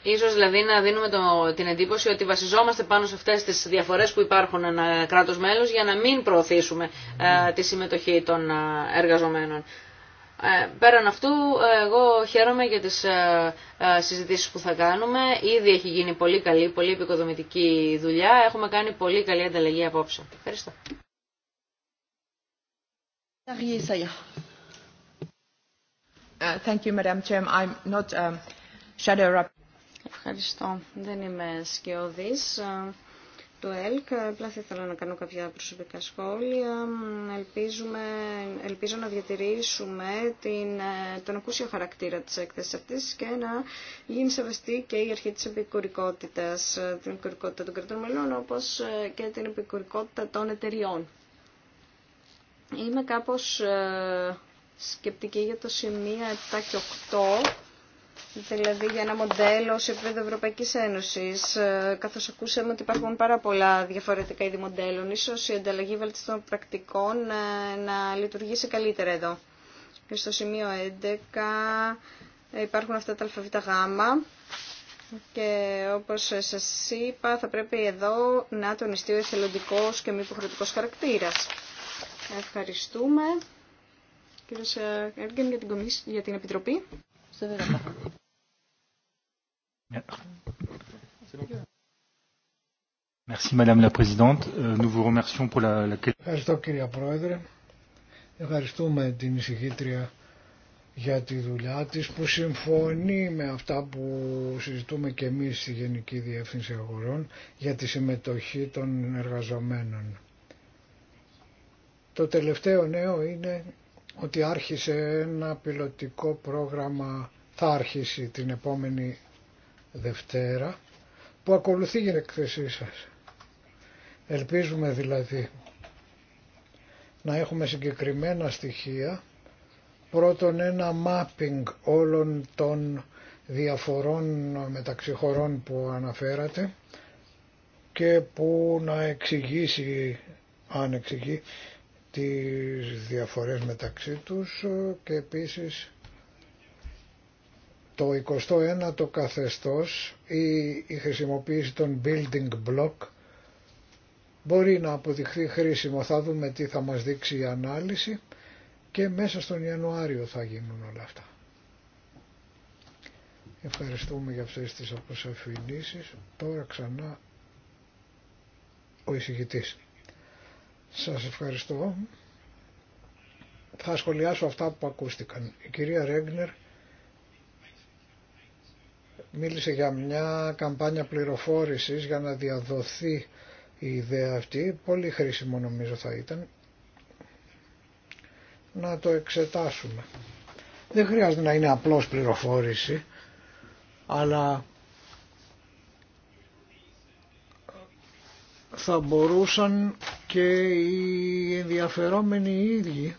Ίσως δηλαδή να δίνουμε την εντύπωση ότι βασιζόμαστε πάνω σε αυτές τις διαφορές που υπάρχουν ένα κράτος μέλος για να μην προωθήσουμε ε, τη συμμετοχή των ε, εργαζομένων. Ε, πέραν αυτού, ε, εγώ χαίρομαι για τις ε, συζητήσεις που θα κάνουμε. Ήδη έχει γίνει πολύ καλή, πολύ επικοδομητική δουλειά. Έχουμε κάνει πολύ καλή ανταλλαγή απόψε. Ευχαριστώ. Ευχαριστώ. Δεν είμαι σκιώδης ε, του ΕΛΚ. Απλά θα ήθελα να κάνω κάποια προσωπικά σχόλια. Ελπίζουμε, ελπίζω να διατηρήσουμε την, ε, τον ακούσιο χαρακτήρα της έκθεσης αυτής και να γίνει σεβαστή και η αρχή της επικουρικότητας, ε, την επικουρικότητα των κρατών μελών, όπως και την επικουρικότητα των εταιριών. Είμαι κάπως σκεπτική για το σημείο 7 και 8 δηλαδή για ένα μοντέλο σε επίπεδο Ευρωπαϊκή Ένωση. Ε, Καθώ ακούσαμε ότι υπάρχουν πάρα πολλά διαφορετικά είδη μοντέλων. ίσω η ανταλλαγή βελτιστών πρακτικών ε, να λειτουργήσει καλύτερα εδώ. Και στο σημείο 11 ε, υπάρχουν αυτά τα αλφαβήτα γάμα και όπω σα είπα θα πρέπει εδώ να τονιστεί ο εθελοντικό και μη υποχρεωτικό χαρακτήρα. Ευχαριστούμε. Κύριε Σεργέν για την, Επιτροπή. Ευχαριστώ κύριε Πρόεδρε. Ευχαριστούμε την εισηγήτρια για τη δουλειά της που συμφωνεί με αυτά που συζητούμε και εμείς στη Γενική Διεύθυνση Αγορών για τη συμμετοχή των εργαζομένων. Το τελευταίο νέο είναι ότι άρχισε ένα πιλωτικό πρόγραμμα, θα άρχισε την επόμενη Δευτέρα που ακολουθεί η εκθεσή σας. Ελπίζουμε δηλαδή να έχουμε συγκεκριμένα στοιχεία. Πρώτον ένα mapping όλων των διαφορών μεταξύ χωρών που αναφέρατε και που να εξηγήσει, αν εξηγεί, τις διαφορές μεταξύ τους και επίσης το 21ο καθεστώς ή η χρησιμοποίηση των building block μπορεί να αποδειχθεί χρήσιμο. Θα δούμε τι θα μας δείξει η ανάλυση και μέσα στον Ιανουάριο θα γίνουν όλα αυτά. Ευχαριστούμε για αυτές τις αποσαφηνήσεις. Τώρα ξανά ο εισηγητής. Σας ευχαριστώ. Θα σχολιάσω αυτά που ακούστηκαν. Η κυρία Ρέγνερ μίλησε για μια καμπάνια πληροφόρησης για να διαδοθεί η ιδέα αυτή. Πολύ χρήσιμο νομίζω θα ήταν να το εξετάσουμε. Δεν χρειάζεται να είναι απλώς πληροφόρηση, αλλά θα μπορούσαν και οι ενδιαφερόμενοι ίδιοι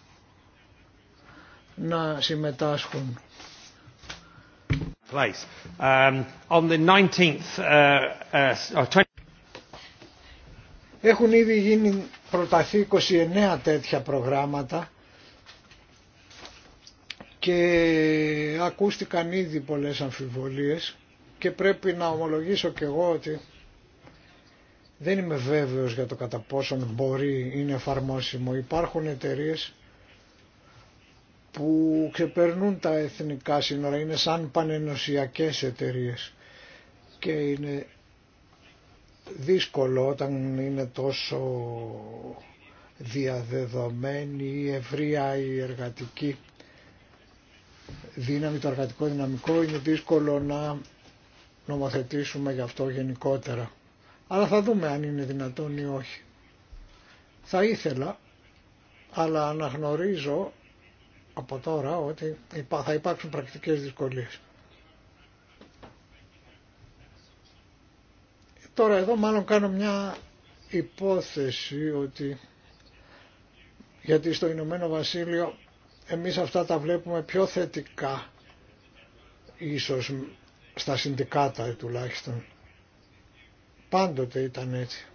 να συμμετάσχουν place. Um, on the 19th, uh, uh, Έχουν ήδη γίνει προταθεί 29 τέτοια προγράμματα και ακούστηκαν ήδη πολλές αμφιβολίες και πρέπει να ομολογήσω και εγώ ότι δεν είμαι βέβαιος για το κατά πόσον μπορεί, είναι εφαρμόσιμο. Υπάρχουν εταιρείες που ξεπερνούν τα εθνικά σύνορα, είναι σαν πανενωσιακές εταιρείες και είναι δύσκολο όταν είναι τόσο διαδεδομένη ή ευρεία η εργατική δύναμη, το εργατικό δυναμικό είναι δύσκολο να νομοθετήσουμε γι' αυτό γενικότερα. Αλλά θα δούμε αν είναι δυνατόν ή όχι. Θα ήθελα, αλλά αναγνωρίζω από τώρα ότι θα υπάρξουν πρακτικές δυσκολίες. Τώρα εδώ μάλλον κάνω μια υπόθεση ότι γιατί στο Ηνωμένο Βασίλειο εμείς αυτά τα βλέπουμε πιο θετικά ίσως στα συνδικάτα τουλάχιστον. Πάντοτε ήταν έτσι.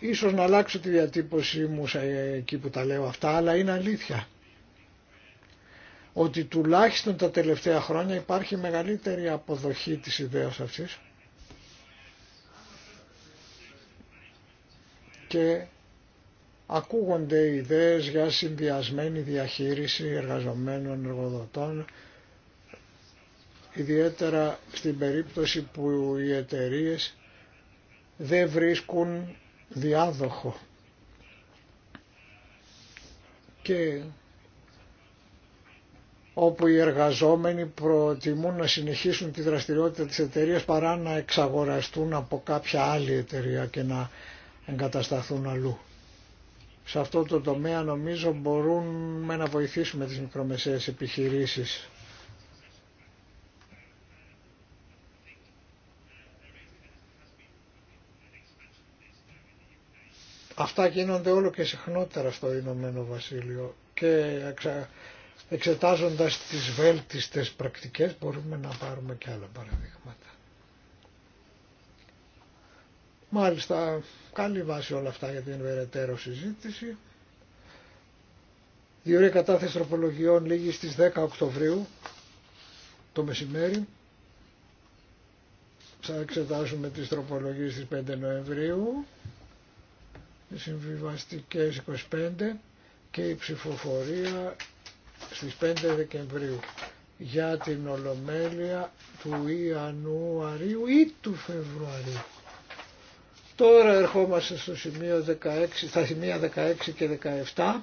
Ίσως να αλλάξω τη διατύπωσή μου εκεί που τα λέω αυτά, αλλά είναι αλήθεια. Ότι τουλάχιστον τα τελευταία χρόνια υπάρχει μεγαλύτερη αποδοχή της ιδέας αυτής και ακούγονται ιδέες για συνδυασμένη διαχείριση εργαζομένων εργοδοτών ιδιαίτερα στην περίπτωση που οι εταιρείες δεν βρίσκουν διάδοχο και όπου οι εργαζόμενοι προτιμούν να συνεχίσουν τη δραστηριότητα της εταιρείας παρά να εξαγοραστούν από κάποια άλλη εταιρεία και να εγκατασταθούν αλλού. Σε αυτό το τομέα νομίζω μπορούμε να βοηθήσουμε τις μικρομεσαίες επιχειρήσεις Αυτά γίνονται όλο και συχνότερα στο Ηνωμένο Βασίλειο και εξετάζοντας τις βέλτιστες πρακτικές μπορούμε να πάρουμε και άλλα παραδείγματα. Μάλιστα, καλή βάση όλα αυτά για την περαιτέρω συζήτηση. Η ωραία κατάθεση τροπολογιών λήγει στις 10 Οκτωβρίου το μεσημέρι. Θα εξετάσουμε τις τροπολογίες στις 5 Νοεμβρίου συμβιβαστικές 25 και η ψηφοφορία στις 5 Δεκεμβρίου για την Ολομέλεια του Ιανουαρίου ή του Φεβρουαρίου. Τώρα ερχόμαστε στο σημείο 16, στα σημεία 16 και 17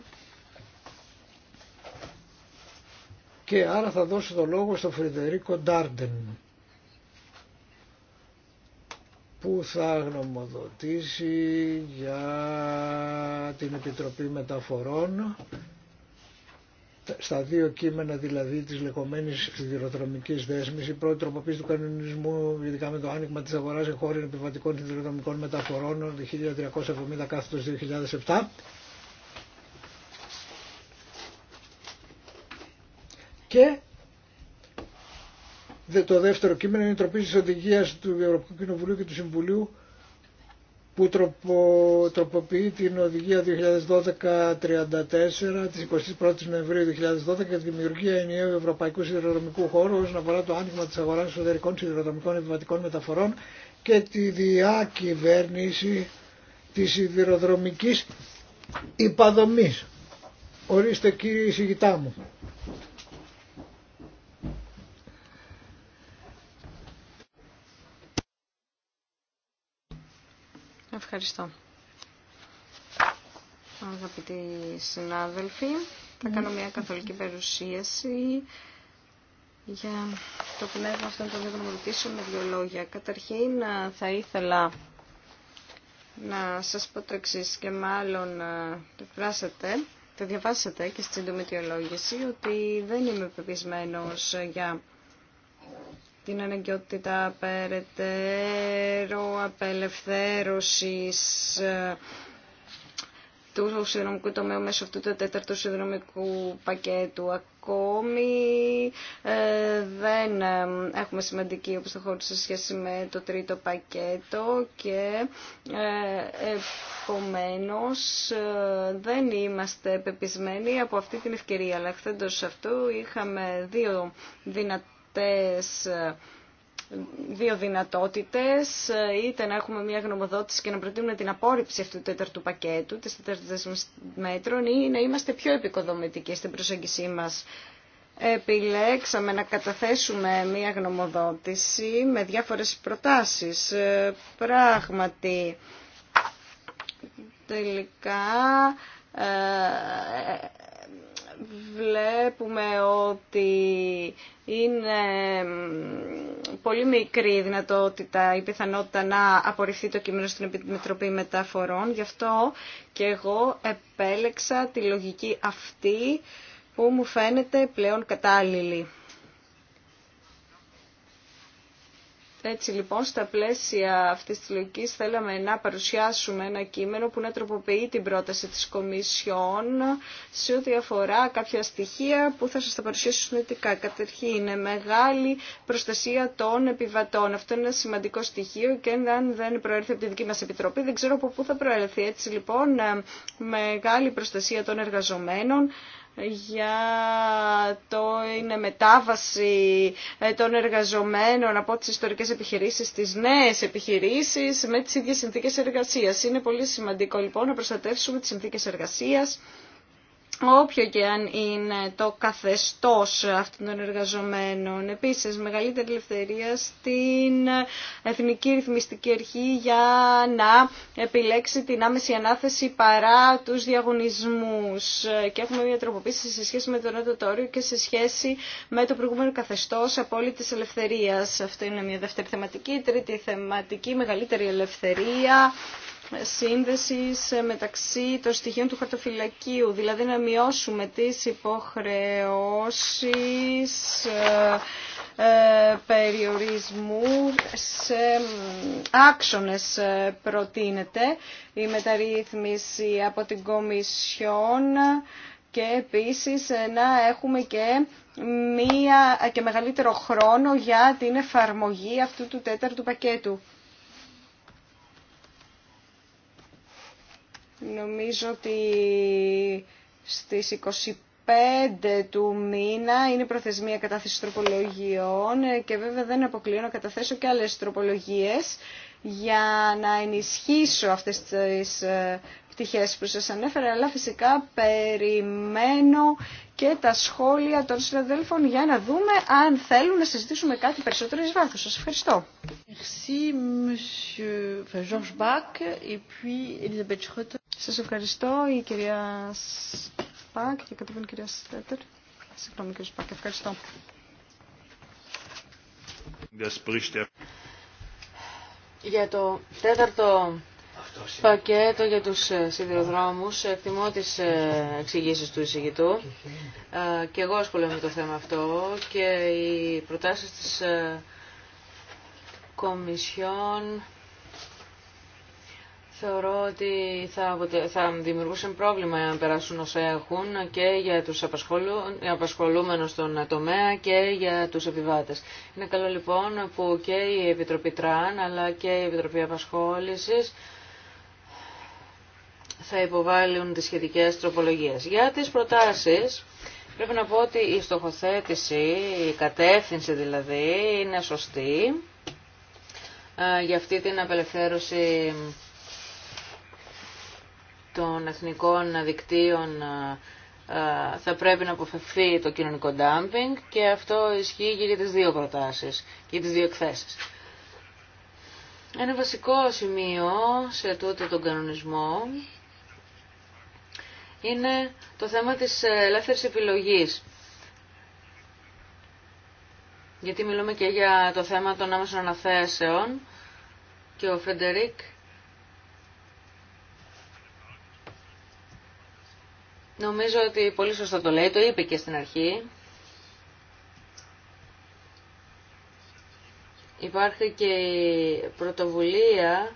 και άρα θα δώσω το λόγο στον Φρεντερίκο Ντάρντεν που θα γνωμοδοτήσει για την Επιτροπή Μεταφορών στα δύο κείμενα δηλαδή της λεγόμενης σιδηροδρομικής δέσμης, η πρώτη τροποποίηση του κανονισμού ειδικά με το άνοιγμα της αγοράς εγχώριων επιβατικών σιδηροδρομικών μεταφορών 1370 κάθετος 2007 και το δεύτερο κείμενο είναι η τροπή της οδηγίας του Ευρωπαϊκού Κοινοβουλίου και του Συμβουλίου που τροπο, τροποποιεί την οδηγία 2012-34 της 21 η Νοεμβρίου 2012 για τη δημιουργία ενιαίου ευρωπαϊκού σιδηροδρομικού χώρου όσον αφορά το άνοιγμα της αγοράς εσωτερικών σιδηροδρομικών επιβατικών μεταφορών και τη διακυβέρνηση της σιδηροδρομικής υπαδομής. Ορίστε κύριε εισηγητά μου. Ευχαριστώ. Αγαπητοί συνάδελφοι, θα κάνω μια καθολική παρουσίαση για το πνεύμα αυτών των δύο με δύο λόγια. Καταρχήν θα ήθελα να σας πω το και μάλλον ε, το εκφράσετε, το διαβάσατε και στην συντομητιολόγηση ότι δεν είμαι πεπισμένος για την αναγκαιότητα περαιτέρω απελευθέρωσης ε, του συνδρομικού τομέα μέσω αυτού του τέταρτου συνδρομικού πακέτου. Ακόμη ε, δεν ε, έχουμε σημαντική οπισθοχώρηση σε σχέση με το τρίτο πακέτο και ε, επομένως δεν είμαστε πεπισμένοι από αυτή την ευκαιρία. Αλλά ευθέντως αυτού είχαμε δύο δυνατότητες αυτές ε, δύο δυνατότητες, ε, είτε να έχουμε μια γνωμοδότηση και να προτείνουμε την απόρριψη αυτού του τέταρτου πακέτου, της τέταρτης μέτρων, ή να είμαστε πιο επικοδομητικοί στην προσέγγισή μας. Επιλέξαμε να καταθέσουμε μια γνωμοδότηση με διάφορες προτάσεις. Ε, πράγματι, τελικά βλέπουμε ότι είναι πολύ μικρή η δυνατότητα, η πιθανότητα να απορριφθεί το κείμενο στην Επιτροπή Μεταφορών. Γι' αυτό και εγώ επέλεξα τη λογική αυτή που μου φαίνεται πλέον κατάλληλη. Έτσι λοιπόν στα πλαίσια αυτής της λογική θέλαμε να παρουσιάσουμε ένα κείμενο που να τροποποιεί την πρόταση της Κομισιόν σε ό,τι αφορά κάποια στοιχεία που θα σας τα παρουσιάσω Κατ' Καταρχήν μεγάλη προστασία των επιβατών. Αυτό είναι ένα σημαντικό στοιχείο και αν δεν προέρχεται από τη δική μα Επιτροπή δεν ξέρω από πού θα προέρθει. Έτσι λοιπόν ε, μεγάλη προστασία των εργαζομένων για το είναι μετάβαση ε, των εργαζομένων από τις ιστορικές επιχειρήσεις στις νέες επιχειρήσεις με τις ίδιες συνθήκες εργασίας. Είναι πολύ σημαντικό λοιπόν να προστατεύσουμε τις συνθήκες εργασίας όποιο και αν είναι το καθεστώς αυτών των εργαζομένων. Επίσης, μεγαλύτερη ελευθερία στην Εθνική Ρυθμιστική Αρχή για να επιλέξει την άμεση ανάθεση παρά τους διαγωνισμούς. Και έχουμε μια τροποποίηση σε σχέση με το νότο και σε σχέση με το προηγούμενο καθεστώς απόλυτης ελευθερίας. Αυτό είναι μια δεύτερη θεματική. Τρίτη θεματική, μεγαλύτερη ελευθερία σύνδεσης ε, μεταξύ των στοιχείων του χαρτοφυλακίου, δηλαδή να μειώσουμε τις υποχρεώσεις ε, ε, περιορισμού σε άξονες προτείνεται η μεταρρύθμιση από την Κομισιόν και επίσης να έχουμε και μία και μεγαλύτερο χρόνο για την εφαρμογή αυτού του τέταρτου πακέτου. Νομίζω ότι στις 25 του μήνα είναι προθεσμία κατάθεση τροπολογιών και βέβαια δεν αποκλείω να καταθέσω και άλλες τροπολογίες για να ενισχύσω αυτές τις ε, πτυχές που σας ανέφερα, αλλά φυσικά περιμένω και τα σχόλια των συναδέλφων για να δούμε αν θέλουν να συζητήσουμε κάτι περισσότερο εις βάθος. Σας ευχαριστώ. Σας ευχαριστώ η κυρία Σπακ και κατόπιν η κυρία Στέτερ. Συγγνώμη κύριε Σπακ, ευχαριστώ. Για το τέταρτο πακέτο για τους ε, σιδηροδρόμους εκτιμώ τις ε, εξηγήσεις του εισηγητού ε, και εγώ ασχολούμαι με το θέμα αυτό και οι προτάσεις της Κομισιόν Θεωρώ ότι θα, θα δημιουργούσαν πρόβλημα αν περάσουν όσα έχουν και για τους απασχολούμενους στον τομέα και για τους επιβάτες. Είναι καλό λοιπόν που και η Επιτροπή Τραν αλλά και η Επιτροπή Απασχόλησης θα υποβάλουν τις σχετικές τροπολογίες. Για τις προτάσεις πρέπει να πω ότι η στοχοθέτηση, η κατεύθυνση δηλαδή είναι σωστή ε, για αυτή την απελευθέρωση των εθνικών δικτύων ε, ε, θα πρέπει να αποφευθεί το κοινωνικό ντάμπινγκ και αυτό ισχύει και για τις δύο προτάσεις και τις δύο εκθέσεις. Ένα βασικό σημείο σε τούτο τον κανονισμό είναι το θέμα της ελεύθερης επιλογής. Γιατί μιλούμε και για το θέμα των άμεσων αναθέσεων και ο Φεντερίκ Νομίζω ότι πολύ σωστά το λέει, το είπε και στην αρχή. Υπάρχει και η πρωτοβουλία α,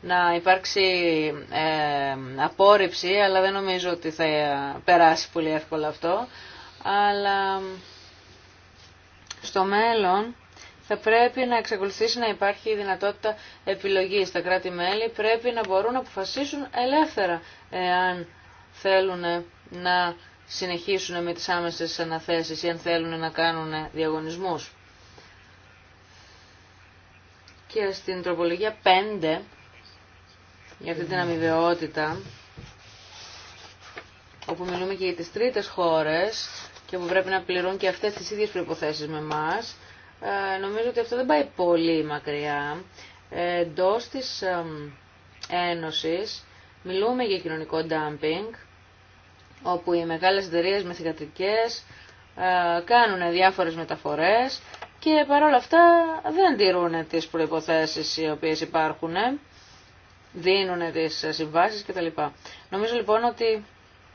να υπάρξει ε, απόρριψη, αλλά δεν νομίζω ότι θα περάσει πολύ εύκολα αυτό. Αλλά στο μέλλον θα πρέπει να εξακολουθήσει να υπάρχει η δυνατότητα επιλογής. Τα κράτη-μέλη πρέπει να μπορούν να αποφασίσουν ελεύθερα εάν θέλουν να συνεχίσουν με τις άμεσες αναθέσεις ή αν θέλουν να κάνουν διαγωνισμούς. Και στην τροπολογία 5, για αυτή την αμοιβαιότητα, όπου μιλούμε και για τις τρίτες χώρες και που πρέπει να πληρούν και αυτές τις ίδιες προϋποθέσεις με μας, ε, νομίζω ότι αυτό δεν πάει πολύ μακριά. Ε, Εντό της Ένωσης μιλούμε για κοινωνικό dumping, όπου οι μεγάλες εταιρείε μεθυγατρικές ε, κάνουν διάφορες μεταφορές και παρόλα αυτά δεν τηρούν τις προϋποθέσεις οι οποίες υπάρχουν, δίνουν τις συμβάσεις κτλ. Νομίζω λοιπόν ότι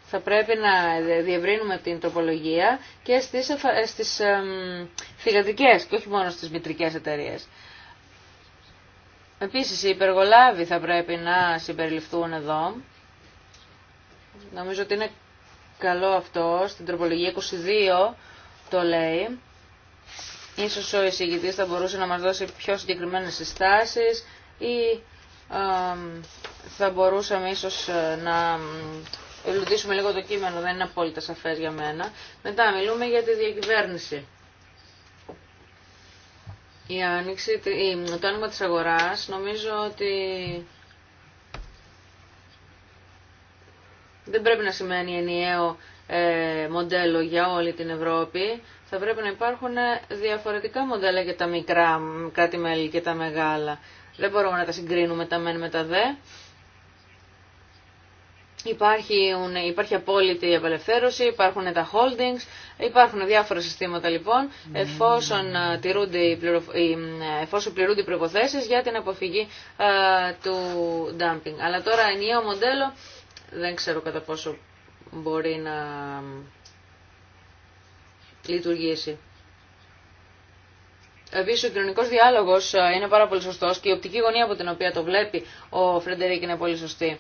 θα πρέπει να διευρύνουμε την τροπολογία και στις, ε, στις και όχι μόνο στις μητρικές εταιρείες. Επίσης οι υπεργολάβοι θα πρέπει να συμπεριληφθούν εδώ. Νομίζω ότι είναι καλό αυτό, στην τροπολογία 22 το λέει. Ίσως ο εισηγητής θα μπορούσε να μας δώσει πιο συγκεκριμένες συστάσεις ή θα μπορούσαμε ίσως ε, να ελουδίσουμε λίγο το κείμενο, δεν είναι απόλυτα σαφές για μένα. Μετά μιλούμε για τη διακυβέρνηση. Η άνοιξη, το άνοιγμα της αγοράς νομίζω ότι δεν πρέπει να σημαίνει ενιαίο ε, μοντέλο για όλη την Ευρώπη. Θα πρέπει να υπάρχουν ε, διαφορετικά μοντέλα για τα μικρά κράτη-μέλη και τα μεγάλα. Δεν μπορούμε να τα συγκρίνουμε τα μεν με τα δε υπάρχει, υπάρχει απόλυτη απελευθέρωση, υπάρχουν τα holdings, υπάρχουν διάφορα συστήματα λοιπόν, εφόσον, ε, τηρούνται οι εφόσον πληρούνται οι προποθέσει για την αποφυγή ε, του dumping. Αλλά τώρα ενιαίο μοντέλο δεν ξέρω κατά πόσο μπορεί να λειτουργήσει. Επίση, ο κοινωνικό διάλογο ε, είναι πάρα πολύ σωστό και η οπτική γωνία από την οποία το βλέπει ο Φρεντερίκ είναι πολύ σωστή.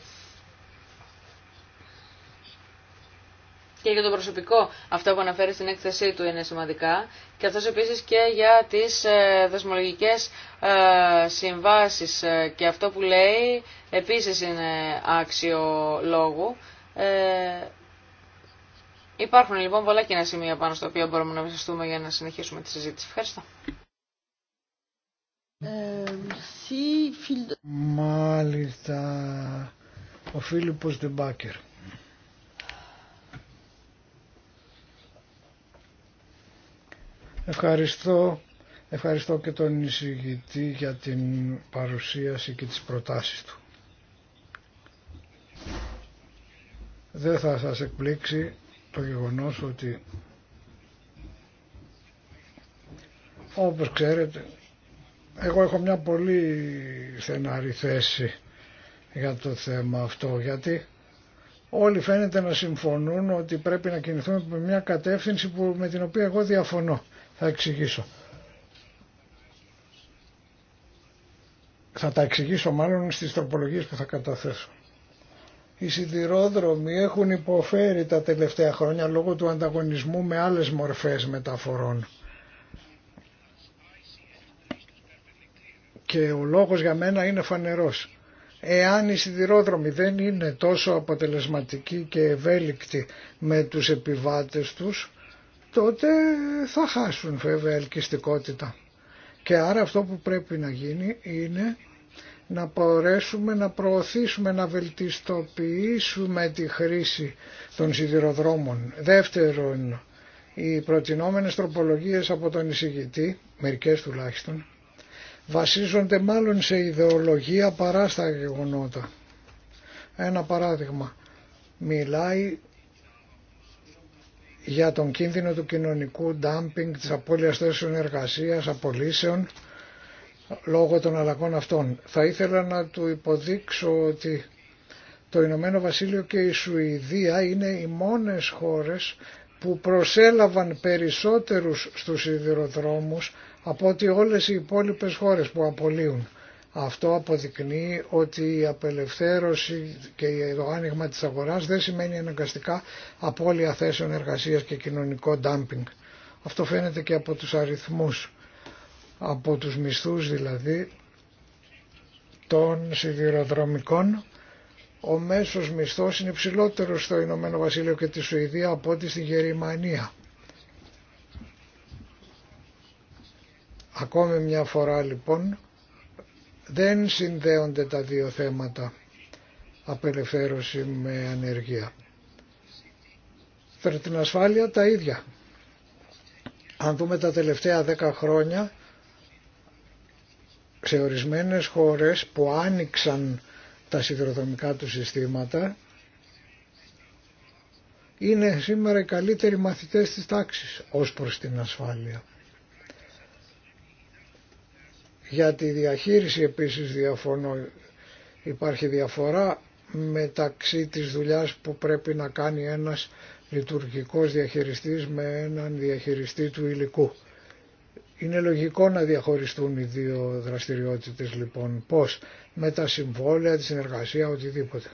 και για το προσωπικό αυτό που αναφέρει στην έκθεσή του είναι σημαντικά, και αυτός επίσης και για τις ε, δεσμολογικές ε, συμβάσεις ε, και αυτό που λέει επίσης είναι άξιο λόγου. Υπάρχουν λοιπόν πολλά κοινά σημεία πάνω στα οποία μπορούμε να βασιστούμε για να συνεχίσουμε τη συζήτηση. Ευχαριστώ. Μάλιστα, ο Φίλιππος Ντεμπάκερ. Ευχαριστώ. Ευχαριστώ και τον εισηγητή για την παρουσίαση και τις προτάσεις του. Δεν θα σας εκπλήξει το γεγονός ότι όπως ξέρετε εγώ έχω μια πολύ στεναρή θέση για το θέμα αυτό γιατί όλοι φαίνεται να συμφωνούν ότι πρέπει να κινηθούμε με μια κατεύθυνση που, με την οποία εγώ διαφωνώ. Θα εξηγήσω. Θα τα εξηγήσω μάλλον στις τροπολογίες που θα καταθέσω. Οι σιδηρόδρομοι έχουν υποφέρει τα τελευταία χρόνια λόγω του ανταγωνισμού με άλλες μορφές μεταφορών. Και ο λόγος για μένα είναι φανερός. Εάν οι σιδηρόδρομοι δεν είναι τόσο αποτελεσματικοί και ευέλικτοι με τους επιβάτες τους, τότε θα χάσουν βέβαια ελκυστικότητα. Και άρα αυτό που πρέπει να γίνει είναι να μπορέσουμε να προωθήσουμε, να βελτιστοποιήσουμε τη χρήση των σιδηροδρόμων. Δεύτερον, οι προτινόμενες τροπολογίες από τον εισηγητή, μερικές τουλάχιστον, βασίζονται μάλλον σε ιδεολογία παρά στα γεγονότα. Ένα παράδειγμα, μιλάει για τον κίνδυνο του κοινωνικού ντάμπινγκ, της απώλειας θέσεων εργασίας, απολύσεων, λόγω των αλλαγών αυτών. Θα ήθελα να του υποδείξω ότι το Ηνωμένο Βασίλειο και η Σουηδία είναι οι μόνες χώρες που προσέλαβαν περισσότερους στους σιδηροδρόμους από ότι όλες οι υπόλοιπες χώρες που απολύουν. Αυτό αποδεικνύει ότι η απελευθέρωση και το άνοιγμα της αγοράς δεν σημαίνει αναγκαστικά απώλεια θέσεων εργασίας και κοινωνικό ντάμπινγκ. Αυτό φαίνεται και από τους αριθμούς, από τους μισθούς δηλαδή των σιδηροδρομικών. Ο μέσος μισθός είναι ψηλότερος στο Ηνωμένο Βασίλειο και τη Σουηδία από ό,τι στη Γερμανία. Ακόμη μια φορά λοιπόν δεν συνδέονται τα δύο θέματα απελευθέρωση με ανεργία. Φέρε την ασφάλεια τα ίδια. Αν δούμε τα τελευταία δέκα χρόνια σε ορισμένες χώρες που άνοιξαν τα σιδηροδρομικά του συστήματα είναι σήμερα οι καλύτεροι μαθητές της τάξης ως προς την ασφάλεια. Για τη διαχείριση επίσης διαφωνώ. Υπάρχει διαφορά μεταξύ της δουλειάς που πρέπει να κάνει ένας λειτουργικός διαχειριστής με έναν διαχειριστή του υλικού. Είναι λογικό να διαχωριστούν οι δύο δραστηριότητες λοιπόν. Πώς, με τα συμβόλαια, τη συνεργασία, οτιδήποτε.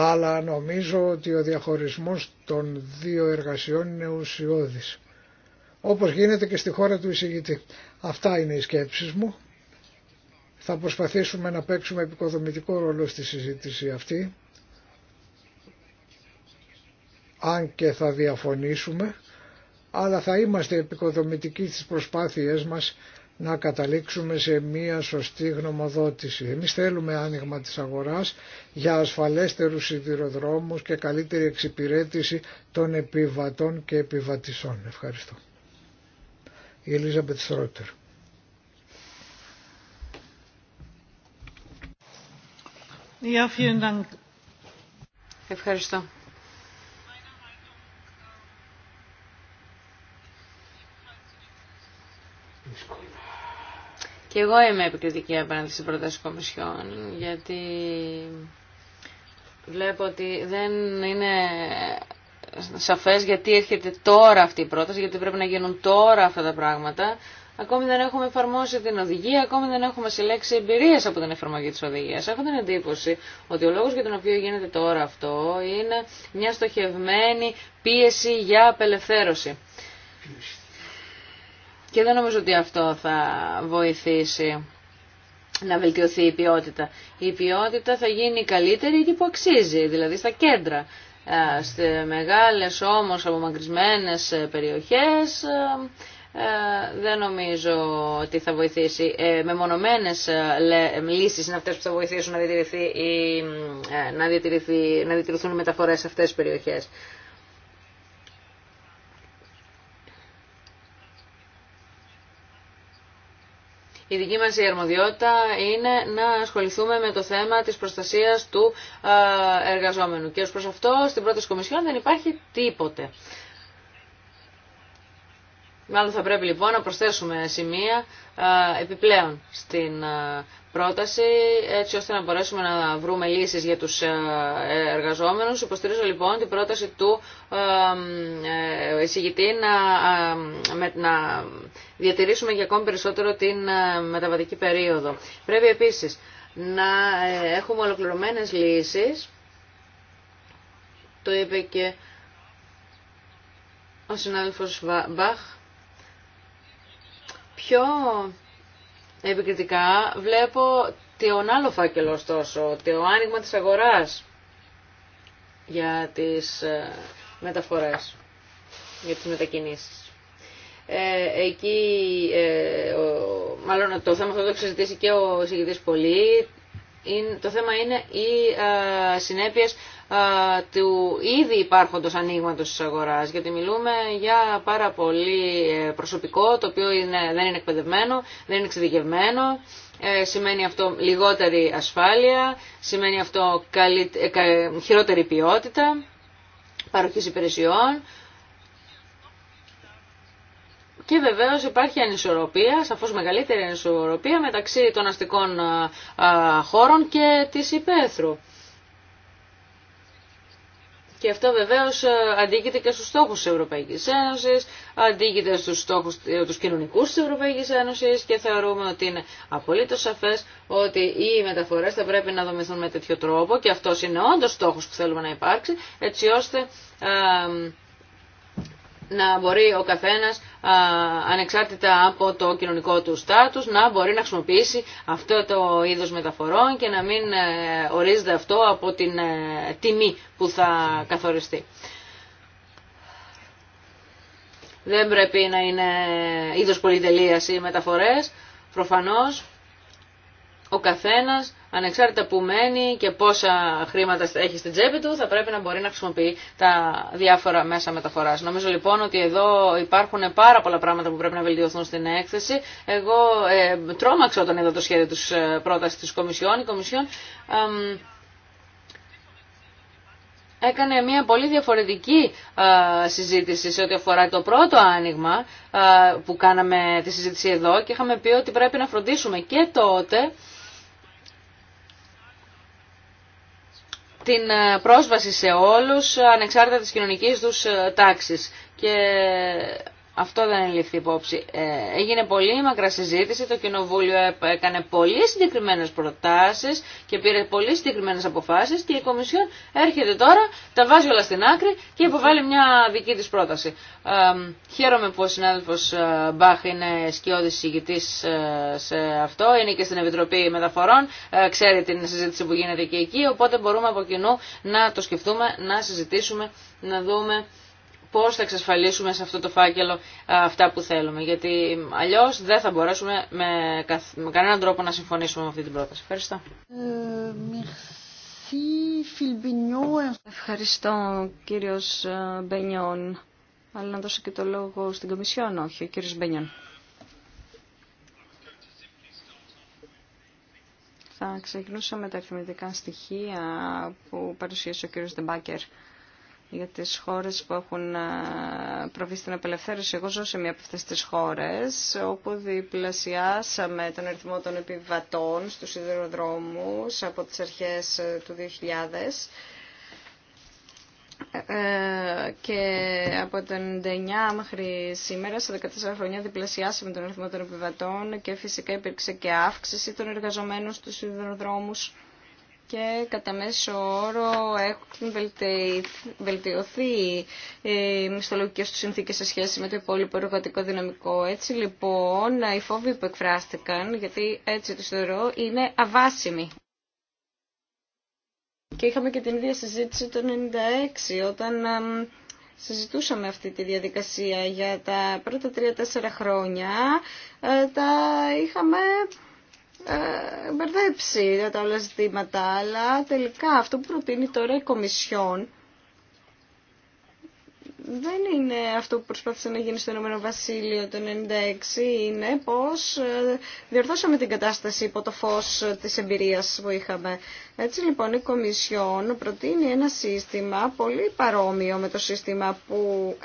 αλλά νομίζω ότι ο διαχωρισμός των δύο εργασιών είναι ουσιώδης. Όπως γίνεται και στη χώρα του εισηγητή. Αυτά είναι οι σκέψεις μου. Θα προσπαθήσουμε να παίξουμε επικοδομητικό ρόλο στη συζήτηση αυτή, αν και θα διαφωνήσουμε, αλλά θα είμαστε επικοδομητικοί στις προσπάθειές μας να καταλήξουμε σε μία σωστή γνωμοδότηση. Εμείς θέλουμε άνοιγμα της αγοράς για ασφαλέστερους σιδηροδρόμους και καλύτερη εξυπηρέτηση των επιβατών και επιβατησών. Ευχαριστώ. Η Ελίζα Μπετστρότερ. Ευχαριστώ. Και εγώ είμαι επικριτική απέναντι στην πρόταση Κομισιόν, γιατί βλέπω ότι δεν είναι σαφές γιατί έρχεται τώρα αυτή η πρόταση, γιατί πρέπει να γίνουν τώρα αυτά τα πράγματα. Ακόμη δεν έχουμε εφαρμόσει την οδηγία, ακόμη δεν έχουμε συλλέξει εμπειρίες από την εφαρμογή της οδηγίας. Έχω την εντύπωση ότι ο λόγος για τον οποίο γίνεται τώρα αυτό είναι μια στοχευμένη πίεση για απελευθέρωση. Και δεν νομίζω ότι αυτό θα βοηθήσει να βελτιωθεί η ποιότητα. Η ποιότητα θα γίνει καλύτερη εκεί που αξίζει, δηλαδή στα κέντρα. Σε μεγάλες όμως απομακρυσμένες περιοχές δεν νομίζω ότι θα βοηθήσει. Με μονομένες ε, λύσεις είναι αυτές που θα βοηθήσουν ε, να, διατηρηθεί, να, διατηρηθούν οι μεταφορές σε αυτές τις περιοχές. Η δική μας η αρμοδιότητα είναι να ασχοληθούμε με το θέμα της προστασίας του ε, εργαζόμενου. Και ως προς αυτό στην πρόταση Κομισιόν δεν υπάρχει τίποτε. Μάλλον θα πρέπει λοιπόν να προσθέσουμε σημεία ε, επιπλέον στην ε, πρόταση έτσι ώστε να μπορέσουμε να βρούμε λύσεις για τους εργαζόμενους. Υποστηρίζω λοιπόν την πρόταση του εισηγητή να διατηρήσουμε για ακόμη περισσότερο την ε, μεταβατική περίοδο. Πρέπει επίσης να ε, έχουμε ολοκληρωμένες λύσεις, το είπε και ο συνάδελφος Μπαχ, πιο επικριτικά βλέπω τον άλλο φάκελο ωστόσο, το άνοιγμα της αγοράς για τις ε, μεταφορές, για τις μετακινήσεις. Ε, εκεί, ε, μάλλον το θέμα αυτό το έχει συζητήσει και ο συγκεκριτής πολύ, το θέμα είναι οι ε, συνέπειες του ήδη υπάρχοντος ανοίγματο της αγοράς, γιατί μιλούμε για πάρα πολύ προσωπικό, το οποίο είναι, δεν είναι εκπαιδευμένο, δεν είναι εξειδικευμένο, σημαίνει αυτό λιγότερη ασφάλεια, σημαίνει αυτό χειρότερη ποιότητα παροχής υπηρεσιών, και βεβαίω υπάρχει ανισορροπία, σαφώ μεγαλύτερη ανισορροπία μεταξύ των αστικών χώρων και της υπαίθρου. Και αυτό βεβαίως αντίκειται και στους στόχου τη Ευρωπαϊκής Ένωση, αντίκειται στους στόχου ε, του κοινωνικού τη ευρωπαϊκή ένωση, και θεωρούμε ότι είναι απολύτως σαφέ, ότι οι μεταφορέ θα πρέπει να δομηθούν με τέτοιο τρόπο και αυτό είναι όντω στόχο που θέλουμε να υπάρξει, έτσι ώστε να μπορεί ο καθένας ανεξάρτητα από το κοινωνικό του στάτους να μπορεί να χρησιμοποιήσει αυτό το είδος μεταφορών και να μην ε, ορίζεται αυτό από την ε, τιμή που θα καθοριστεί. Δεν πρέπει να είναι ε, είδος πολυτελείας οι μεταφορές, προφανώς ο καθένας, ανεξάρτητα που μένει και πόσα χρήματα έχει στην τσέπη του, θα πρέπει να μπορεί να χρησιμοποιεί τα διάφορα μέσα μεταφοράς. Νομίζω λοιπόν ότι εδώ υπάρχουν πάρα πολλά πράγματα που πρέπει να βελτιωθούν στην έκθεση. Εγώ ε, τρόμαξα όταν είδα το σχέδιο της ε, πρότασης της Κομισιόν. Η Κομισιόν έκανε μια πολύ διαφορετική συζήτηση σε ό,τι αφορά το πρώτο άνοιγμα που κάναμε τη συζήτηση εδώ και είχαμε πει ότι πρέπει να φροντίσουμε και τότε την ε, πρόσβαση σε όλους ανεξάρτητα της κοινωνικής τους ε, τάξης. Και αυτό δεν είναι ληφθή υπόψη. Ε, έγινε πολύ μακρά συζήτηση, το Κοινοβούλιο έκανε πολύ συγκεκριμένε προτάσει και πήρε πολύ συγκεκριμένε αποφάσει και η Κομισιόν έρχεται τώρα, τα βάζει όλα στην άκρη και υποβάλλει μια δική τη πρόταση. Ε, χαίρομαι που ο συνάδελφο ε, Μπαχ είναι σκιώδη ηγητή σε αυτό, είναι και στην Επιτροπή Μεταφορών, ξέρει την συζήτηση που γίνεται και εκεί, οπότε μπορούμε από κοινού να το σκεφτούμε, να συζητήσουμε, να δούμε πώς θα εξασφαλίσουμε σε αυτό το φάκελο αυτά που θέλουμε. Γιατί αλλιώς δεν θα μπορέσουμε με, με κανέναν τρόπο να συμφωνήσουμε με αυτή την πρόταση. Ευχαριστώ. Ευχαριστώ κύριος Μπενιόν. Αλλά να δώσω και το λόγο στην Κομισιόν, όχι, ο κύριος Μπενιόν. Θα ξεκινούσα με τα αριθμητικά στοιχεία που παρουσίασε ο κύριος Δεμπάκερ για τις χώρες που έχουν προβεί στην απελευθέρωση. Εγώ ζω σε μία από αυτές τις χώρες, όπου διπλασιάσαμε τον αριθμό των επιβατών στους σιδηροδρόμους από τις αρχές ε, του 2000 ε, ε, και από το 99 μέχρι σήμερα, σε 14 χρόνια, διπλασιάσαμε τον αριθμό των επιβατών και φυσικά υπήρξε και αύξηση των εργαζομένων στους σιδηροδρόμους και κατά μέσο όρο έχουν βελτιωθεί οι μισθολογικέ του συνθήκες σε σχέση με το υπόλοιπο εργατικό δυναμικό. Έτσι λοιπόν οι φόβοι που εκφράστηκαν, γιατί έτσι του θεωρώ, είναι αβάσιμοι. Και είχαμε και την ίδια συζήτηση το 1996 όταν συζητούσαμε αυτή τη διαδικασία για τα πρώτα τρία-τέσσερα χρόνια. Ε, τα είχαμε ε, μπερδέψει για τα όλα ζητήματα, αλλά τελικά αυτό που προτείνει τώρα η Κομισιόν δεν είναι αυτό που προσπάθησε να γίνει στο Ηνωμένο Βασίλειο το 1996, είναι πως ε, διορθώσαμε την κατάσταση υπό το φως της εμπειρίας που είχαμε. Έτσι λοιπόν η Κομισιόν προτείνει ένα σύστημα πολύ παρόμοιο με το σύστημα που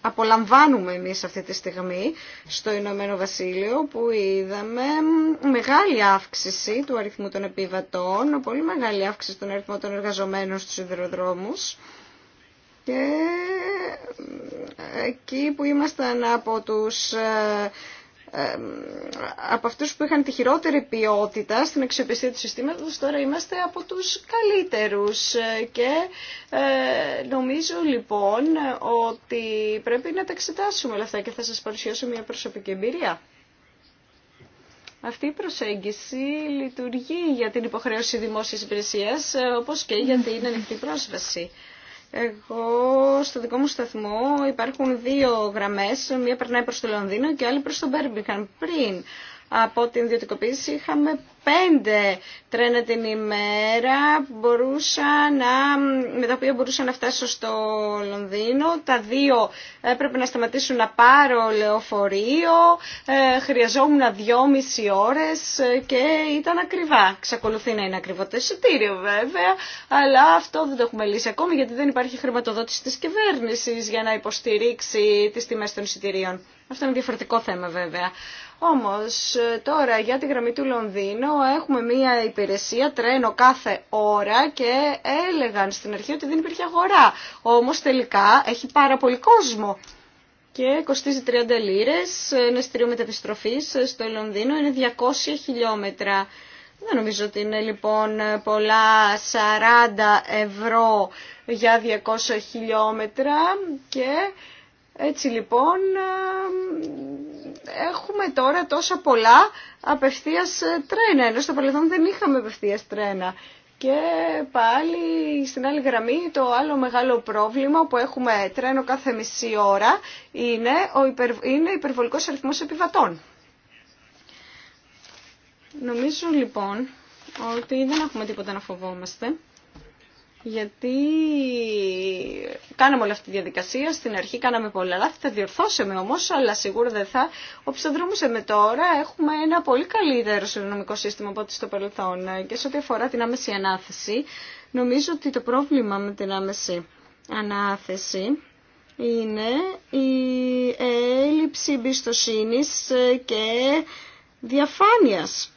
απολαμβάνουμε εμείς αυτή τη στιγμή στο Ηνωμένο Βασίλειο που είδαμε μεγάλη αύξηση του αριθμού των επιβατών, πολύ μεγάλη αύξηση των αριθμών των εργαζομένων στους σιδηροδρόμους και ε, εκεί που ήμασταν από τους ε, από αυτούς που είχαν τη χειρότερη ποιότητα στην αξιοπιστία του συστήματος, τώρα είμαστε από τους καλύτερους. Και ε, νομίζω λοιπόν ότι πρέπει να τα εξετάσουμε όλα αυτά και θα σας παρουσιάσω μια προσωπική εμπειρία. Αυτή η προσέγγιση λειτουργεί για την υποχρέωση δημόσιας υπηρεσίας, ε, όπως και για την ανοιχτή πρόσβαση. Εγώ στο δικό μου σταθμό υπάρχουν δύο γραμμές, μία περνάει προς το Λονδίνο και άλλη προς το Μπέρμπιχαν. Πριν από την ιδιωτικοποίηση είχαμε πέντε τρένα την ημέρα μπορούσα να, με τα οποία μπορούσα να φτάσω στο Λονδίνο. Τα δύο έπρεπε να σταματήσουν να πάρω λεωφορείο, ε, χρειαζόμουν δυόμιση ώρες ε, και ήταν ακριβά. Ξακολουθεί να είναι ακριβό το εισιτήριο βέβαια, αλλά αυτό δεν το έχουμε λύσει ακόμη γιατί δεν υπάρχει χρηματοδότηση της κυβέρνησης για να υποστηρίξει τις τιμές των εισιτηρίων. Αυτό είναι διαφορετικό θέμα βέβαια. Όμως τώρα για τη γραμμή του Λονδίνου έχουμε μία υπηρεσία τρένο κάθε ώρα και έλεγαν στην αρχή ότι δεν υπήρχε αγορά. Όμως τελικά έχει πάρα πολύ κόσμο και κοστίζει 30 λίρες, ένα στρίο μεταπιστροφής στο Λονδίνο είναι 200 χιλιόμετρα. Δεν νομίζω ότι είναι λοιπόν πολλά 40 ευρώ για 200 χιλιόμετρα και έτσι λοιπόν έχουμε τώρα τόσα πολλά απευθείας ε, τρένα, ενώ στο παρελθόν δεν είχαμε απευθείας τρένα. Και πάλι στην άλλη γραμμή το άλλο μεγάλο πρόβλημα που έχουμε τρένο κάθε μισή ώρα είναι ο υπερ, είναι υπερβολικός αριθμός επιβατών. Νομίζω λοιπόν ότι δεν έχουμε τίποτα να φοβόμαστε γιατί κάναμε όλη αυτή τη διαδικασία, στην αρχή κάναμε πολλά λάθη, τα διορθώσαμε όμω, αλλά σίγουρα δεν θα με τώρα. Έχουμε ένα πολύ καλύτερο συνομικό σύστημα από ό,τι στο παρελθόν και σε ό,τι αφορά την άμεση ανάθεση, νομίζω ότι το πρόβλημα με την άμεση ανάθεση είναι η έλλειψη εμπιστοσύνη και διαφάνειας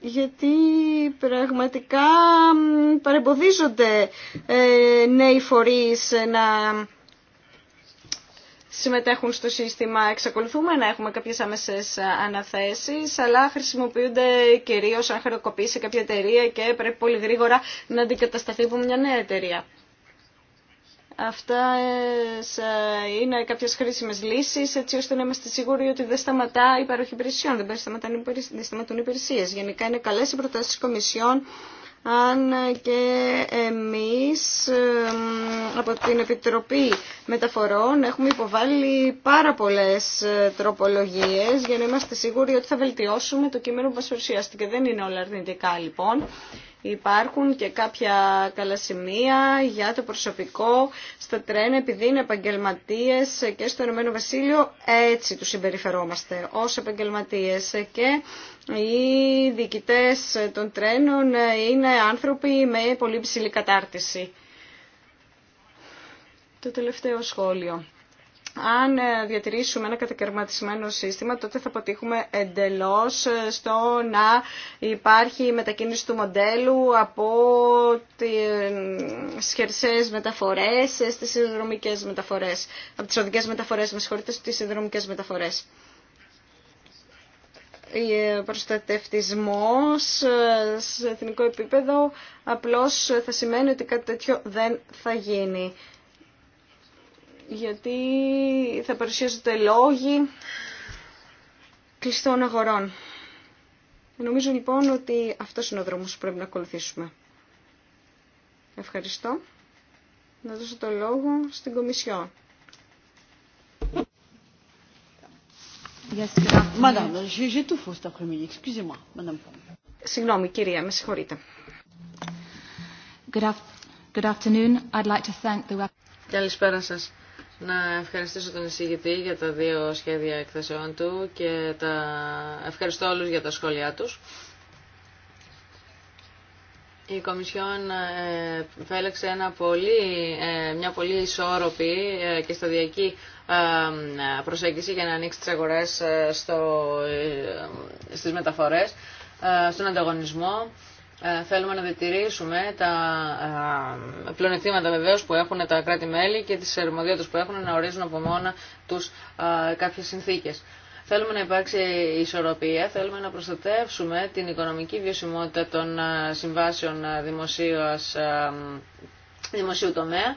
γιατί πραγματικά παρεμποδίζονται ε, νέοι φορείς να συμμετέχουν στο σύστημα. Εξακολουθούμε να έχουμε κάποιες άμεσες αναθέσεις, αλλά χρησιμοποιούνται κυρίως αν χρεοκοπήσει κάποια εταιρεία και πρέπει πολύ γρήγορα να αντικατασταθεί από μια νέα εταιρεία. Αυτά ε, είναι κάποιε χρήσιμε λύσεις, έτσι ώστε να είμαστε σίγουροι ότι δεν σταματά η παροχή υπηρεσιών, δεν σταματούν οι υπηρεσίες. Γενικά είναι καλέ οι προτάσει της Κομισιόν, αν και εμείς από την Επιτροπή Μεταφορών έχουμε υποβάλει πάρα πολλές ε, τροπολογίες για να είμαστε σίγουροι ότι θα βελτιώσουμε το κείμενο που μας παρουσιάστηκε. Δεν είναι όλα αρνητικά λοιπόν. Υπάρχουν και κάποια καλά για το προσωπικό στα τρένα επειδή είναι επαγγελματίε και στο Ηνωμένο Βασίλειο έτσι του συμπεριφερόμαστε ως επαγγελματίε και οι διοικητέ των τρένων είναι άνθρωποι με πολύ ψηλή κατάρτιση. Το τελευταίο σχόλιο αν ε, διατηρήσουμε ένα κατακαιρματισμένο σύστημα, τότε θα αποτύχουμε εντελώς ε, στο να υπάρχει μετακίνηση του μοντέλου από τις χερσαίες μεταφορές ε, στις συνδρομικές μεταφορές. Από τις οδικές μεταφορές, με συγχωρείτε, στις συνδρομικές μεταφορές. Ο προστατευτισμός σε εθνικό επίπεδο απλώς θα σημαίνει ότι κάτι τέτοιο δεν θα γίνει γιατί θα παρουσιάζονται λόγοι κλειστών αγορών. Νομίζω λοιπόν ότι αυτός είναι ο δρόμος που πρέπει να ακολουθήσουμε. Ευχαριστώ. Να δώσω το λόγο στην Κομισιό. Συγγνώμη, κυρία, με συγχωρείτε. Good afternoon. I'd like to thank the... Καλησπέρα σας να ευχαριστήσω τον εισηγητή για τα δύο σχέδια εκθεσεών του και τα... ευχαριστώ όλους για τα σχόλιά τους. Η Κομισιόν ε, φέλεξε ένα πολύ, ε, μια πολύ ισόρροπη ε, και σταδιακή προσέγγιση για να ανοίξει τις αγορές στο, στις μεταφορές, στον ανταγωνισμό. Ε, θέλουμε να διατηρήσουμε τα ε, πλεονεκτήματα βεβαίω που έχουν τα κράτη-μέλη και τις αρμοδιότητες που έχουν να ορίζουν από μόνα τους ε, κάποιες συνθήκες. Θέλουμε να υπάρξει ισορροπία, θέλουμε να προστατεύσουμε την οικονομική βιωσιμότητα των συμβάσεων δημοσίου τομέα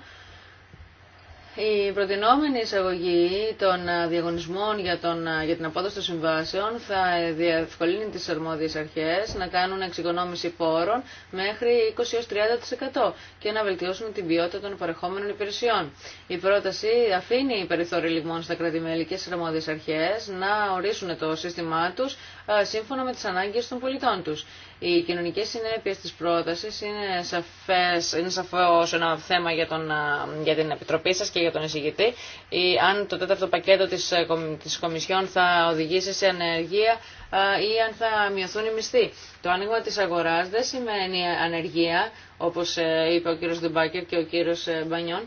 η προτινόμενη εισαγωγή των ε, διαγωνισμών για, τον, ε, για την απόδοση των συμβάσεων θα διευκολύνει τις αρμόδιες αρχές να κάνουν εξοικονόμηση πόρων μέχρι 20-30% και να βελτιώσουν την ποιότητα των παρεχόμενων υπηρεσιών. Η πρόταση αφήνει περιθώριο λιγμών στα κρατημέλη και στις αρμόδιες αρχές να ορίσουν το σύστημά τους ε, σύμφωνα με τις ανάγκες των πολιτών τους. Οι κοινωνικές συνέπειες της πρότασης είναι, σαφές, είναι σαφώς ένα θέμα για, τον, ε, για την Επιτροπή σας και για τον εισηγητή. Η, αν το τέταρτο πακέτο της, ε, της Κομισιόν θα οδηγήσει σε ανεργία ή αν θα μειωθούν οι μισθοί. Το άνοιγμα της αγοράς δεν σημαίνει ανεργία, όπως είπε ο κύριος Δουμπάκερ και ο κύριος Μπανιόν.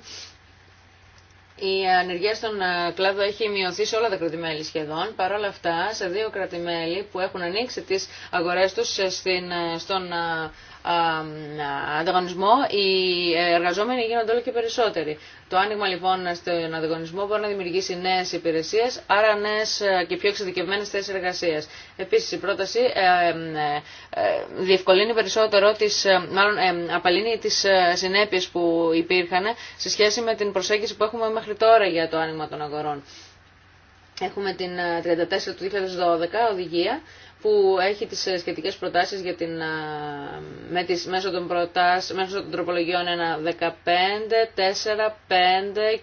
Η ανεργία στον ε, κλάδο έχει μειωθεί σε όλα τα κρατημέλη σχεδόν. Παρ' όλα αυτά, σε δύο κρατημέλη που έχουν ανοίξει τις αγορές τους στην, ε, στον ε, ανταγωνισμό, οι ε, εργαζόμενοι γίνονται όλο και περισσότεροι. Το άνοιγμα λοιπόν στον ανταγωνισμό μπορεί να δημιουργήσει νέε υπηρεσίε, άρα νέε ε, και πιο εξειδικευμένε θέσει εργασία. Επίση, η πρόταση ε, διευκολύνει περισσότερο, τις, μάλλον απαλύνει τι συνέπειε που υπήρχαν σε σχέση με την προσέγγιση που έχουμε μέχρι τώρα για το άνοιγμα των αγορών. Έχουμε την 34 του 2012 οδηγία που έχει τις ε, σχετικές προτάσεις για την, με τις, μέσω, των προτάσ, μέσω των τροπολογιών 1, 15, 4, 5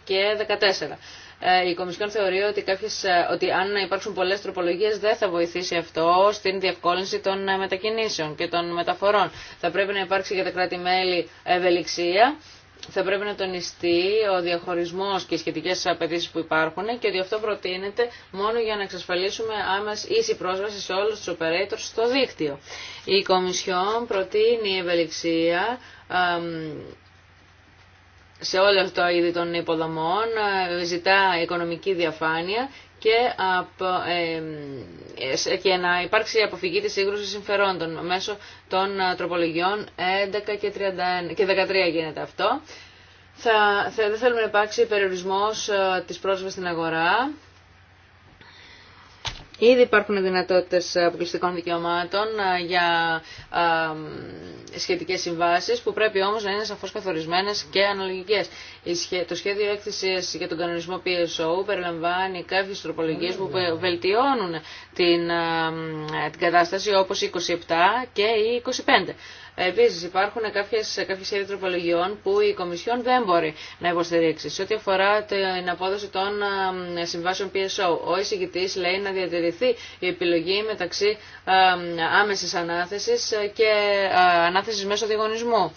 και 14. Ε, η Κομισιόν θεωρεί ότι, κάποιες, ε, ότι αν υπάρξουν πολλές τροπολογίες δεν θα βοηθήσει αυτό στην διευκόλυνση των μετακινήσεων και των μεταφορών. Θα πρέπει να υπάρξει για τα κράτη-μέλη ευελιξία θα πρέπει να τονιστεί ο διαχωρισμός και οι σχετικέ απαιτήσει που υπάρχουν και ότι αυτό προτείνεται μόνο για να εξασφαλίσουμε άμεση ίση πρόσβαση σε όλους τους operators στο δίκτυο. Η Κομισιόν προτείνει ευελιξία σε αυτό το είδη των υποδομών, ε, ζητά οικονομική διαφάνεια και, να υπάρξει αποφυγή της σύγκρουσης συμφερόντων μέσω των τροπολογιών 11 και, 13 γίνεται αυτό. Θα, δεν θέλουμε να υπάρξει περιορισμός της πρόσβασης στην αγορά Ήδη υπάρχουν δυνατότητες ε, αποκλειστικών δικαιωμάτων ε, για ε, σχετικές συμβάσεις που πρέπει όμως να είναι σαφώς καθορισμένες και αναλογικές. Το σχέδιο έκθεσης για τον κανονισμό PSO περιλαμβάνει κάποιες τροπολογίες που βελτιώνουν την, κατάσταση όπως η 27 και η 25. Επίση, υπάρχουν κάποιες σχέδια τροπολογιών που η Κομισιόν δεν μπορεί να υποστηρίξει. Σε ό,τι αφορά την απόδοση των συμβάσεων PSO, ο εισηγητή λέει να διατηρηθεί η επιλογή μεταξύ άμεση ανάθεση και ανάθεση μέσω διαγωνισμού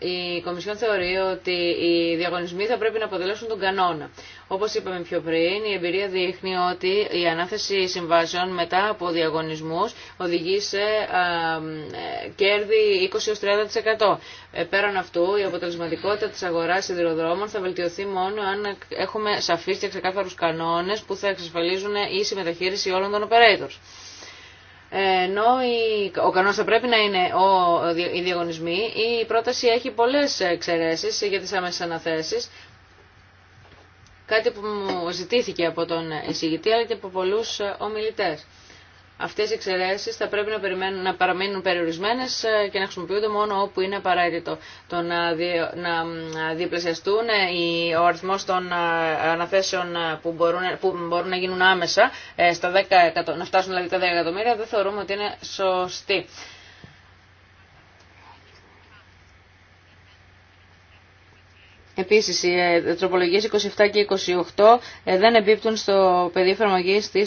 η Κομισιόν θεωρεί ότι οι διαγωνισμοί θα πρέπει να αποτελέσουν τον κανόνα. Όπω είπαμε πιο πριν, η εμπειρία δείχνει ότι η ανάθεση συμβάσεων μετά από διαγωνισμού οδηγεί σε κέρδη 20-30%. Ε, πέραν αυτού, η αποτελεσματικότητα τη αγορά σιδηροδρόμων θα βελτιωθεί μόνο αν έχουμε σαφείς και ξεκάθαρου κανόνε που θα εξασφαλίζουν ίση μεταχείριση όλων των operators ενώ ο κανόνας θα πρέπει να είναι ο, οι διαγωνισμοί, η πρόταση έχει πολλές εξαιρέσεις για τις άμεσες αναθέσεις, κάτι που μου ζητήθηκε από τον εισηγητή αλλά και από πολλούς ομιλητές. Αυτές οι εξαιρέσεις θα πρέπει να, περιμένουν, να παραμείνουν περιορισμένες ε, και να χρησιμοποιούνται μόνο όπου είναι απαραίτητο. Το να, δι, διπλασιαστούν ε, ο αριθμό των ε, αναθέσεων που μπορούν, που μπορούν να γίνουν άμεσα, στα 10, να φτάσουν δηλαδή τα 10 εκατομμύρια, δεν θεωρούμε ότι είναι σωστή. Επίση, οι ε, τροπολογίε 27 και 28 ε, δεν εμπίπτουν στο πεδίο εφαρμογή τη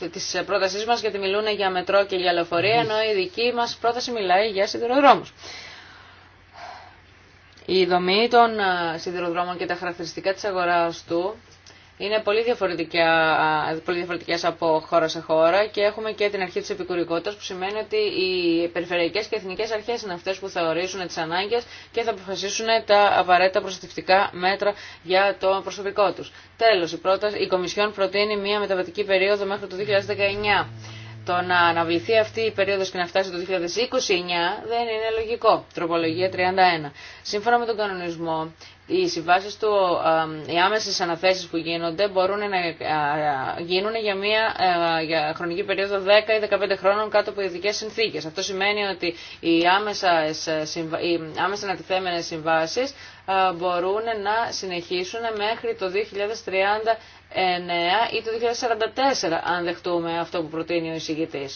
ε, της πρότασής μας γιατί μιλούν για μετρό και για λεωφορεία, ενώ η δική μας πρόταση μιλάει για σιδηροδρόμους. Η δομή των σιδηροδρόμων και τα χαρακτηριστικά της αγοράς του είναι πολύ, διαφορετικά, πολύ διαφορετικές από χώρα σε χώρα και έχουμε και την αρχή της επικουρικότητας που σημαίνει ότι οι περιφερειακές και εθνικές αρχές είναι αυτές που θα ορίσουν τις ανάγκες και θα αποφασίσουν τα απαραίτητα προστατευτικά μέτρα για το προσωπικό τους. Τέλος, η, η Κομισιόν προτείνει μια μεταβατική περίοδο μέχρι το 2019 το να αναβληθεί αυτή η περίοδο και να φτάσει το 2029 δεν είναι λογικό. Τροπολογία 31. Σύμφωνα με τον κανονισμό, οι συμβάσεις του, οι άμεσες αναθέσεις που γίνονται μπορούν να γίνουν για μια για χρονική περίοδο 10 ή 15 χρόνων κάτω από ειδικέ συνθήκες. Αυτό σημαίνει ότι οι άμεσα, ανατιθέμενε συμβάσει μπορούν να συνεχίσουν μέχρι το 2030 ή το 2044 αν δεχτούμε αυτό που προτείνει ο εισηγητή.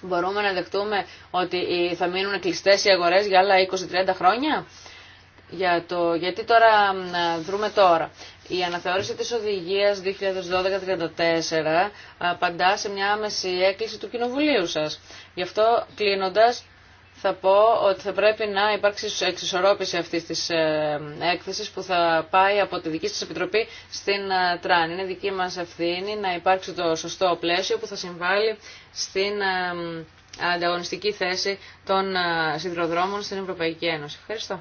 Μπορούμε να δεχτούμε ότι θα μείνουν κλειστέ οι αγορές για άλλα 20-30 χρόνια. Για το... Γιατί τώρα δρούμε τώρα. Η αναθεώρηση της οδηγίας 2012-34 ε, απαντά σε μια άμεση έκκληση του κοινοβουλίου σας. Γι' αυτό κλείνοντας θα πω ότι θα πρέπει να υπάρξει εξισορρόπηση αυτής της ε, έκθεσης που θα πάει από τη δική σας επιτροπή στην ε, ΤΡΑΝ. Είναι δική μας ευθύνη να υπάρξει το σωστό πλαίσιο που θα συμβάλλει στην ε, ανταγωνιστική θέση των σιδηροδρόμων στην Ευρωπαϊκή Ένωση. Ευχαριστώ.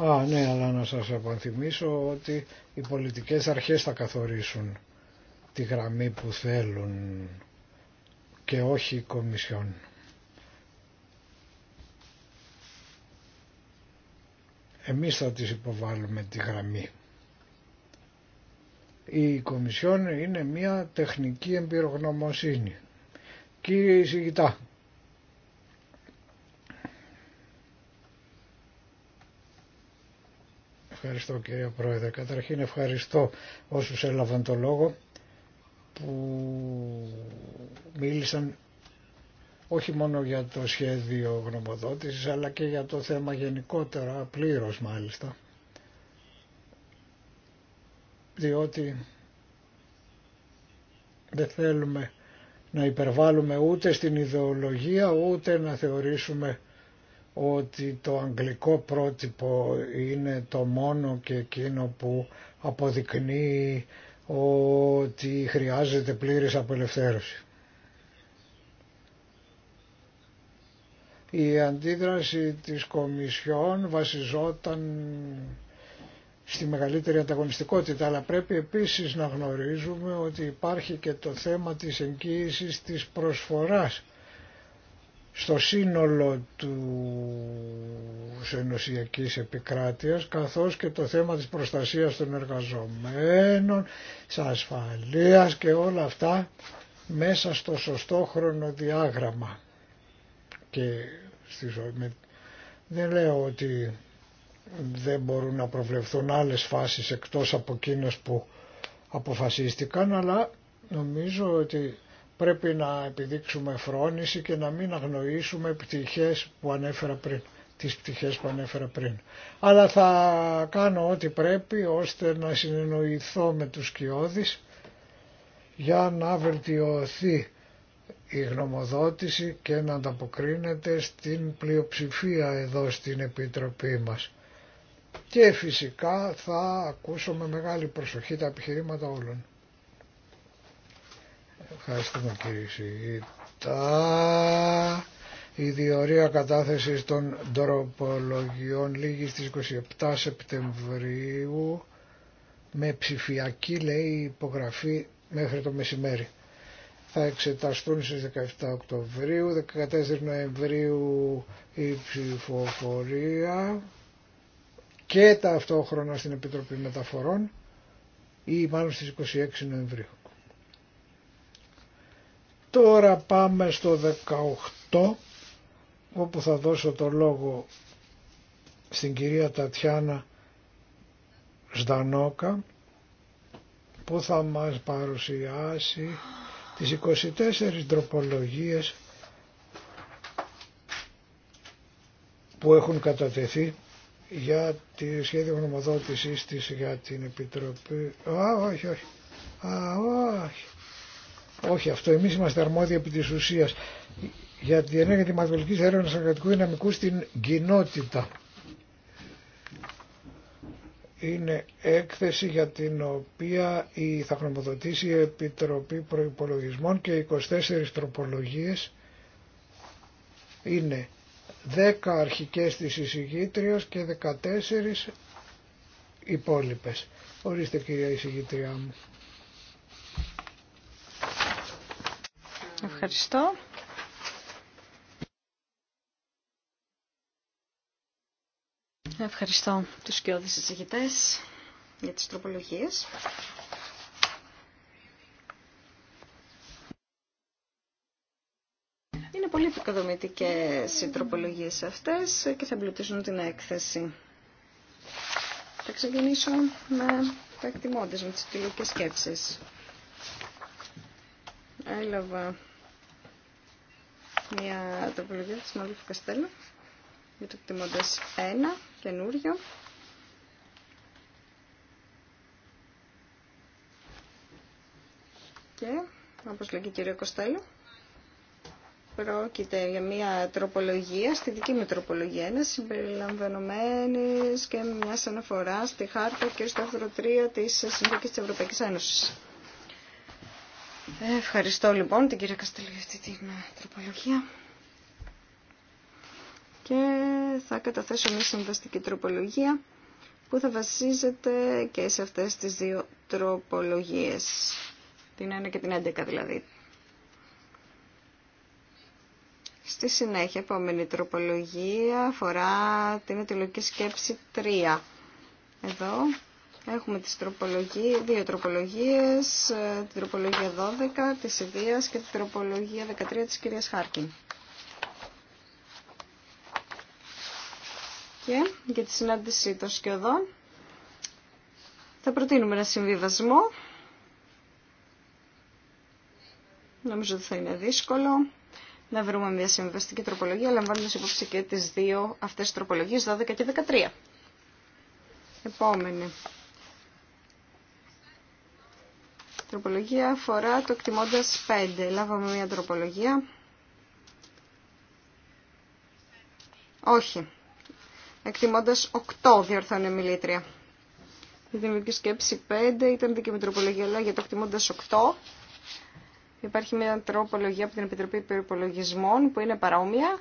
Α, ναι, αλλά να σας απανθυμίσω ότι οι πολιτικές αρχές θα καθορίσουν τη γραμμή που θέλουν και όχι η Κομισιόν. Εμείς θα τις υποβάλουμε τη γραμμή. Η Κομισιόν είναι μια τεχνική εμπειρογνωμοσύνη. Κύριε Ισηγητά, Ευχαριστώ κύριε Πρόεδρε. Καταρχήν ευχαριστώ όσους έλαβαν το λόγο που μίλησαν όχι μόνο για το σχέδιο γνωμοδότησης αλλά και για το θέμα γενικότερα, πλήρως μάλιστα. Διότι δεν θέλουμε να υπερβάλλουμε ούτε στην ιδεολογία ούτε να θεωρήσουμε ότι το αγγλικό πρότυπο είναι το μόνο και εκείνο που αποδεικνύει ότι χρειάζεται πλήρης απελευθέρωση. Η αντίδραση της Κομισιόν βασιζόταν στη μεγαλύτερη ανταγωνιστικότητα, αλλά πρέπει επίσης να γνωρίζουμε ότι υπάρχει και το θέμα της εγγύησης της προσφοράς στο σύνολο του ενωσιακής επικράτειας καθώς και το θέμα της προστασίας των εργαζομένων, της ασφαλείας και όλα αυτά μέσα στο σωστό χρονοδιάγραμμα. Και Δεν λέω ότι δεν μπορούν να προβλεφθούν άλλες φάσεις εκτός από εκείνες που αποφασίστηκαν, αλλά νομίζω ότι Πρέπει να επιδείξουμε φρόνηση και να μην αγνοήσουμε πτυχές που ανέφερα πριν, τις πτυχές που ανέφερα πριν. Αλλά θα κάνω ό,τι πρέπει ώστε να συνεννοηθώ με τους κοιόδης για να βελτιωθεί η γνωμοδότηση και να ανταποκρίνεται στην πλειοψηφία εδώ στην Επιτροπή μας. Και φυσικά θα ακούσω με μεγάλη προσοχή τα επιχειρήματα όλων. Ευχαριστούμε κύριε Σιγητά. Η διορία κατάθεσης των τροπολογιών λίγη στις 27 Σεπτεμβρίου με ψηφιακή λέει υπογραφή μέχρι το μεσημέρι. Θα εξεταστούν στις 17 Οκτωβρίου, 14 Νοεμβρίου η ψηφοφορία και ταυτόχρονα στην Επιτροπή Μεταφορών ή μάλλον στις 26 Νοεμβρίου. Τώρα πάμε στο 18 όπου θα δώσω το λόγο στην κυρία Τατιάνα Σδανόκα που θα μας παρουσιάσει τις 24 τροπολογίες που έχουν κατατεθεί για τη σχέδιο γνωμοδότησής της για την Επιτροπή. Α, όχι, όχι. Α, όχι. Όχι αυτό, εμεί είμαστε αρμόδιοι επί τη ουσία. για τη ενέργεια κλιματολογικής έρευνας εργατικού δυναμικού στην κοινότητα. Είναι έκθεση για την οποία η, θα γνωμοδοτήσει η Επιτροπή προπολογισμών και 24 τροπολογίες είναι 10 αρχικέ τη εισηγήτρια και 14 υπόλοιπε. Ορίστε κυρία εισηγήτριά μου. Ευχαριστώ. Ευχαριστώ τους κοιόδης συζητητές για τις τροπολογίες. Είναι πολύ επικοδομητικές οι τροπολογίες αυτές και θα εμπλουτίσουν την έκθεση. Θα ξεκινήσω με τα εκτιμώντες, με τις τυλικές σκέψεις. Έλαβα μια τροπολογία της Μαλούφου Καστέλου για το εκτιμώντας 1, καινούριο. Και, όπως λέει και η κυρία Κοστέλου, πρόκειται για μια τροπολογία, στη δική μου τροπολογία, ένα συμπεριλαμβανομένης και μια αναφορά στη χάρτα και στο άρθρο 3 της Συνθήκης της Ευρωπαϊκής Ένωσης. Ευχαριστώ λοιπόν την κυρία Καστελή για την ε, τροπολογία. Και θα καταθέσω μια συμβαστική τροπολογία που θα βασίζεται και σε αυτές τις δύο τροπολογίες. Την 1 και την 11 δηλαδή. Στη συνέχεια, επόμενη τροπολογία αφορά την αιτιολογική σκέψη 3. Εδώ Έχουμε τις τροπολογίες, δύο τροπολογίες, ε, την τροπολογία 12 της Ιδίας και την τροπολογία 13 της κυρίας Χάρκιν. Και για τη συνάντηση των σκιωδών θα προτείνουμε ένα συμβιβασμό. Νομίζω ότι θα είναι δύσκολο να βρούμε μια συμβιβαστική τροπολογία, σε υπόψη και τις δύο αυτές τροπολογίες, 12 και 13. Επόμενη. τροπολογία αφορά το εκτιμώντας 5. Λάβαμε μια τροπολογία. Όχι. Εκτιμώντας 8 διορθώνει μιλήτρια. Η δημιουργική σκέψη 5 ήταν δική μου τροπολογία, αλλά για το εκτιμώντας 8 υπάρχει μια τροπολογία από την Επιτροπή Περιπολογισμών που είναι παρόμοια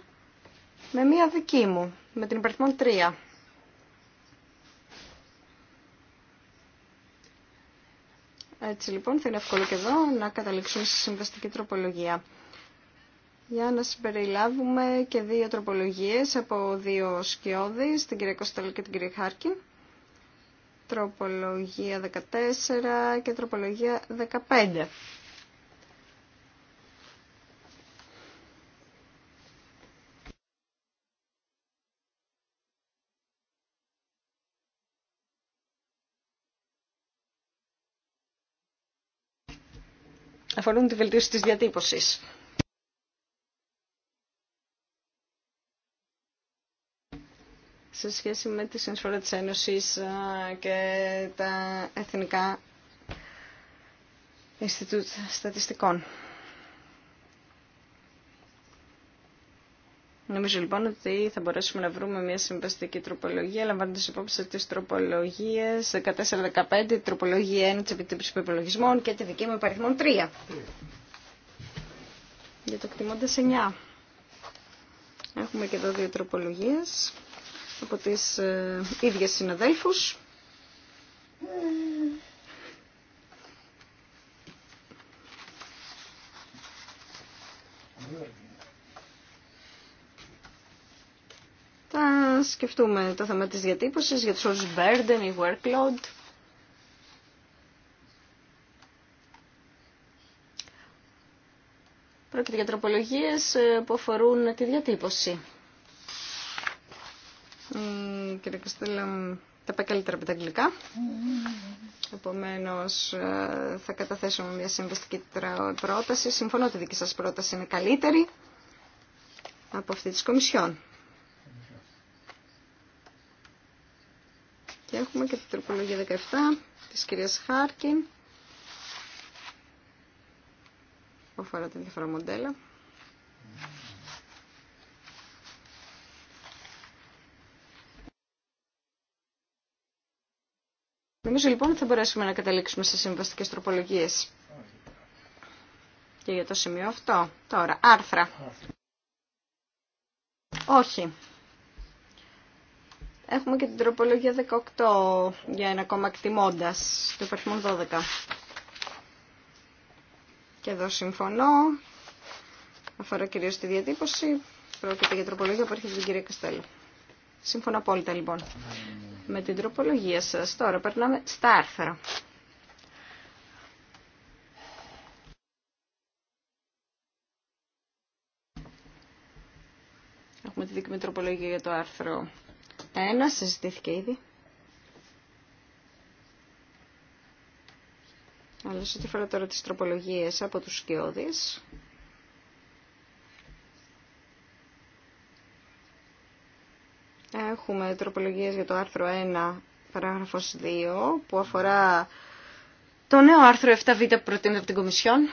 με μια δική μου, με την υπαριθμόν 3. Έτσι λοιπόν θα είναι εύκολο και εδώ να καταλήξουμε στη συμβαστική τροπολογία. Για να συμπεριλάβουμε και δύο τροπολογίες από δύο σκιώδεις, την κυρία Κοστέλ και την κυρία Χάρκιν. Τροπολογία 14 και τροπολογία 15. αφορούν τη βελτίωση της διατύπωσης. σε σχέση με τη συνεισφορά της Ένωσης ε, και τα Εθνικά Ινστιτούτ Στατιστικών. Νομίζω λοιπόν ότι θα μπορέσουμε να βρούμε μια συμβαστική τροπολογία, λαμβάνοντα υπόψη τι τροπολογίε 14-15, τροπολογία 1 τη Επιτροπή Υπολογισμών και τη δική μου υπαριθμών 3. Για το κτιμώντα 9. Έχουμε και εδώ δύο τροπολογίε από τι ε, ίδιε συναδέλφου. σκεφτούμε το θέμα της διατύπωσης για τους όρους burden ή workload. Πρόκειται για τροπολογίες ε, που αφορούν τη διατύπωση. Η κυρία Καστέλα τα πάει καλύτερα από τα αγγλικά. Επομένως ε, θα καταθέσουμε μια συμβαστική πρόταση. Συμφωνώ ότι κυριε κυριε καστελα τα παει καλυτερα απο τα αγγλικα επομενως θα καταθεσουμε μια συμβαστικη προταση συμφωνω οτι η δικη σας πρόταση είναι καλύτερη από αυτή της Κομισιόν. Έχουμε και την τροπολογία 17 της κυρίας Χάρκιν που αφορά τα διάφορα μοντέλα. Νομίζω λοιπόν ότι θα μπορέσουμε να καταλήξουμε σε συμβαστικές τροπολογίες. Και για το σημείο αυτό. Τώρα, άρθρα. Όχι. Έχουμε και την τροπολογία 18 για ένα ακόμα εκτιμώντα το υπαριθμό 12. Και εδώ συμφωνώ. Αφορά κυρίω τη διατύπωση. Πρόκειται για τροπολογία που έρχεται την κυρία Καστέλη. Σύμφωνα απόλυτα λοιπόν με την τροπολογία σα. Τώρα περνάμε στα άρθρα. Έχουμε τη δίκη με τροπολογία για το άρθρο ένα, συζητήθηκε ήδη. Αλλά σε ό,τι φορά τώρα τις τροπολογίες από τους σκιώδεις. Έχουμε τροπολογίες για το άρθρο 1, παράγραφος 2, που αφορά το νέο άρθρο 7β που προτείνεται από την Κομισιόν.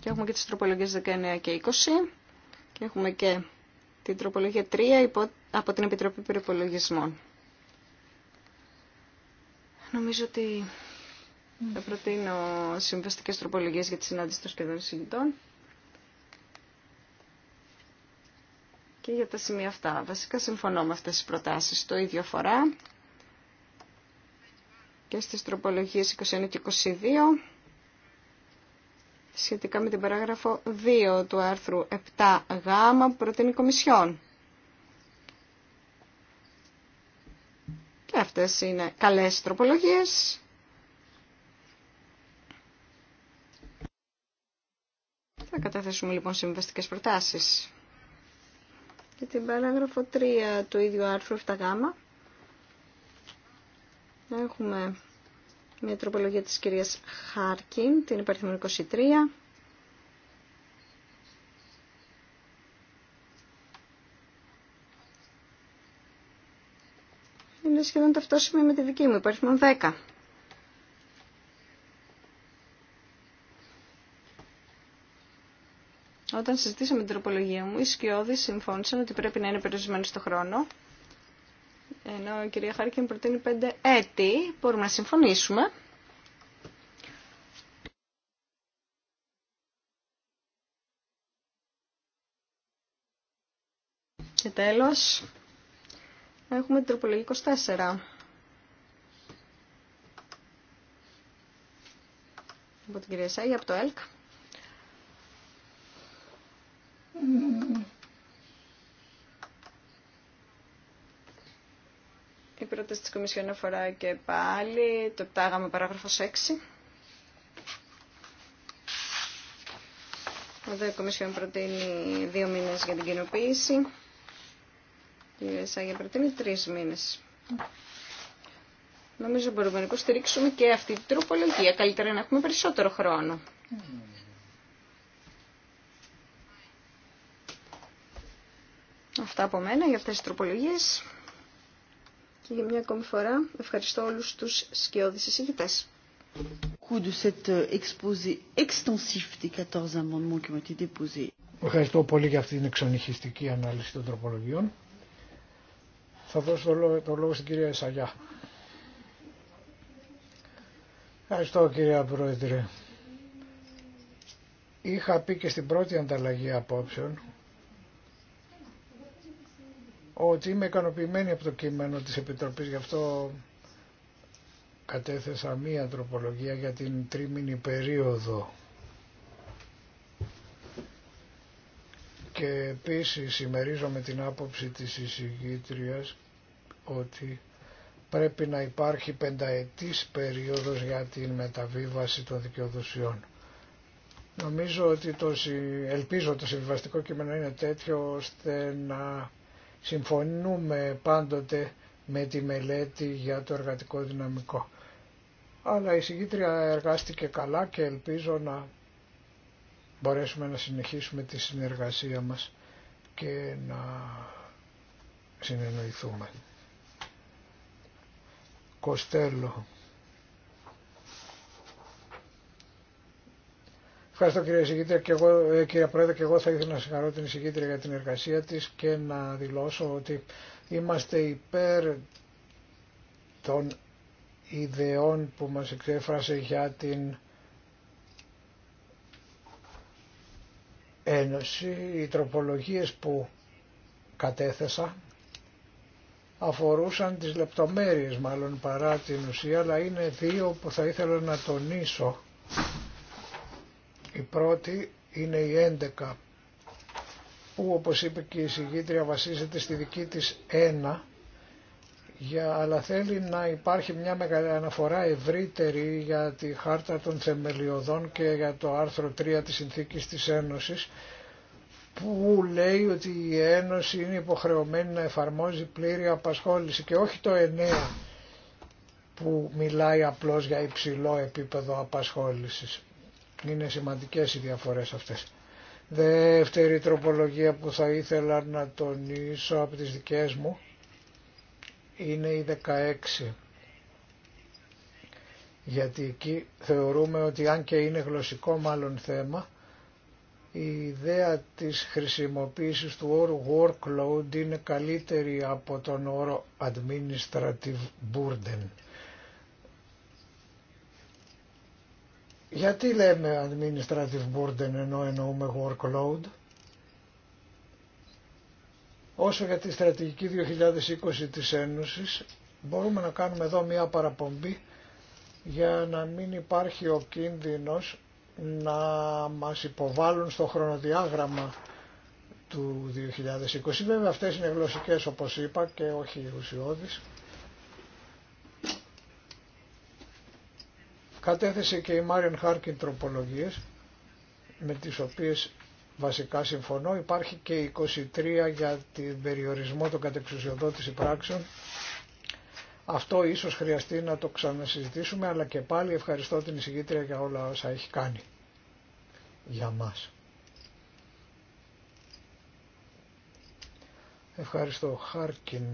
Και έχουμε και τις τροπολογίες 19 και 20 έχουμε και την τροπολογία 3 από την Επιτροπή Περιπολογισμών. Νομίζω ότι θα προτείνω συμβαστικές τροπολογίες για τη συνάντηση των σχεδόν συγκητών. Και για τα σημεία αυτά. Βασικά συμφωνώ με αυτές τις προτάσεις. Το ίδιο φορά και στις τροπολογίες 21 και 22 σχετικά με την παράγραφο 2 του άρθρου 7 γάμα που προτείνει η Κομισιόν. Και αυτές είναι καλές τροπολογίες. Θα καταθέσουμε λοιπόν συμβαστικές προτάσεις. Και την παράγραφο 3 του ίδιου άρθρου 7 γάμα. Έχουμε μια τροπολογία της κυρίας Χάρκιν, την υπαριθμό 23. Είναι σχεδόν ταυτόσιμη με τη δική μου, υπαριθμό 10. Όταν συζητήσαμε την τροπολογία μου, οι σκιώδεις συμφώνησαν ότι πρέπει να είναι περιορισμένοι στο χρόνο ενώ η κυρία Χάρκιν προτείνει πέντε έτη, μπορούμε να συμφωνήσουμε. Και τέλος, έχουμε την τροπολογία 24. Από την κυρία Σάγια, από το ΕΛΚ. πρόταση της Κομισιόν αφορά και πάλι το 7 παράγραφος 6. Εδώ η Κομισιόν προτείνει δύο μήνες για την κοινοποίηση. Η Εσάγια προτείνει τρεις μήνες. Νομίζω μπορούμε να υποστηρίξουμε και αυτή την τροπολογία. Καλύτερα να έχουμε περισσότερο χρόνο. Αυτά από μένα για αυτές τις τροπολογίες. Και για μια ακόμη φορά ευχαριστώ όλους τους σκιώδεις εισηγητές. Euh, ευχαριστώ πολύ για αυτή την εξονυχιστική ανάλυση των τροπολογιών. Θα δώσω το λόγο στην κυρία Εσαγιά. Ευχαριστώ κυρία Πρόεδρε. Είχα πει και στην πρώτη ανταλλαγή απόψεων ότι είμαι ικανοποιημένη από το κείμενο της Επιτροπής, γι' αυτό κατέθεσα μία τροπολογία για την τρίμηνη περίοδο. Και επίσης συμμερίζομαι την άποψη της εισηγήτριας ότι πρέπει να υπάρχει πενταετής περίοδος για την μεταβίβαση των δικαιοδοσιών. Νομίζω ότι το, ελπίζω το συμβιβαστικό κείμενο είναι τέτοιο ώστε να Συμφωνούμε πάντοτε με τη μελέτη για το εργατικό δυναμικό. Αλλά η συγκήτρια εργάστηκε καλά και ελπίζω να μπορέσουμε να συνεχίσουμε τη συνεργασία μας και να συνεννοηθούμε. Κοστέλο. Ευχαριστώ κύριε Συγκήτρια και εγώ, ε, κύριε Πρόεδρε και εγώ θα ήθελα να συγχαρώ την Συγκήτρια για την εργασία της και να δηλώσω ότι είμαστε υπέρ των ιδεών που μας εξέφρασε για την Ένωση. Οι τροπολογίες που κατέθεσα αφορούσαν τις λεπτομέρειες μάλλον παρά την ουσία αλλά είναι δύο που θα ήθελα να τονίσω η πρώτη είναι η 11 που όπως είπε και η συγγήτρια βασίζεται στη δική της 1 για, αλλά θέλει να υπάρχει μια μεγάλη αναφορά ευρύτερη για τη χάρτα των θεμελιωδών και για το άρθρο 3 της Συνθήκης της Ένωσης που λέει ότι η Ένωση είναι υποχρεωμένη να εφαρμόζει πλήρη απασχόληση και όχι το 9 που μιλάει απλώς για υψηλό επίπεδο απασχόλησης. Είναι σημαντικές οι διαφορές αυτές. Δεύτερη τροπολογία που θα ήθελα να τονίσω από τις δικές μου είναι η 16. Γιατί εκεί θεωρούμε ότι αν και είναι γλωσσικό μάλλον θέμα, η ιδέα της χρησιμοποίησης του όρου workload είναι καλύτερη από τον όρο administrative burden Γιατί λέμε administrative burden ενώ εννοούμε workload. Όσο για τη στρατηγική 2020 της Ένωσης μπορούμε να κάνουμε εδώ μια παραπομπή για να μην υπάρχει ο κίνδυνος να μας υποβάλουν στο χρονοδιάγραμμα του 2020. Βέβαια αυτές είναι γλωσσικές όπως είπα και όχι ουσιώδεις. Κατέθεσε και η Μάριον Χάρκιν τροπολογίες με τις οποίες βασικά συμφωνώ. Υπάρχει και 23 για την περιορισμό των κατεξουσιοδότηση πράξεων. Αυτό ίσως χρειαστεί να το ξανασυζητήσουμε, αλλά και πάλι ευχαριστώ την εισηγήτρια για όλα όσα έχει κάνει για μας. Ευχαριστώ Χάρκιν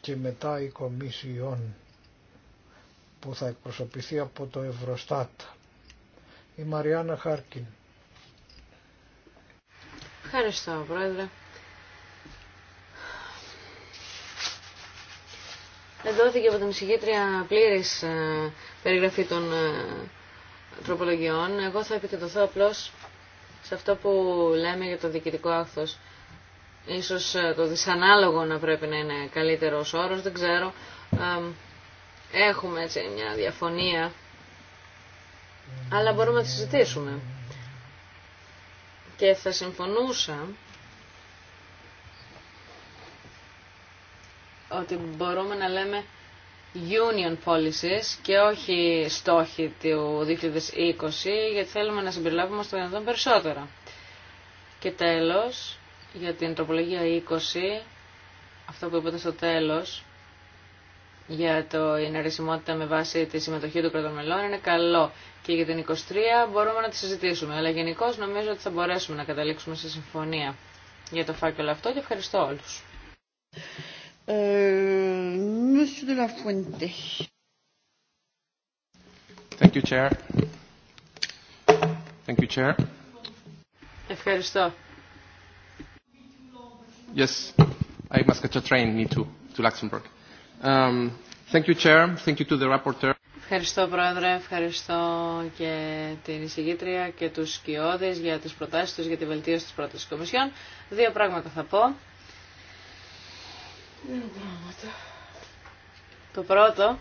και μετά η Κομισιόν που θα εκπροσωπηθεί από το Ευρωστάτ. Η Μαριάννα Χάρκιν. Ευχαριστώ, Πρόεδρε. Δόθηκε από την εισηγήτρια πλήρης ε, περιγραφή των ε, τροπολογιών. Εγώ θα επιτεδοθώ απλώς σε αυτό που λέμε για το διοικητικό άκθος. Ίσως ε, το δυσανάλογο να πρέπει να είναι καλύτερος όρος, δεν ξέρω έχουμε έτσι μια διαφωνία, αλλά μπορούμε να τη συζητήσουμε. Και θα συμφωνούσα ότι μπορούμε να λέμε union policies και όχι στόχοι του 2020, γιατί θέλουμε να συμπεριλάβουμε στο δυνατόν περισσότερα. Και τέλος, για την τροπολογία 20, αυτό που είπατε στο τέλος, για το, η με βάση τη συμμετοχή των κρατών είναι καλό. Και για την 23 μπορούμε να τη συζητήσουμε. Αλλά γενικώ νομίζω ότι θα μπορέσουμε να καταλήξουμε σε συμφωνία για το φάκελο αυτό και ευχαριστώ όλους. Ε, Thank you, Chair. Thank you, Chair. Ευχαριστώ. Yes, I must catch a train, me too, to Luxembourg. Um, ευχαριστώ Πρόεδρε, ευχαριστώ και την εισηγήτρια και τους σκιώδες για τις προτάσεις τους για τη βελτίωση της πρώτης κομισιόν. Δύο πράγματα θα πω. Το πρώτο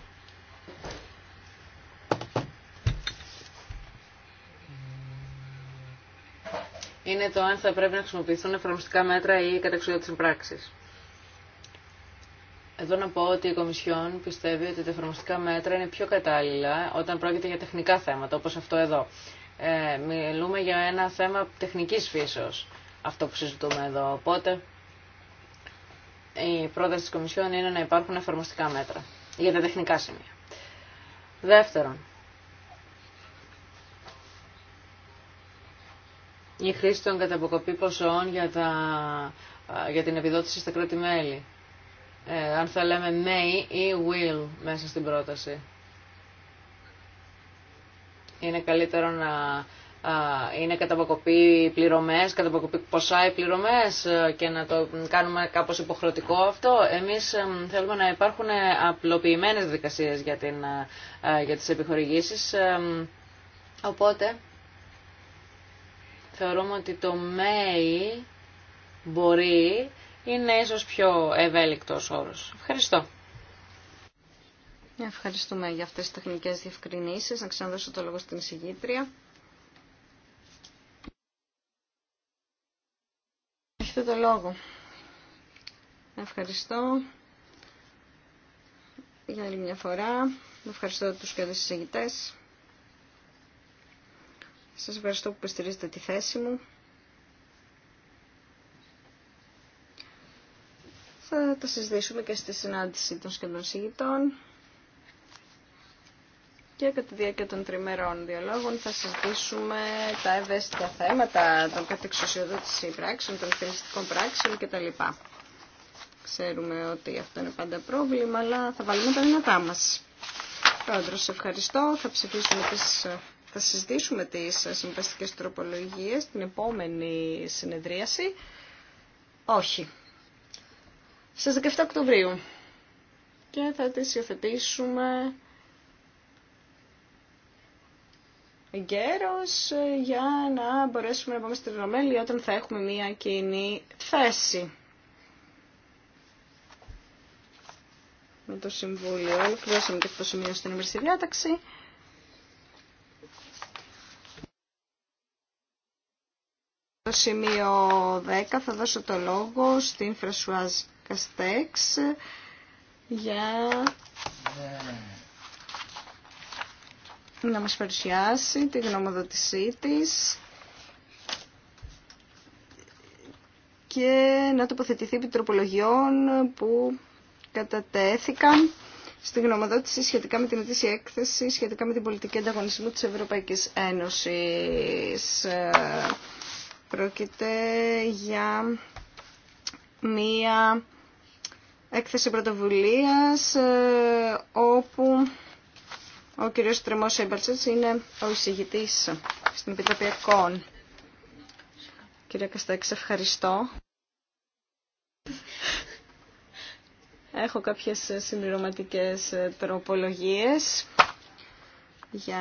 είναι το αν θα πρέπει να χρησιμοποιηθούν εφαρμοστικά μέτρα ή κατεξοδότηση πράξης. Εδώ να πω ότι η Κομισιόν πιστεύει ότι τα εφαρμοστικά μέτρα είναι πιο κατάλληλα όταν πρόκειται για τεχνικά θέματα, όπως αυτό εδώ. Ε, μιλούμε για ένα θέμα τεχνικής φύσεως, αυτό που συζητούμε εδώ. Οπότε, η πρόταση της Κομισιόν είναι να υπάρχουν εφαρμοστικά μέτρα για τα τεχνικά σημεία. Δεύτερον, η χρήση των καταποκοπή ποσών για, τα, για την επιδότηση στα κράτη-μέλη. Ε, αν θα λέμε may ή will μέσα στην πρόταση. Είναι καλύτερο να είναι καταποκοπή πληρωμές, καταποκοπή ποσά οι πληρωμές ε, και να το κάνουμε κάπως υποχρεωτικό αυτό. Εμείς θέλουμε να υπάρχουν απλοποιημένες δικασίες για, την, ε, για τις επιχορηγήσεις. Οπότε θεωρούμε ότι το may μπορεί είναι ίσως πιο ευέλικτος όρος. Ευχαριστώ. Ευχαριστούμε για αυτές τις τεχνικές διευκρινήσεις. Να ξαναδώσω το λόγο στην εισηγήτρια. Έχετε το λόγο. Ευχαριστώ για άλλη μια φορά. Ευχαριστώ τους και τους Σα Σας ευχαριστώ που υποστηρίζετε τη θέση μου. Θα τα συζητήσουμε και στη συνάντηση των σχεδόν συγητών και κατά τη διάρκεια των τριμερών διαλόγων θα συζητήσουμε τα ευαίσθητα θέματα των κατεξουσιοδότηση πράξεων, των θεριστικών πράξεων κτλ. Ξέρουμε ότι αυτό είναι πάντα πρόβλημα, αλλά θα βάλουμε τα δυνατά μας. Πρόεδρος, ευχαριστώ. Θα ψηφίσουμε τις θα συζητήσουμε τις συμβαστικές τροπολογίες στην επόμενη συνεδρίαση. Όχι στις 17 Οκτωβρίου και θα τις υιοθετήσουμε εγκαίρως για να μπορέσουμε να πάμε στη Ρωμέλη όταν θα έχουμε μία κοινή θέση. Με το Συμβούλιο ολοκληρώσαμε και αυτό το σημείο στην διάταξη. Το σημείο 10 θα δώσω το λόγο στην Φρασουάζ Καστέξ για να μας παρουσιάσει τη γνωμοδότησή της και να τοποθετηθεί επί τροπολογιών που κατατέθηκαν στη γνωμοδότηση σχετικά με την ετήσια έκθεση, σχετικά με την πολιτική ανταγωνισμού της Ευρωπαϊκής Ένωσης. Πρόκειται για μία έκθεση πρωτοβουλίας ε, όπου ο κύριος Τρεμός Έμπαλτσετς είναι ο εισηγητής στην Επιτροπή κυρία Κύριε Καστέξ, ευχαριστώ. Έχω κάποιες συμπληρωματικές τροπολογίες για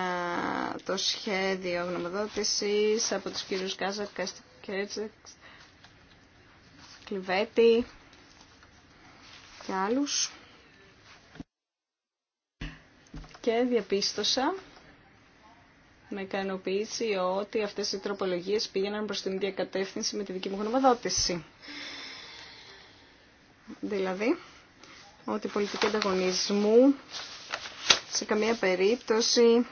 το σχέδιο γνωμοδότησης από τους κύριους Κάζα, Καστέξ, Κλειβέτη, και άλλους και διαπίστωσα με ικανοποίηση ότι αυτές οι τροπολογίες πήγαιναν προς την ίδια κατεύθυνση με τη δική μου γνωμοδότηση. Δηλαδή, ότι η πολιτική ανταγωνισμού σε καμία περίπτωση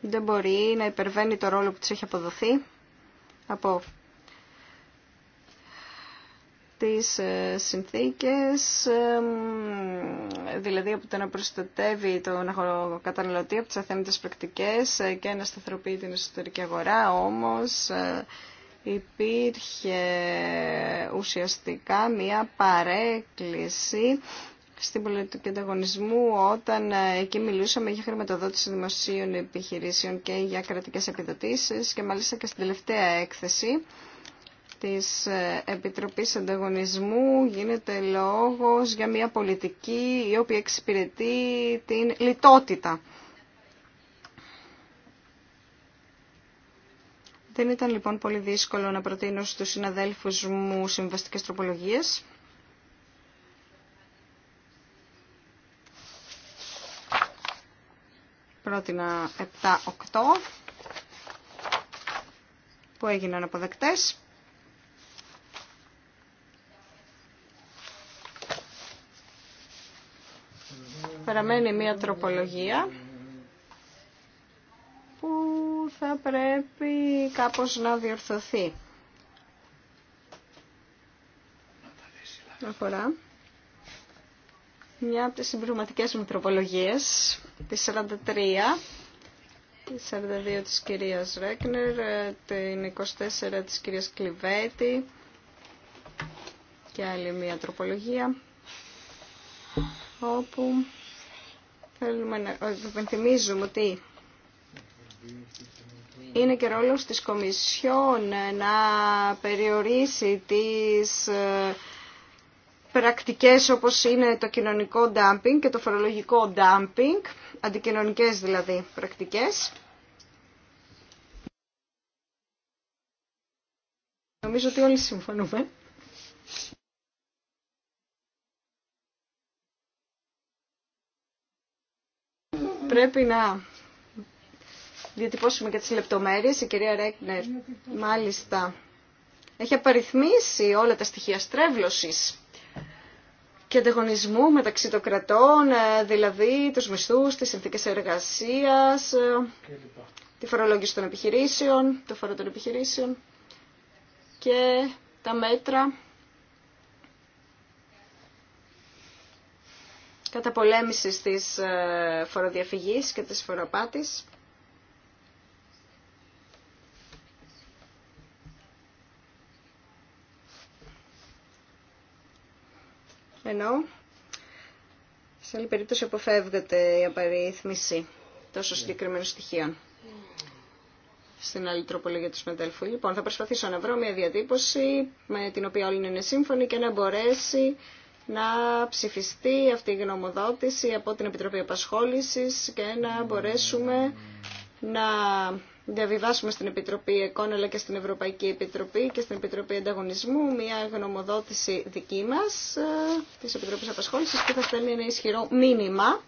δεν μπορεί να υπερβαίνει το ρόλο που της έχει αποδοθεί από τις ε, συνθήκες, δηλαδή από το να προστατεύει τον καταναλωτή από τις αθέμητες πρακτικές ε, και να σταθεροποιεί την εσωτερική αγορά, όμως ε, υπήρχε ουσιαστικά μία παρέκκληση στην πολιτική ανταγωνισμού όταν εκεί μιλούσαμε για χρηματοδότηση δημοσίων επιχειρήσεων και για κρατικές επιδοτήσεις και μάλιστα και στην τελευταία έκθεση της ε, Επιτροπής Ανταγωνισμού γίνεται λόγος για μια πολιτική η οποία εξυπηρετεί την λιτότητα. Δεν ήταν λοιπόν πολύ δύσκολο να προτείνω στους συναδέλφους μου συμβαστικές τροπολογίες. Πρότεινα 7-8 που έγιναν αποδεκτές. παραμένει μια τροπολογία που θα πρέπει κάπως να διορθωθεί. Αφορά μια από τις συμπληρωματικές μου τροπολογίες, τη 43, τη 42 της κυρίας Ρέκνερ, την 24 της κυρίας Κλιβέτη και άλλη μια τροπολογία όπου Θέλουμε να υπενθυμίζουμε ότι είναι και ρόλος της Κομισιόν να περιορίσει τις ε, πρακτικές όπως είναι το κοινωνικό dumping και το φορολογικό dumping, αντικοινωνικές δηλαδή πρακτικές. Νομίζω ότι όλοι συμφωνούμε πρέπει να διατυπώσουμε και τις λεπτομέρειες. Η κυρία Ρέκνερ, μάλιστα, έχει απαριθμίσει όλα τα στοιχεία στρέβλωσης και ανταγωνισμού μεταξύ των κρατών, ε, δηλαδή τους μισθούς, τις συνθήκες εργασίας, ε, τη φορολόγηση των επιχειρήσεων, το φορό των επιχειρήσεων και τα μέτρα καταπολέμησης της ε, φοροδιαφυγής και της φοροπάτης. Ενώ σε άλλη περίπτωση αποφεύγεται η απαρίθμηση τόσο συγκεκριμένων στοιχείων. Στην άλλη τροπολογία του συναδέλφου. Λοιπόν, θα προσπαθήσω να βρω μια διατύπωση με την οποία όλοι είναι σύμφωνοι και να μπορέσει να ψηφιστεί αυτή η γνωμοδότηση από την Επιτροπή Απασχόλησης και να μπορέσουμε να διαβιβάσουμε στην Επιτροπή ΕΚΟΝ αλλά και στην Ευρωπαϊκή Επιτροπή και στην Επιτροπή Ανταγωνισμού μια γνωμοδότηση δική μας ε, της Επιτροπής Απασχόλησης που θα στέλνει ένα ισχυρό μήνυμα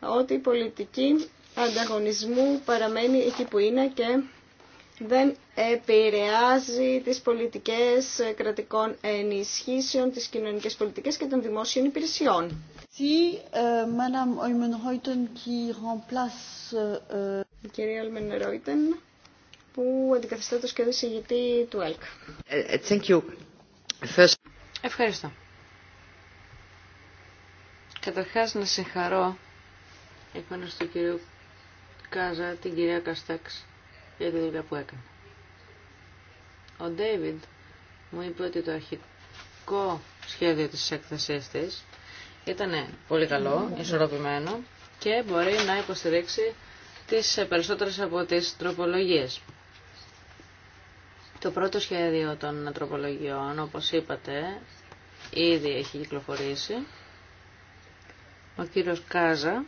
ότι η πολιτική ανταγωνισμού παραμένει εκεί που είναι και δεν επηρεάζει τις πολιτικές κρατικών ενισχύσεων, τις κοινωνικές πολιτικές και των δημόσιων υπηρεσιών. Euh, euh, Η κυρία Ρόιτεν που αντικαθιστά το σχεδόν συγγητή του ΕΛΚ. Ε, ε, First... Ευχαριστώ. Καταρχάς να συγχαρώ εκ μέρους του κυρίου Κάζα την κυρία Καστέξη για τη δουλειά που έκανε. Ο Ντέιβιντ μου είπε ότι το αρχικό σχέδιο της έκθεσής της ήταν πολύ καλό, ισορροπημένο και μπορεί να υποστηρίξει τις περισσότερες από τις τροπολογίες. Το πρώτο σχέδιο των τροπολογιών, όπως είπατε, ήδη έχει κυκλοφορήσει. Ο κύριος Κάζα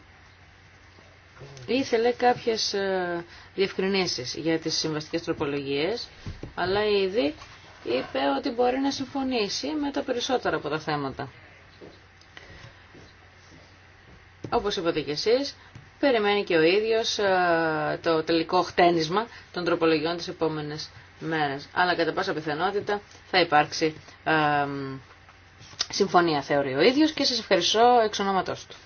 ήθελε κάποιες ε, διευκρινήσεις για τις συμβαστικές τροπολογίες, αλλά ήδη είπε ότι μπορεί να συμφωνήσει με τα περισσότερα από τα θέματα. Όπως είπατε και περιμένει και ο ίδιος ε, το τελικό χτένισμα των τροπολογιών τις επόμενες μέρες. Αλλά κατά πάσα πιθανότητα θα υπάρξει ε, συμφωνία, θεωρεί ο ίδιος και σα ευχαριστώ εξ του.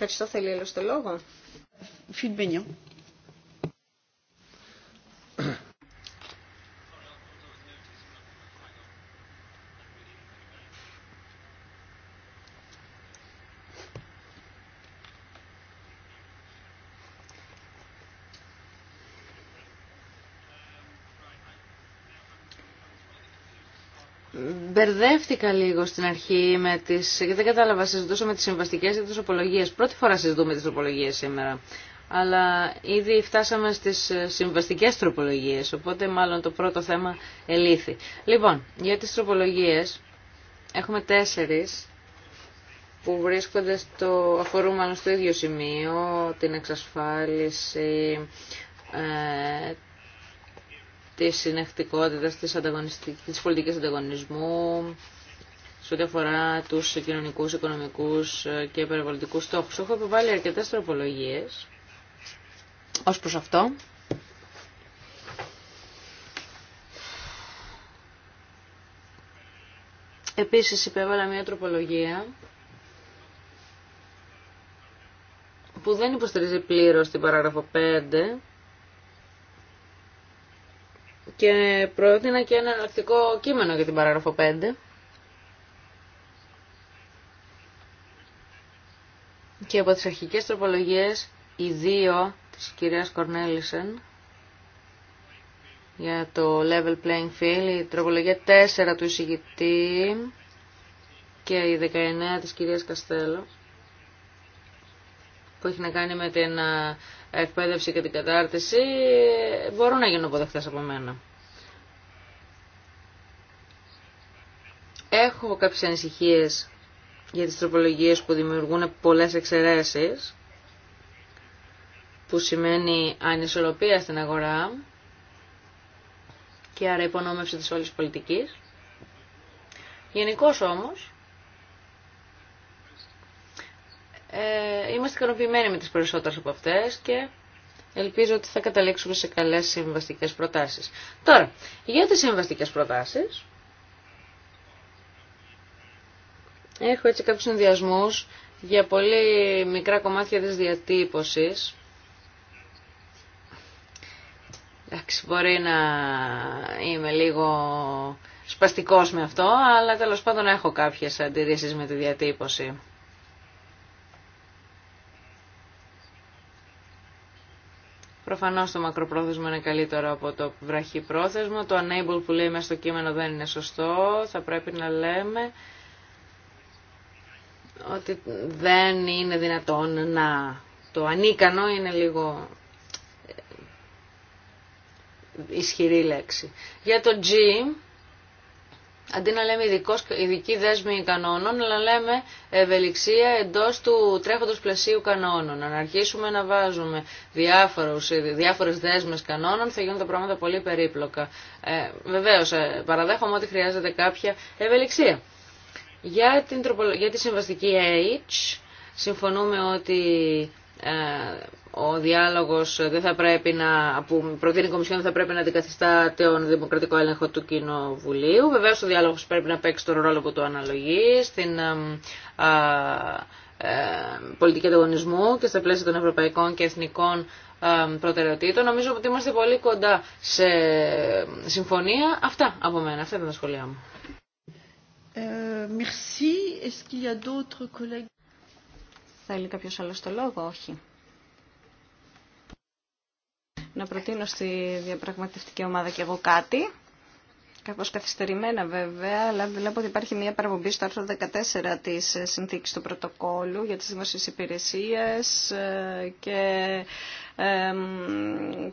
Ευχαριστώ. Θέλει άλλο το λόγο. Μπερδεύτηκα λίγο στην αρχή με τις, γιατί δεν κατάλαβα, συζητούσα με τις συμβαστικές και τις τροπολογίες. Πρώτη φορά συζητούμε τις τροπολογίες σήμερα. Αλλά ήδη φτάσαμε στις ε, συμβαστικές τροπολογίες, οπότε μάλλον το πρώτο θέμα ελήθη. Λοιπόν, για τις τροπολογίες έχουμε τέσσερις που βρίσκονται στο, αφορούν μάλλον στο ίδιο σημείο, την εξασφάλιση, ε, της συνεχτικότητας, της, της πολιτικής ανταγωνισμού, σε ό,τι αφορά τους κοινωνικούς, οικονομικούς ε, και περιβαλλοντικούς στόχους. Έχω επιβάλει αρκετές τροπολογίες ως προς αυτό. Επίσης υπέβαλα μια τροπολογία που δεν υποστηρίζει πλήρως την παράγραφο 5 και προέδινα και ένα εναλλακτικό κείμενο για την παράγραφο 5. Και από τις αρχικές τροπολογίες, οι δύο της κυρίας Κορνέλισεν για το level playing field, η τροπολογία 4 του εισηγητή και η 19 της κυρίας Καστέλο που έχει να κάνει με την ε, εκπαίδευση και την κατάρτιση μπορούν να γίνουν αποδεκτές από μένα. Έχω κάποιες ανησυχίες για τις τροπολογίες που δημιουργούν πολλές εξαιρέσεις, που σημαίνει ανισορροπία στην αγορά και άρα υπονόμευση της όλης πολιτικής. Γενικώ όμως, ε, είμαστε ικανοποιημένοι με τις περισσότερες από αυτές και ελπίζω ότι θα καταλήξουμε σε καλές συμβαστικές προτάσεις. Τώρα, για τις συμβαστικές προτάσεις, Έχω έτσι κάποιους συνδυασμούς για πολύ μικρά κομμάτια της διατύπωσης. Εντάξει, μπορεί να είμαι λίγο σπαστικός με αυτό, αλλά τέλος πάντων έχω κάποιες αντιρρήσεις με τη διατύπωση. Προφανώς το μακροπρόθεσμο είναι καλύτερο από το βραχυπρόθεσμο. Το unable που λέει μέσα στο κείμενο δεν είναι σωστό. Θα πρέπει να λέμε ότι δεν είναι δυνατόν να το ανίκανο είναι λίγο ισχυρή λέξη. Για το G, αντί να λέμε ειδικός, ειδική δέσμη κανόνων, αλλά λέμε ευελιξία εντός του τρέχοντος πλαισίου κανόνων. Αν αρχίσουμε να βάζουμε διάφορους, διάφορες δέσμες κανόνων, θα γίνουν τα πράγματα πολύ περίπλοκα. Ε, βεβαίως, ε, παραδέχομαι ότι χρειάζεται κάποια ευελιξία. Για, την για τη συμβαστική H συμφωνούμε ότι ε, ο διάλογος δεν θα πρέπει να, που προτείνει η Κομισιόν δεν θα πρέπει να αντικαθιστά τον δημοκρατικό έλεγχο του Κοινοβουλίου. Βεβαίω ο διάλογος πρέπει να παίξει τον ρόλο που του αναλογεί στην ε, ε, πολιτική ανταγωνισμού και στα πλαίσια των ευρωπαϊκών και εθνικών προτεραιοτήτων. Νομίζω ότι είμαστε πολύ κοντά σε συμφωνία. Αυτά από μένα. Αυτά ήταν τα σχολιά μου. Ε, merci. Est-ce Θέλει κάποιος άλλος το λόγο, όχι. Να προτείνω στη διαπραγματευτική ομάδα και εγώ κάτι. Κάπως καθυστερημένα βέβαια, αλλά βλέπω ότι υπάρχει μια παραπομπή στο άρθρο 14 της συνθήκης του πρωτοκόλου για τις δημοσίες υπηρεσίες ε, και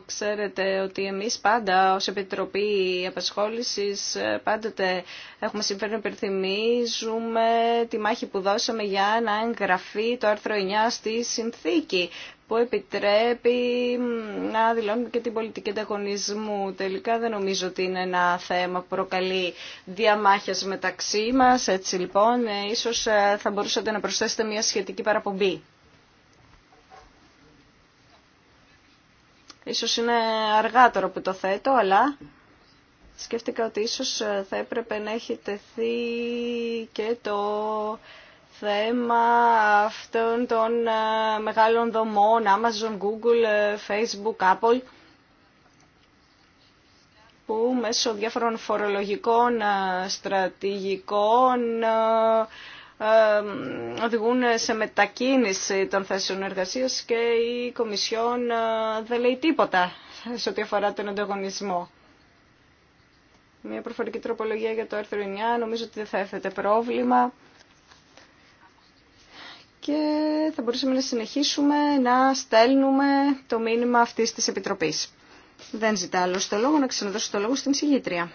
ξέρετε ότι εμείς πάντα ως Επιτροπή Απασχόλησης ε, πάντοτε έχουμε συμφέρον υπερθυμίζουμε τη μάχη που δώσαμε για να εγγραφεί το άρθρο 9 στη συνθήκη που επιτρέπει να δηλώνουμε και την πολιτική ανταγωνισμού. Τελικά δεν νομίζω ότι είναι ένα θέμα που προκαλεί διαμάχες μεταξύ μας. Έτσι λοιπόν, ε, ίσως ε, θα μπορούσατε να προσθέσετε μια σχετική παραπομπή. Ίσως είναι αργά που το θέτω, αλλά σκέφτηκα ότι ίσως ε, θα έπρεπε να έχει τεθεί και το θέμα αυτών των ε, μεγάλων δομών Amazon, Google, ε, Facebook, Apple που μέσω διάφορων φορολογικών στρατηγικών οδηγούν σε μετακίνηση των θέσεων εργασίας και η Κομισιόν ε, δεν λέει τίποτα σε ό,τι αφορά τον ανταγωνισμό. Μια προφορική τροπολογία για το άρθρο 9 νομίζω ότι δεν θα έφερε πρόβλημα και θα μπορούσαμε να συνεχίσουμε να στέλνουμε το μήνυμα αυτής της Επιτροπής. Δεν ζητά άλλο το λόγο, να ξαναδώσω το λόγο στην συγγήτρια.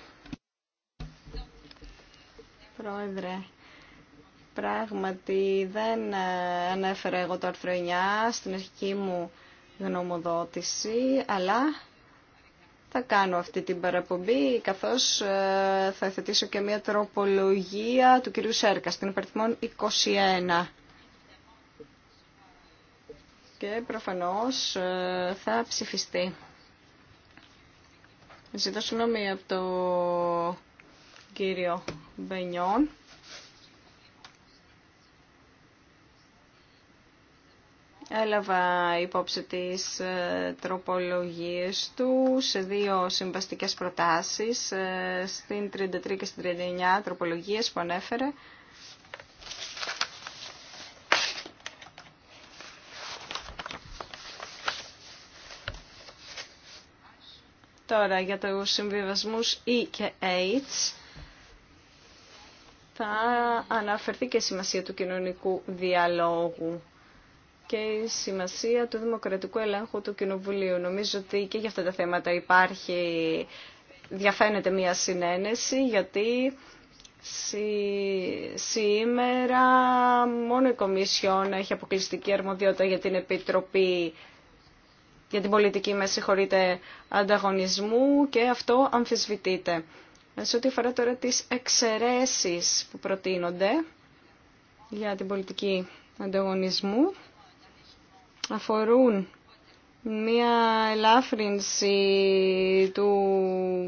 Πρόεδρε, Πράγματι δεν ε, ανέφερα εγώ το άρθρο 9 στην αρχική μου γνωμοδότηση, αλλά θα κάνω αυτή την παραπομπή, καθώς ε, θα θετήσω και μια τροπολογία του κυρίου Σέρκα, στην υπερθυμόν 21. Και προφανώς ε, θα ψηφιστεί. Ζητώ συγγνώμη από το κύριο Μπενιόν. Έλαβα υπόψη τις ε, τροπολογίες του σε δύο συμβαστικές προτάσεις, ε, στην 33 και στην 39 τροπολογίες που ανέφερε. Τώρα για τους συμβιβασμούς E και H θα αναφερθεί και σημασία του κοινωνικού διαλόγου και η σημασία του δημοκρατικού ελέγχου του Κοινοβουλίου. Νομίζω ότι και για αυτά τα θέματα υπάρχει, διαφαίνεται μια συνένεση, γιατί σήμερα μόνο η Κομισιόν έχει αποκλειστική αρμοδιότητα για την Επιτροπή για την πολιτική, με συγχωρείτε, ανταγωνισμού και αυτό αμφισβητείται. Σε ό,τι αφορά τώρα τις εξαιρέσεις που προτείνονται για την πολιτική ανταγωνισμού, αφορούν μία ελάφρυνση του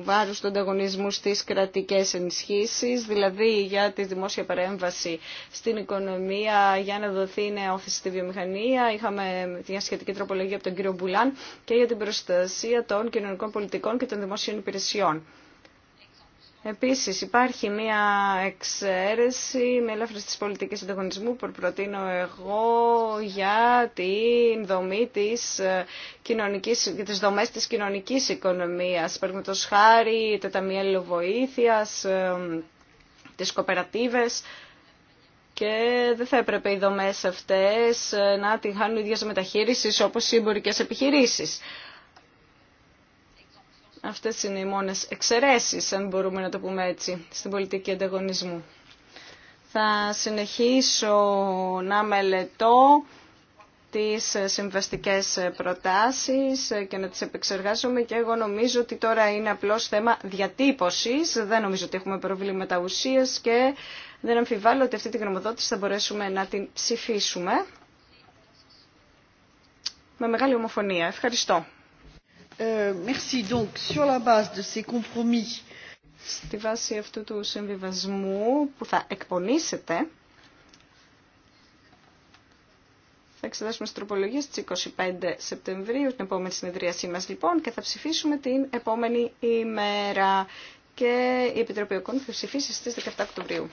βάρους του ανταγωνισμού στις κρατικές ενισχύσεις, δηλαδή για τη δημόσια παρέμβαση στην οικονομία για να δοθεί νέα όθηση στη βιομηχανία. Είχαμε μια σχετική τροπολογία από τον κύριο Μπουλάν και για την προστασία των κοινωνικών πολιτικών και των δημόσιων υπηρεσιών. Επίσης υπάρχει μια εξαίρεση με ελάφρυνση της πολιτικής ανταγωνισμού που προτείνω εγώ για την δομή της ε, κοινωνικής, για τις δομές της κοινωνικής οικονομίας. το χάρη, τα ταμεία βοήθειας, ε, τις κοπερατίβες και δεν θα έπρεπε οι δομές αυτές ε, να την χάνουν ίδιας μεταχείρισης όπως οι εμπορικές επιχειρήσεις. Αυτές είναι οι μόνες εξαιρέσεις, αν μπορούμε να το πούμε έτσι, στην πολιτική ανταγωνισμού. Θα συνεχίσω να μελετώ τις συμβαστικές προτάσεις και να τις επεξεργάζομαι και εγώ νομίζω ότι τώρα είναι απλώς θέμα διατύπωσης, δεν νομίζω ότι έχουμε προβλήματα ουσίας και δεν αμφιβάλλω ότι αυτή τη γνωμοδότηση θα μπορέσουμε να την ψηφίσουμε με μεγάλη ομοφωνία. Ευχαριστώ. Ε, Στη βάση αυτού του συμβιβασμού που θα εκπονήσετε, θα εξετάσουμε στις τροπολογίες στις 25 Σεπτεμβρίου, την επόμενη συνεδρίασή μας λοιπόν, και θα ψηφίσουμε την επόμενη ημέρα. Και η Επιτροπή Οκών θα ψηφίσει στις 17 Οκτωβρίου.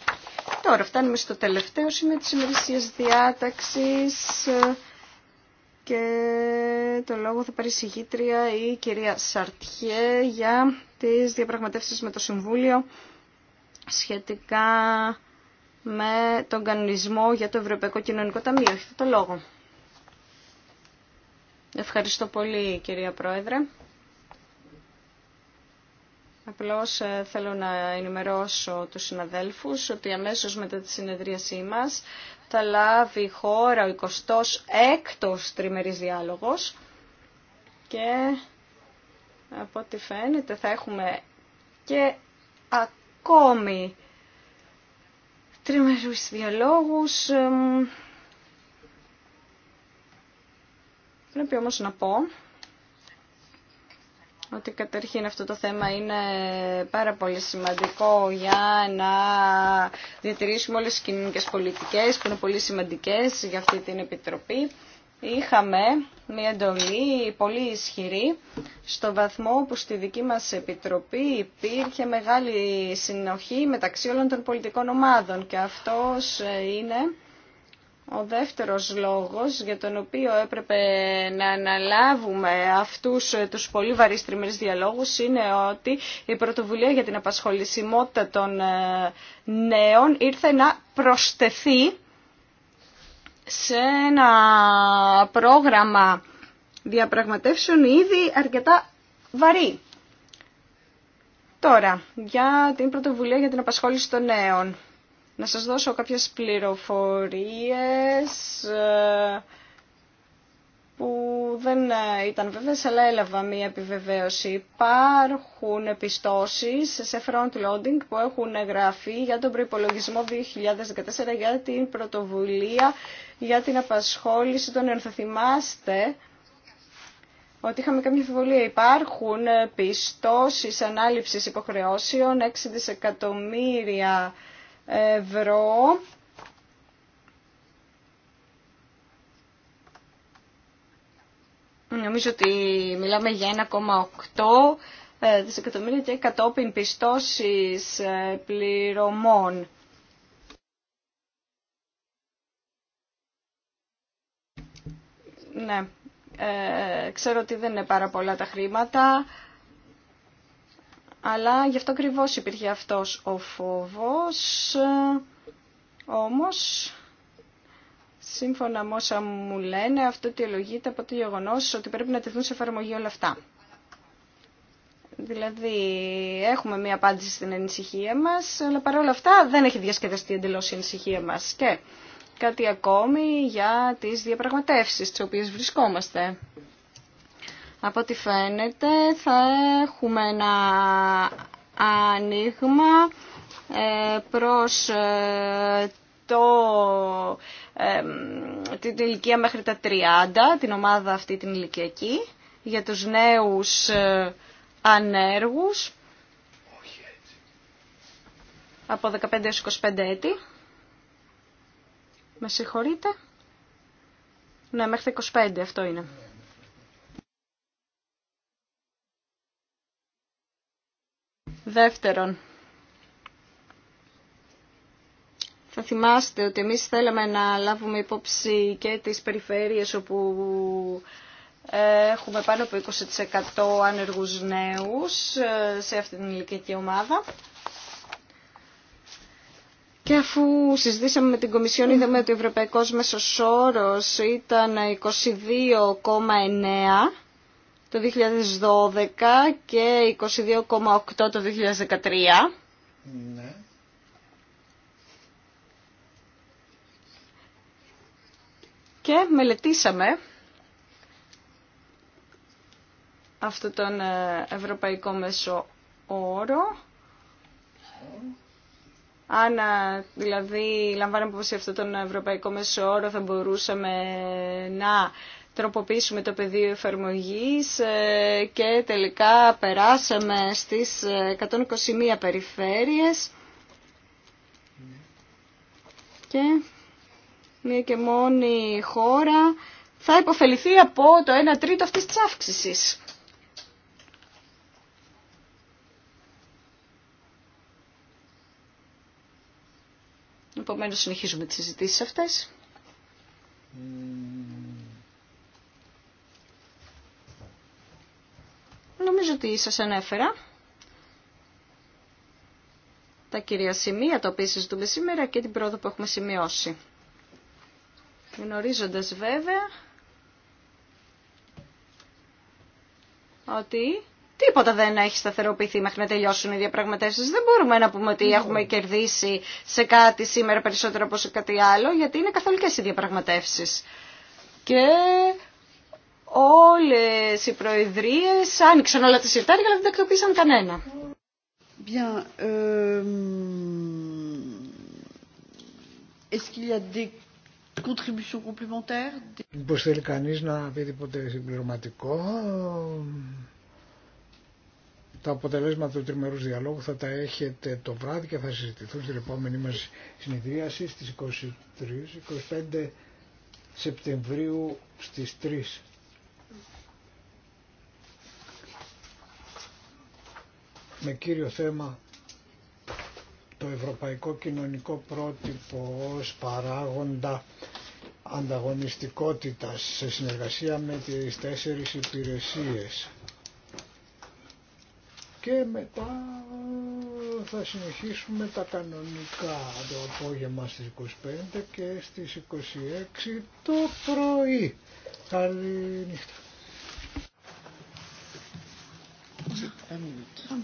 Τώρα φτάνουμε στο τελευταίο σημείο της ημερησίας διάταξης και το λόγο θα πάρει η συγγήτρια η κυρία Σαρτιέ για τις διαπραγματεύσεις με το Συμβούλιο σχετικά με τον κανονισμό για το Ευρωπαϊκό Κοινωνικό Ταμείο. Έχετε το λόγο. Ευχαριστώ πολύ κυρία Πρόεδρε. Απλώς ε, θέλω να ενημερώσω τους συναδέλφους ότι αμέσως μετά τη συνεδρίασή μας θα λάβει η χώρα ο 26ος τριμερής διάλογος και από ό,τι φαίνεται θα έχουμε και ακόμη τριμερούς διαλόγους. Πρέπει όμως να πω ότι καταρχήν αυτό το θέμα είναι πάρα πολύ σημαντικό για να διατηρήσουμε όλες τις κοινωνικές πολιτικές που είναι πολύ σημαντικές για αυτή την Επιτροπή. Είχαμε μια εντολή πολύ ισχυρή στο βαθμό που στη δική μας Επιτροπή υπήρχε μεγάλη συνοχή μεταξύ όλων των πολιτικών ομάδων και αυτός ε, είναι ο δεύτερος λόγος για τον οποίο έπρεπε να αναλάβουμε αυτούς τους πολύ βαρύς διαλόγους είναι ότι η πρωτοβουλία για την απασχολησιμότητα των ε, νέων ήρθε να προστεθεί σε ένα πρόγραμμα διαπραγματεύσεων ήδη αρκετά βαρύ. Τώρα, για την πρωτοβουλία για την απασχόληση των νέων. Να σας δώσω κάποιες πληροφορίες ε, που δεν ε, ήταν βέβαιες, αλλά έλαβα μία επιβεβαίωση. Υπάρχουν επιστώσεις σε front-loading που έχουν γραφεί για τον προϋπολογισμό 2014 για την πρωτοβουλία για την απασχόληση των Θυμάστε ότι είχαμε κάποια αμφιβολία. Υπάρχουν πιστώσεις ανάληψης υποχρεώσεων, 6 δισεκατομμύρια ευρώ Νομίζω ότι μιλάμε για 1,8 ε, δισεκατομμύρια και κατόπιν πιστώσεις ε, πληρωμών. Ναι, ε, ξέρω ότι δεν είναι πάρα πολλά τα χρήματα, αλλά γι' αυτό ακριβώ υπήρχε αυτός ο φόβος. Όμως, σύμφωνα με όσα μου λένε, αυτό αιτιολογείται από το γεγονό ότι πρέπει να τεθούν σε εφαρμογή όλα αυτά. Δηλαδή, έχουμε μία απάντηση στην ανησυχία μας, αλλά παρόλα αυτά δεν έχει διασκεδαστεί εντελώς η ανησυχία μας. Και κάτι ακόμη για τις διαπραγματεύσεις, τις οποίες βρισκόμαστε. Από ό,τι φαίνεται θα έχουμε ένα άνοιγμα ε, προς ε, το, ε, την ηλικία μέχρι τα 30, την ομάδα αυτή την ηλικιακή, για τους νέους ανέργους από 15 έως 25 έτη. Με συγχωρείτε. Ναι, μέχρι τα 25 αυτό είναι. Δεύτερον, θα θυμάστε ότι εμείς θέλαμε να λάβουμε υπόψη και τις περιφέρειες όπου ε, έχουμε πάνω από 20% άνεργους νέους ε, σε αυτή την ηλικιακή ομάδα. Και αφού συζητήσαμε με την Κομισιόν, είδαμε ότι ο Ευρωπαϊκός Μέσος Όρος ήταν 22,9 το 2012 και 22,8 το 2013. Ναι. Και μελετήσαμε αυτό τον ε, ευρωπαϊκό μέσο όρο. Αν ε, δηλαδή λαμβάνουμε υπόψη αυτό τον ευρωπαϊκό μέσο όρο θα μπορούσαμε να τροποποιήσουμε το πεδίο εφαρμογής ε, και τελικά περάσαμε στις 121 ε, περιφέρειες και μία και μόνη χώρα θα υποφεληθεί από το 1 τρίτο αυτής της αύξησης. Επομένως συνεχίζουμε τις συζητήσεις αυτές. νομίζω ότι σας ανέφερα τα κυρία σημεία τα οποία συζητούμε σήμερα και την πρόοδο που έχουμε σημειώσει. Γνωρίζοντας βέβαια ότι τίποτα δεν έχει σταθεροποιηθεί μέχρι να τελειώσουν οι διαπραγματεύσεις. Δεν μπορούμε να πούμε ότι έχουμε κερδίσει σε κάτι σήμερα περισσότερο από σε κάτι άλλο, γιατί είναι καθολικές οι διαπραγματεύσεις. Και όλες οι προεδρίες άνοιξαν όλα τα συρτάρια αλλά δεν τακτοποίησαν κανένα. Bien, euh, θέλει κανείς να πει τίποτε συμπληρωματικό. Τα αποτελέσματα του τριμερούς διαλόγου θα τα έχετε το βράδυ και θα συζητηθούν στην επόμενη μας συνεδρίαση στις 23-25 Σεπτεμβρίου στις 3 με κύριο θέμα το ευρωπαϊκό κοινωνικό πρότυπο ως παράγοντα ανταγωνιστικότητας σε συνεργασία με τις τέσσερις υπηρεσίες. Και μετά θα συνεχίσουμε τα κανονικά το απόγευμα στις 25 και στις 26 το πρωί. Καλή νύχτα. minutes.